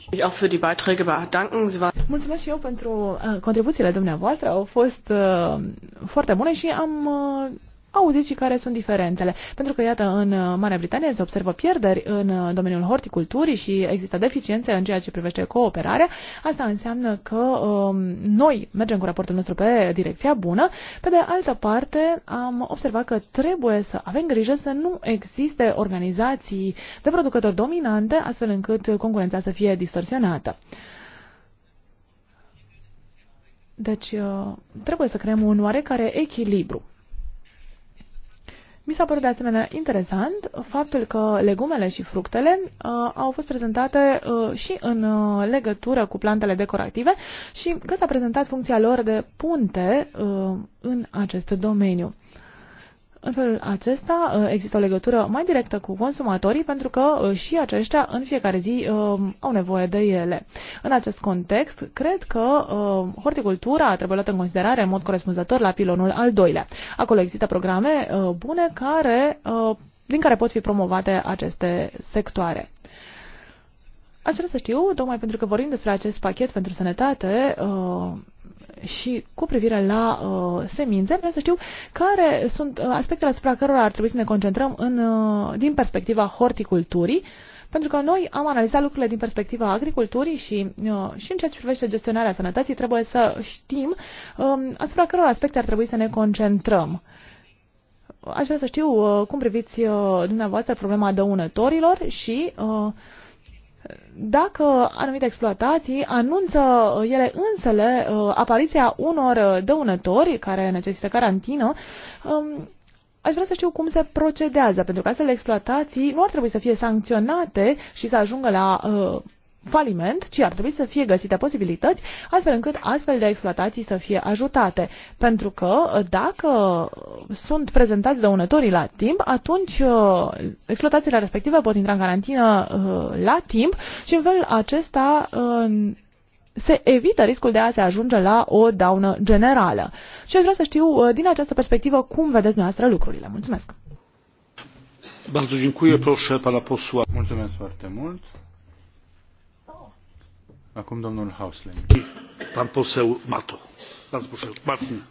Mulțumesc și eu pentru uh, contribuțiile dumneavoastră, au fost uh, foarte bune și am uh, auziți și care sunt diferențele. Pentru că, iată, în uh, Marea Britanie se observă pierderi în uh, domeniul horticulturii și există deficiențe în ceea ce privește cooperarea. Asta înseamnă că um, noi mergem cu raportul nostru pe direcția bună. Pe de altă parte, am observat că trebuie să avem grijă să nu existe organizații de producători dominante, astfel încât concurența să fie distorsionată. Deci, uh, trebuie să creăm un oarecare echilibru. Mi s-a părut de asemenea interesant faptul că legumele și fructele uh, au fost prezentate uh, și în uh, legătură cu plantele decorative și că s-a prezentat funcția lor de punte uh, în acest domeniu. În felul acesta uh, există o legătură mai directă cu consumatorii pentru că uh, și aceștia în fiecare zi uh, au nevoie de ele. În acest context, cred că horticultura trebuie luată în considerare în mod corespunzător la pilonul al doilea. Acolo există programe bune care, din care pot fi promovate aceste sectoare. Aș vrea să știu, tocmai pentru că vorbim despre acest pachet pentru sănătate, și cu privire la uh, semințe, vreau să știu care sunt uh, aspectele asupra cărora ar trebui să ne concentrăm în, uh, din perspectiva horticulturii, pentru că noi am analizat lucrurile din perspectiva agriculturii și, uh, și în ceea ce privește gestionarea sănătății trebuie să știm uh, asupra căror aspecte ar trebui să ne concentrăm. Aș vrea să știu uh, cum priviți uh, dumneavoastră problema dăunătorilor și uh, dacă anumite exploatații anunță uh, ele însele uh, apariția unor uh, dăunători care necesită carantină, um, aș vrea să știu cum se procedează, pentru că astfel de exploatații nu ar trebui să fie sancționate și să ajungă la faliment, ci ar trebui să fie găsite posibilități astfel încât astfel de exploatații să fie ajutate. Pentru că uh, dacă sunt prezentați dăunătorii la timp, atunci uh, exploatațiile respective pot intra în carantină uh, la timp și în felul acesta se evită riscul de a se ajunge la o daună generală. Și aș vrea să știu din această perspectivă cum vedeți noastră lucrurile. Mulțumesc! Bardzo dziękuję. Proszę pana posła. Mulțumesc foarte mult. Acum domnul Hausling. Pan poseu Mato.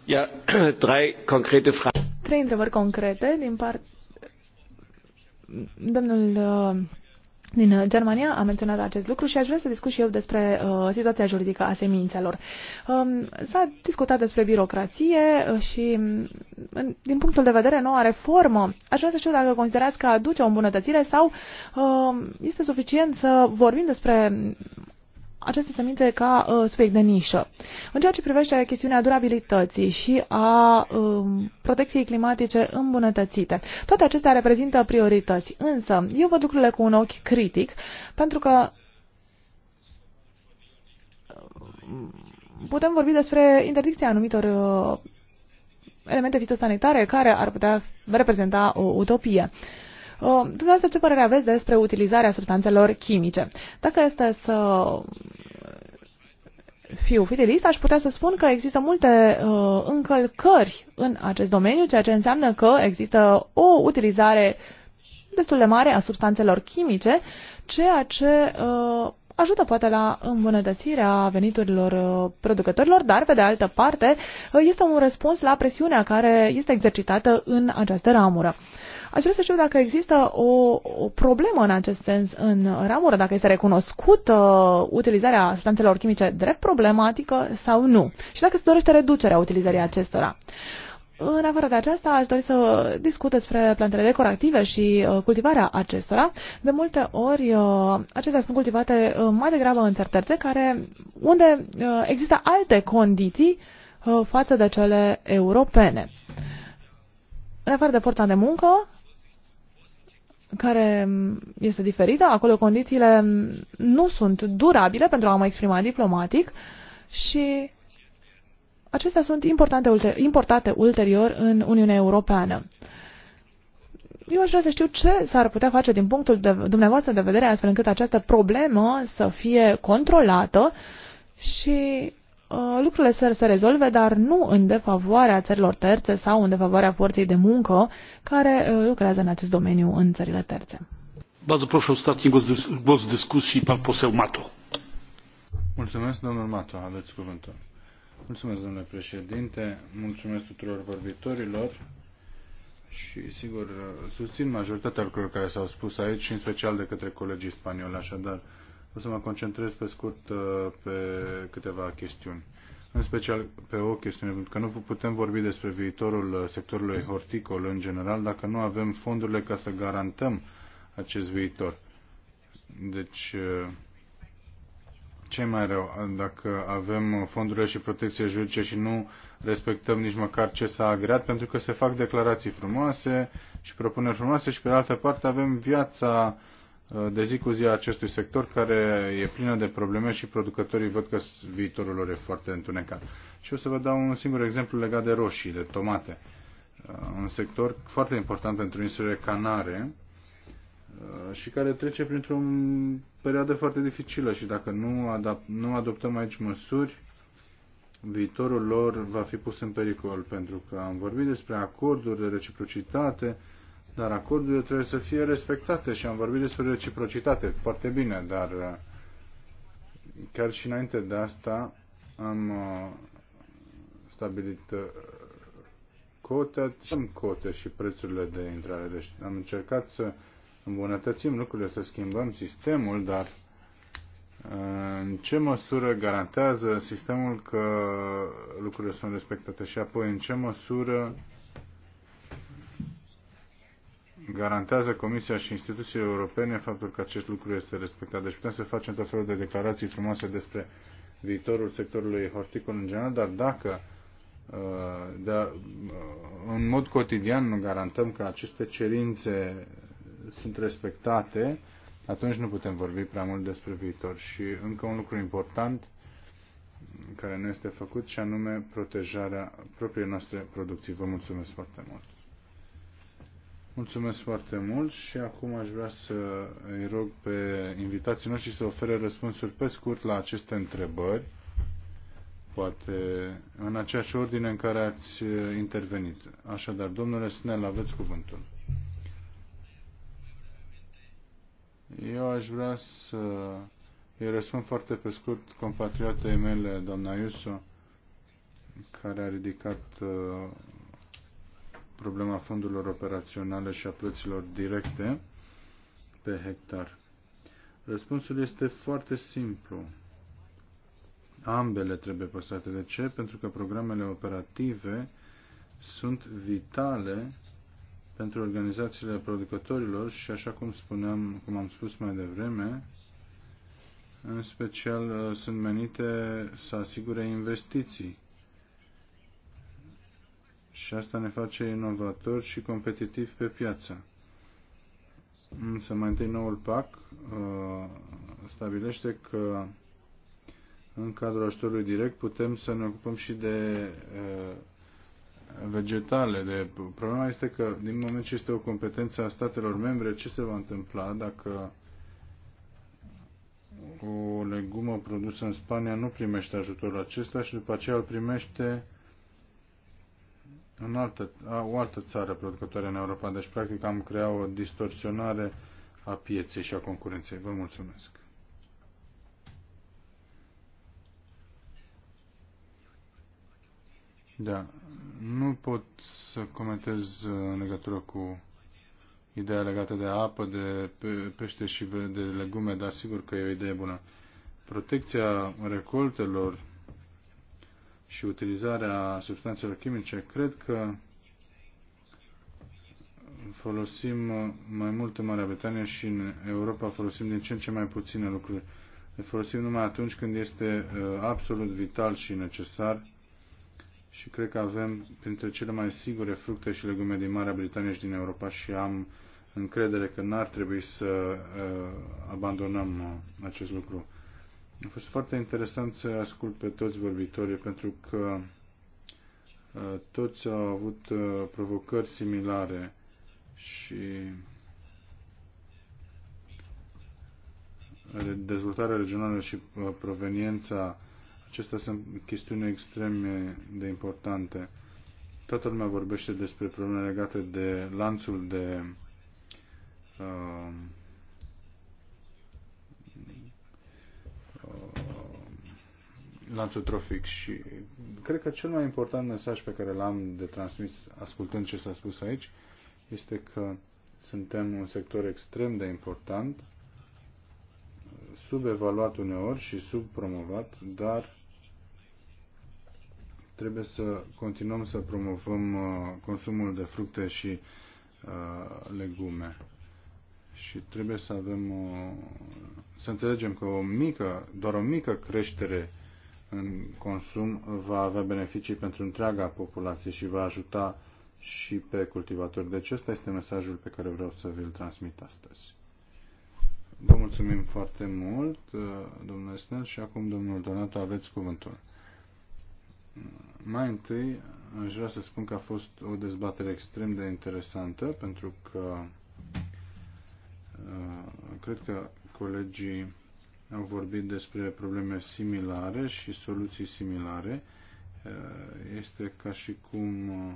Ja, trei concrete frage. Trei întrebări concrete din part... Domnul uh, din uh, Germania a menționat acest lucru și aș vrea să discut și eu despre uh, situația juridică a semințelor. Um, s-a discutat despre birocrație uh, și, mm, în, din punctul de vedere, noua reformă. Aș vrea să știu dacă considerați că aduce o îmbunătățire sau uh, este suficient să vorbim despre aceste semințe ca uh, subiect de nișă. În ceea ce privește chestiunea durabilității și a uh, protecției climatice îmbunătățite, toate acestea reprezintă priorități. Însă, eu văd lucrurile cu un ochi critic, pentru că um, putem vorbi despre interdicția anumitor uh, elemente fitosanitare care ar putea reprezenta o utopie. Uh, Dumneavoastră, ce părere aveți despre utilizarea substanțelor chimice? Dacă este să fiu fidelist, aș putea să spun că există multe uh, încălcări în acest domeniu, ceea ce înseamnă că există o utilizare destul de mare a substanțelor chimice, ceea ce uh, ajută poate la îmbunătățirea veniturilor uh, producătorilor, dar pe de altă parte uh, este un răspuns la presiunea care este exercitată în această ramură. Aș vrea să știu dacă există o, o problemă în acest sens în ramură, dacă este recunoscută utilizarea substanțelor chimice drept problematică sau nu și dacă se dorește reducerea utilizării acestora. În afară de aceasta, aș dori să discut despre plantele decorative și uh, cultivarea acestora. De multe ori, uh, acestea sunt cultivate uh, mai degrabă în țări terțe, care, unde există alte condiții față de cele europene. În afară de forța de muncă, care este diferită. Acolo condițiile nu sunt durabile pentru a mă exprima diplomatic și acestea sunt importante, importate ulterior în Uniunea Europeană. Eu aș vrea să știu ce s-ar putea face din punctul de, dumneavoastră de vedere astfel încât această problemă să fie controlată și Uh, lucrurile să se rezolve, dar nu în defavoarea țărilor terțe sau în defavoarea forței de muncă care uh, lucrează în acest domeniu în țările terțe. Bază proșu, ostatii, gos w dyskusji, pan poseł Mato. Mulțumesc, domnul Mato, aveți cuvântul. Mulțumesc, domnule președinte, mulțumesc tuturor vorbitorilor și, sigur, susțin majoritatea lucrurilor care s-au spus aici și în special de către colegii spanioli, așadar, o să mă concentrez pe scurt uh, pe câteva chestiuni. În special pe o chestiune, pentru că nu putem vorbi despre viitorul uh, sectorului horticol în general dacă nu avem fondurile ca să garantăm acest viitor. Deci, uh, ce mai rău dacă avem fondurile și protecție juridice și nu respectăm nici măcar ce s-a agreat, pentru că se fac declarații frumoase și propuneri frumoase și pe de altă parte avem viața Uh, de zi cu zi a acestui sector care e plină de probleme și producătorii văd că viitorul lor e foarte întunecat. Și o să vă dau un singur exemplu legat de roșii, de tomate. Uh, un sector foarte important pentru insulele Canare uh, și care trece printr-o perioadă foarte dificilă și dacă nu, adap- nu adoptăm aici măsuri, viitorul lor va fi pus în pericol pentru că am vorbit despre acorduri de reciprocitate, dar acordurile trebuie să fie respectate și am vorbit despre reciprocitate foarte bine, dar uh, chiar și înainte de asta am uh, stabilit uh, cote, am cote și prețurile de intrare. Deci am încercat să îmbunătățim lucrurile, să schimbăm sistemul, dar în ce măsură garantează sistemul că lucrurile sunt respectate și apoi în ce măsură garantează Comisia și instituțiile europene faptul că acest lucru este respectat. Deci putem să facem tot felul de declarații frumoase despre viitorul sectorului horticol în general, dar dacă uh, de, uh, în mod cotidian nu garantăm că aceste cerințe sunt respectate, atunci nu putem vorbi prea mult despre viitor. Și încă un lucru important care nu este făcut și anume protejarea propriei noastre producții. Vă mulțumesc foarte mult! Mulțumesc foarte mult și acum aș vrea să îi rog pe invitații noștri să ofere răspunsuri pe scurt la aceste întrebări, poate în aceeași ordine în care ați intervenit. Așadar, domnule Snell, aveți cuvântul. Eu aș vrea să îi răspund foarte pe scurt compatriotei mele, doamna Iuso, care a ridicat uh, problema fondurilor operaționale și a plăților directe pe hectar? Răspunsul este foarte simplu. Ambele trebuie păstrate. De ce? Pentru că programele operative sunt vitale pentru organizațiile producătorilor și, așa cum spuneam, cum am spus mai devreme, în special uh, sunt menite să asigure investiții și asta ne face inovatori și competitivi pe piață. Însă mai întâi noul PAC uh, stabilește că în cadrul ajutorului direct putem să ne ocupăm și de uh, vegetale. De... Problema este că din moment ce este o competență a statelor membre, ce se va întâmpla dacă o legumă produsă în Spania nu primește ajutorul acesta și după aceea îl primește în altă, o altă țară producătoare în Europa. Deci, practic, am creat o distorsionare a pieței și a concurenței. Vă mulțumesc. Da. Nu pot să comentez uh, în legătură cu ideea legată de apă, de pește și de legume, dar sigur că e o idee bună. Protecția recoltelor și utilizarea substanțelor chimice, cred că folosim mai mult în Marea Britanie și în Europa folosim din ce în ce mai puține lucruri. Le folosim numai atunci când este uh, absolut vital și necesar și cred că avem printre cele mai sigure fructe și legume din Marea Britanie și din Europa și am încredere că n-ar trebui să uh, abandonăm uh, acest lucru. A fost foarte interesant să ascult pe toți vorbitorii, pentru că uh, toți au avut uh, provocări similare și dezvoltarea regională și uh, proveniența, acestea sunt chestiuni extreme de importante. Toată lumea vorbește despre probleme legate de lanțul de uh, Uh, lanțul trofic și cred că cel mai important mesaj pe care l-am de transmis ascultând ce s-a spus aici este că suntem un sector extrem de important, subevaluat uneori și subpromovat, dar trebuie să continuăm să promovăm uh, consumul de fructe și uh, legume și trebuie să avem o, uh, să înțelegem că o mică, doar o mică creștere în consum va avea beneficii pentru întreaga populație și va ajuta și pe cultivatori. Deci ăsta este mesajul pe care vreau să vi-l transmit astăzi. Vă mulțumim foarte mult, uh, domnule Snel, și acum, domnul Donato, aveți cuvântul. Mai întâi, aș vrea să spun că a fost o dezbatere extrem de interesantă, pentru că Uh, cred că colegii au vorbit despre probleme similare și soluții similare. Uh, este ca și cum uh,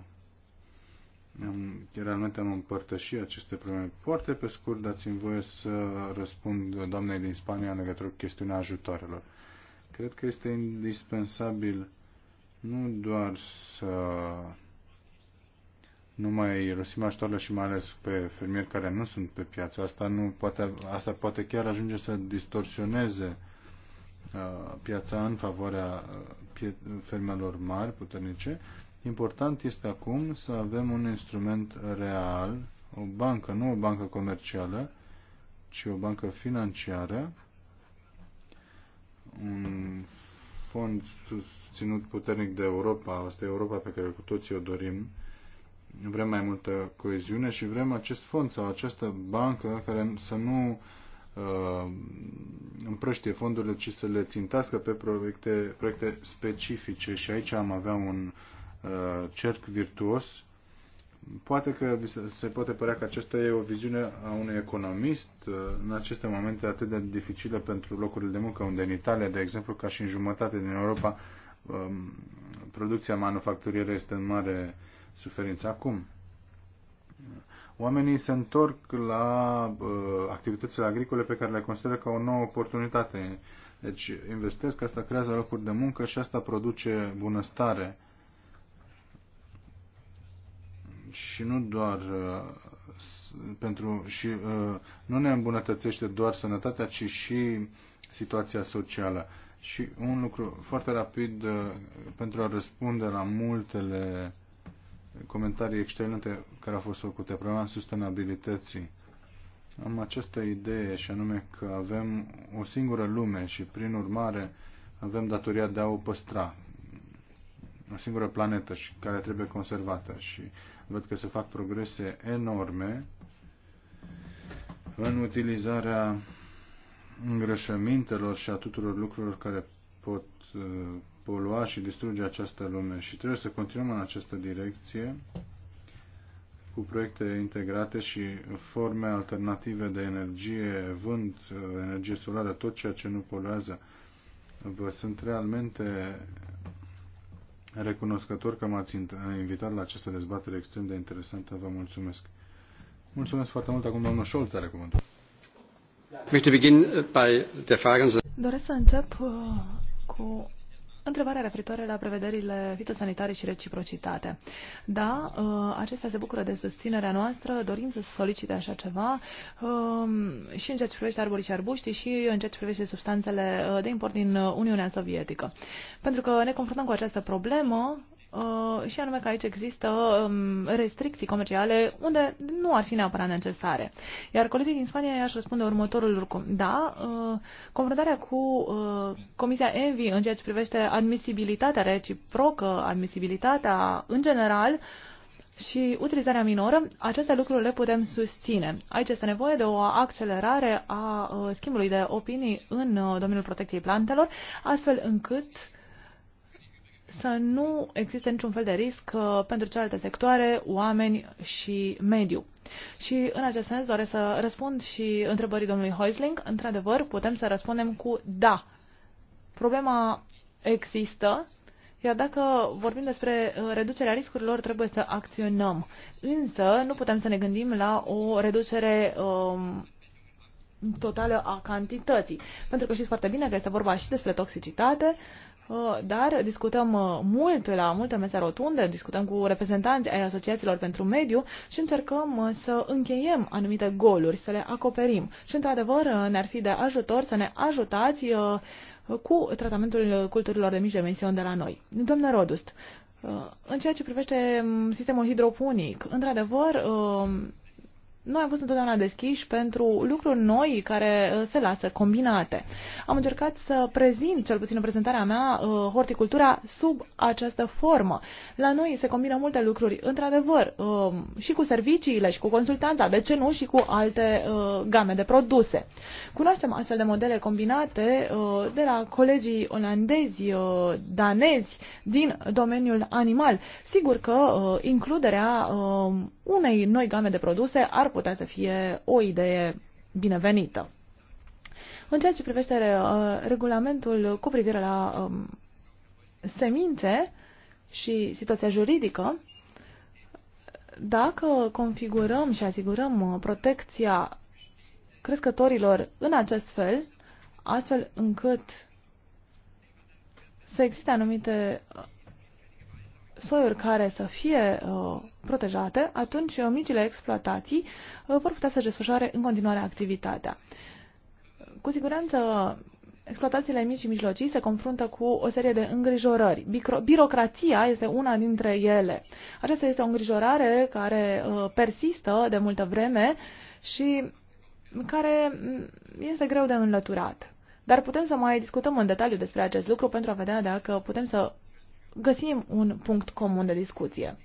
am, realmente am împărtășit aceste probleme. Foarte pe scurt, dați-mi voie să răspund doamnei din Spania în legătură cu chestiunea ajutoarelor. Cred că este indispensabil nu doar să numai irosim ajutoarele și mai ales pe fermieri care nu sunt pe piață. Asta, nu poate, asta poate chiar ajunge să distorsioneze uh, piața în favoarea uh, fermelor mari, puternice. Important este acum să avem un instrument real, o bancă, nu o bancă comercială, ci o bancă financiară, un fond susținut puternic de Europa, asta e Europa pe care cu toții o dorim, Vrem mai multă coeziune și vrem acest fond sau această bancă care să nu uh, împrăștie fondurile, ci să le țintească pe proiecte, proiecte specifice și aici am avea un uh, cerc virtuos. Poate că se poate părea că aceasta e o viziune a unui economist uh, în aceste momente atât de dificile pentru locurile de muncă, unde în Italia, de exemplu, ca și în jumătate din Europa, uh, producția manufacturieră este în mare suferință. Acum, oamenii se întorc la uh, activitățile agricole pe care le consideră ca o nouă oportunitate. Deci investesc, asta creează locuri de muncă și asta produce bunăstare. Și nu doar uh, pentru și uh, nu ne îmbunătățește doar sănătatea, ci și situația socială. Și un lucru foarte rapid uh, pentru a răspunde la multele uh, comentarii excelente care au fost făcute, problema sustenabilității. Am această idee și anume că avem o singură lume și prin urmare avem datoria de a o păstra. O singură planetă și care trebuie conservată și văd că se fac progrese enorme în utilizarea îngrășămintelor și a tuturor lucrurilor care pot uh, polua și distruge această lume și trebuie să continuăm în această direcție cu proiecte integrate și forme alternative de energie, vânt, energie solară, tot ceea ce nu poluează. Vă sunt realmente recunoscător că m-ați invitat la această dezbatere extrem de interesantă. Vă mulțumesc. Mulțumesc foarte mult. Acum domnul Scholz are cuvântul. Doresc să încep uh, cu Întrebarea referitoare la prevederile fitosanitare și reciprocitate. Da, uh, acestea se bucură de susținerea noastră, dorim să solicite așa ceva um, și în ceea ce privește arborii și arbuștii și în ceea ce privește substanțele uh, de import din Uniunea Sovietică. Pentru că ne confruntăm cu această problemă, Uh, și anume că aici există um, restricții comerciale unde nu ar fi neapărat necesare. Iar colegii din Spania i-aș răspunde următorul lucru. Da, uh, confruntarea cu uh, Comisia Envi în ceea ce privește admisibilitatea reciprocă, admisibilitatea în general, și utilizarea minoră, aceste lucruri le putem susține. Aici este nevoie de o accelerare a schimbului de opinii în domeniul protecției plantelor, astfel încât să nu existe niciun fel de risc uh, pentru celelalte sectoare, oameni și mediu. Și în acest sens doresc să răspund și întrebării domnului Heusling. Într-adevăr, putem să răspundem cu da. Problema există, iar dacă vorbim despre uh, reducerea riscurilor, trebuie să acționăm. Însă, nu putem să ne gândim la o reducere um, totală a cantității. Pentru că știți foarte bine că este vorba și despre toxicitate, Uh, dar discutăm uh, mult la multe mese rotunde, discutăm cu reprezentanți ai asociațiilor pentru mediu și încercăm uh, să încheiem anumite goluri, să le acoperim. Și, într-adevăr, ne-ar fi de ajutor să ne ajutați cu tratamentul culturilor de mici dimensiuni de la noi. Domnule Rodust, în ceea ce privește mm, sistemul hidroponic, într-adevăr, noi am fost întotdeauna deschiși pentru lucruri noi care uh, se lasă combinate. Am încercat să prezint, cel puțin în prezentarea mea, uh, horticultura sub această formă. La noi se combină multe lucruri, într-adevăr, um, și cu serviciile, și cu consultanța, de ce nu, și cu alte uh, game de produse. Cunoaștem astfel de modele combinate de la colegii olandezi, danezi, din domeniul animal. Sigur că includerea um, unei noi game de produse ar putea să fie o idee binevenită. În ceea ce privește uh, regulamentul cu privire la um, semințe și situația juridică, dacă configurăm și asigurăm uh, protecția crescătorilor în acest fel, astfel încât să existe anumite uh, soiuri care să fie uh, protejate, atunci uh, micile exploatații uh, vor putea să desfășoare în continuare activitatea. Cu siguranță, exploatațiile mici și mijlocii se confruntă cu o serie de îngrijorări. Bicro- birocrația este una dintre ele. Aceasta este o îngrijorare care uh, persistă de multă vreme și care mm, este greu de înlăturat. Dar putem să mai discutăm în detaliu despre acest lucru pentru a vedea dacă putem să găsim un punct comun de discuție.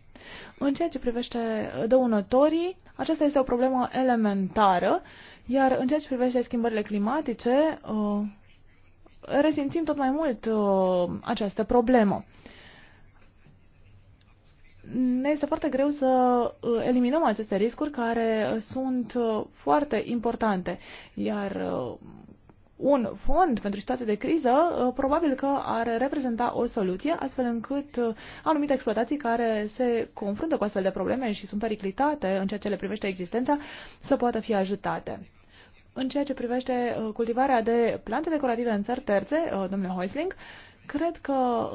În ceea ce privește dăunătorii, aceasta este o problemă elementară, iar în ceea ce privește schimbările climatice, uh, resimțim tot mai mult uh, această problemă. Ne este foarte greu să uh, eliminăm aceste riscuri care sunt foarte importante, iar un fond pentru situații de criză, uh, probabil că ar reprezenta o soluție, astfel încât uh, anumite exploatații care se confruntă cu astfel de probleme și sunt periclitate în ceea ce le privește existența, să poată fi ajutate. În ceea ce privește uh, cultivarea de plante decorative în țări terțe, domnule Heusling, cred că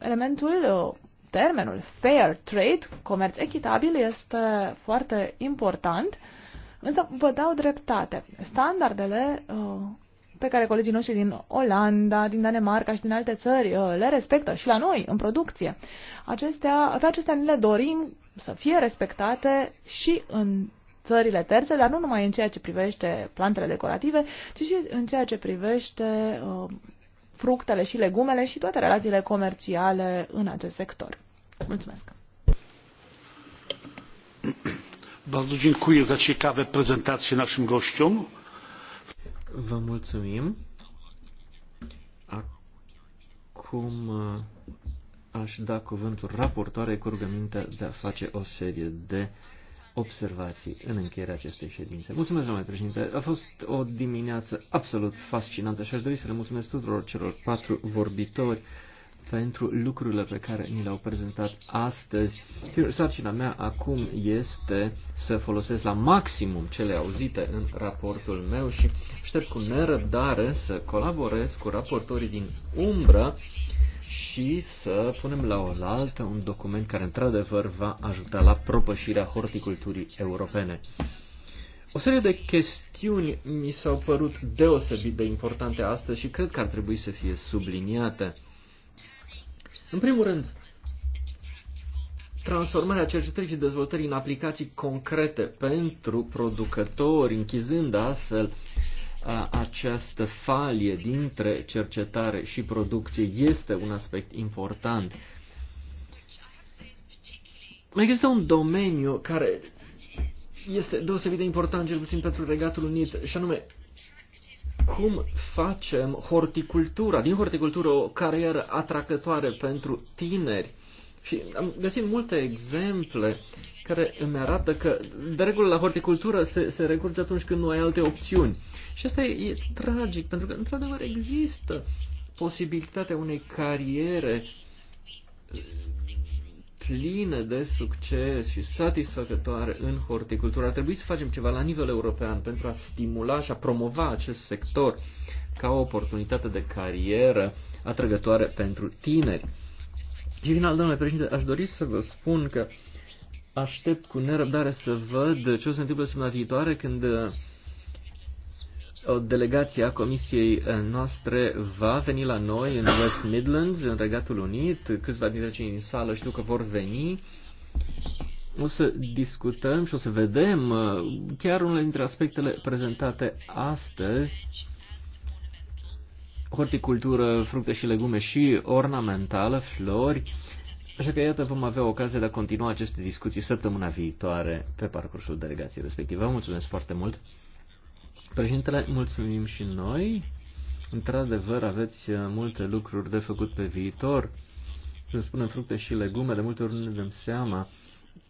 elementul, termenul fair trade, comerț echitabil, este foarte important. Însă vă dau dreptate. Standardele uh, pe care colegii noștri din Olanda, din Danemarca și din alte țări uh, le respectă și la noi, în producție. Acestea, pe acestea le dorim să fie respectate și în țările terțe, dar nu numai în ceea ce privește plantele decorative, ci și în ceea ce privește uh, fructele și legumele și toate relațiile comerciale în acest sector. Mulțumesc! Bardzo dziękuję za ciekawe prezentacje naszym gościom. Vă mulțumim. Acum uh, aș da cuvântul raportoare cu rugămintea de a face o serie de observații în încheierea acestei ședințe. Mulțumesc, domnule președinte. A fost o dimineață absolut fascinantă și aș dori să le mulțumesc tuturor celor patru vorbitori pentru lucrurile pe care ni le-au prezentat astăzi. sarcina mea acum este să folosesc la maximum cele auzite în raportul meu și aștept cu nerăbdare să colaborez cu raportorii din umbră și să punem la oaltă un document care într-adevăr va ajuta la propășirea horticulturii europene. O serie de chestiuni mi s-au părut deosebit de importante astăzi și cred că ar trebui să fie subliniate. În primul rând, transformarea cercetării și dezvoltării în aplicații concrete pentru producători, închizând astfel această falie dintre cercetare și producție este un aspect important. Mai există un domeniu care este deosebit de important, cel puțin pentru Regatul Unit, și anume cum facem horticultura, din horticultură o carieră atracătoare pentru tineri? Și am găsit multe exemple care îmi arată că, de regulă, la horticultură se, se recurge atunci când nu ai alte opțiuni. Și asta e, e tragic, pentru că, într-adevăr, există posibilitatea unei cariere plină de succes și satisfăcătoare în horticultură. Ar trebui să facem ceva la nivel european pentru a stimula și a promova acest sector ca o oportunitate de carieră atrăgătoare pentru tineri. Și final, domnule președinte, aș dori să vă spun că aștept cu nerăbdare să văd ce o se întâmplă săptămâna viitoare când o delegație a comisiei eh, noastre va veni la noi în West Midlands, în Regatul Unit. Câțiva dintre cei din sală știu că vor veni. O să discutăm și o să vedem eh, chiar unele dintre aspectele prezentate astăzi. Horticultură, fructe și legume și ornamentală, flori. Așa că iată vom avea ocazia de a continua aceste discuții săptămâna viitoare pe parcursul delegației respective. Vă mulțumesc foarte mult! Președintele, mulțumim și noi. Într-adevăr, aveți uh, multe lucruri de făcut pe viitor. Când spunem fructe și legume, de multe ori nu ne dăm seama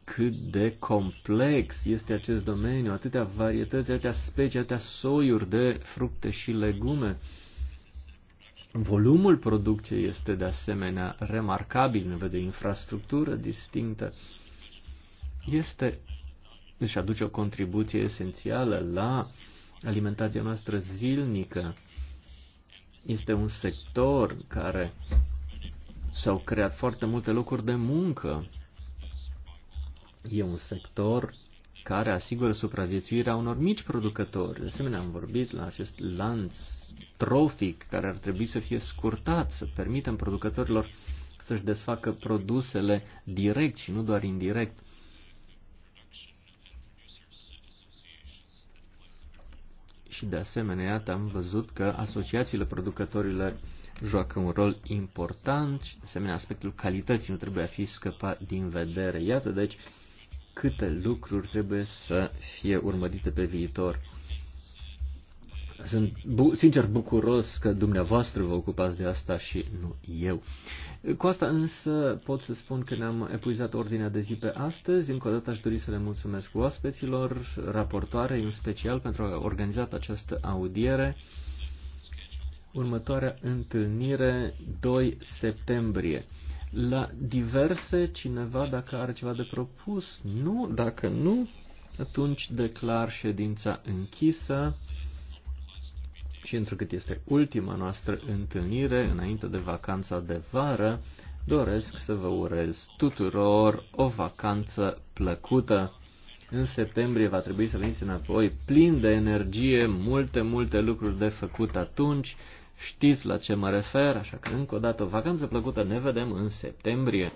cât de complex este acest domeniu, atâtea varietăți, atâtea specii, atâtea soiuri de fructe și legume. Volumul producției este de asemenea remarcabil, ne vede infrastructură distinctă. Este, își aduce o contribuție esențială la alimentația noastră zilnică este un sector care s-au creat foarte multe locuri de muncă. E un sector care asigură supraviețuirea unor mici producători. De asemenea, am vorbit la acest lanț trofic care ar trebui să fie scurtat, să permitem producătorilor să-și desfacă produsele direct și nu doar indirect. și de asemenea, iată, am văzut că asociațiile producătorilor joacă un rol important și de asemenea aspectul calității nu trebuie a fi scăpat din vedere. Iată, deci, câte lucruri trebuie să fie urmărite pe viitor. Sunt bu- sincer bucuros că dumneavoastră vă ocupați de asta și nu eu. Cu asta însă pot să spun că ne-am epuizat ordinea de zi pe astăzi. Încă o dată aș dori să le mulțumesc oaspeților, raportoare, în special pentru a organizat această audiere. Următoarea întâlnire 2 septembrie. La diverse, cineva dacă are ceva de propus? Nu, dacă nu, atunci declar ședința închisă și întrucât este ultima noastră întâlnire înainte de vacanța de vară, doresc să vă urez tuturor o vacanță plăcută. În septembrie va trebui să veniți înapoi plin de energie, multe, multe lucruri de făcut atunci. Știți la ce mă refer, așa că încă o dată o vacanță plăcută ne vedem în septembrie.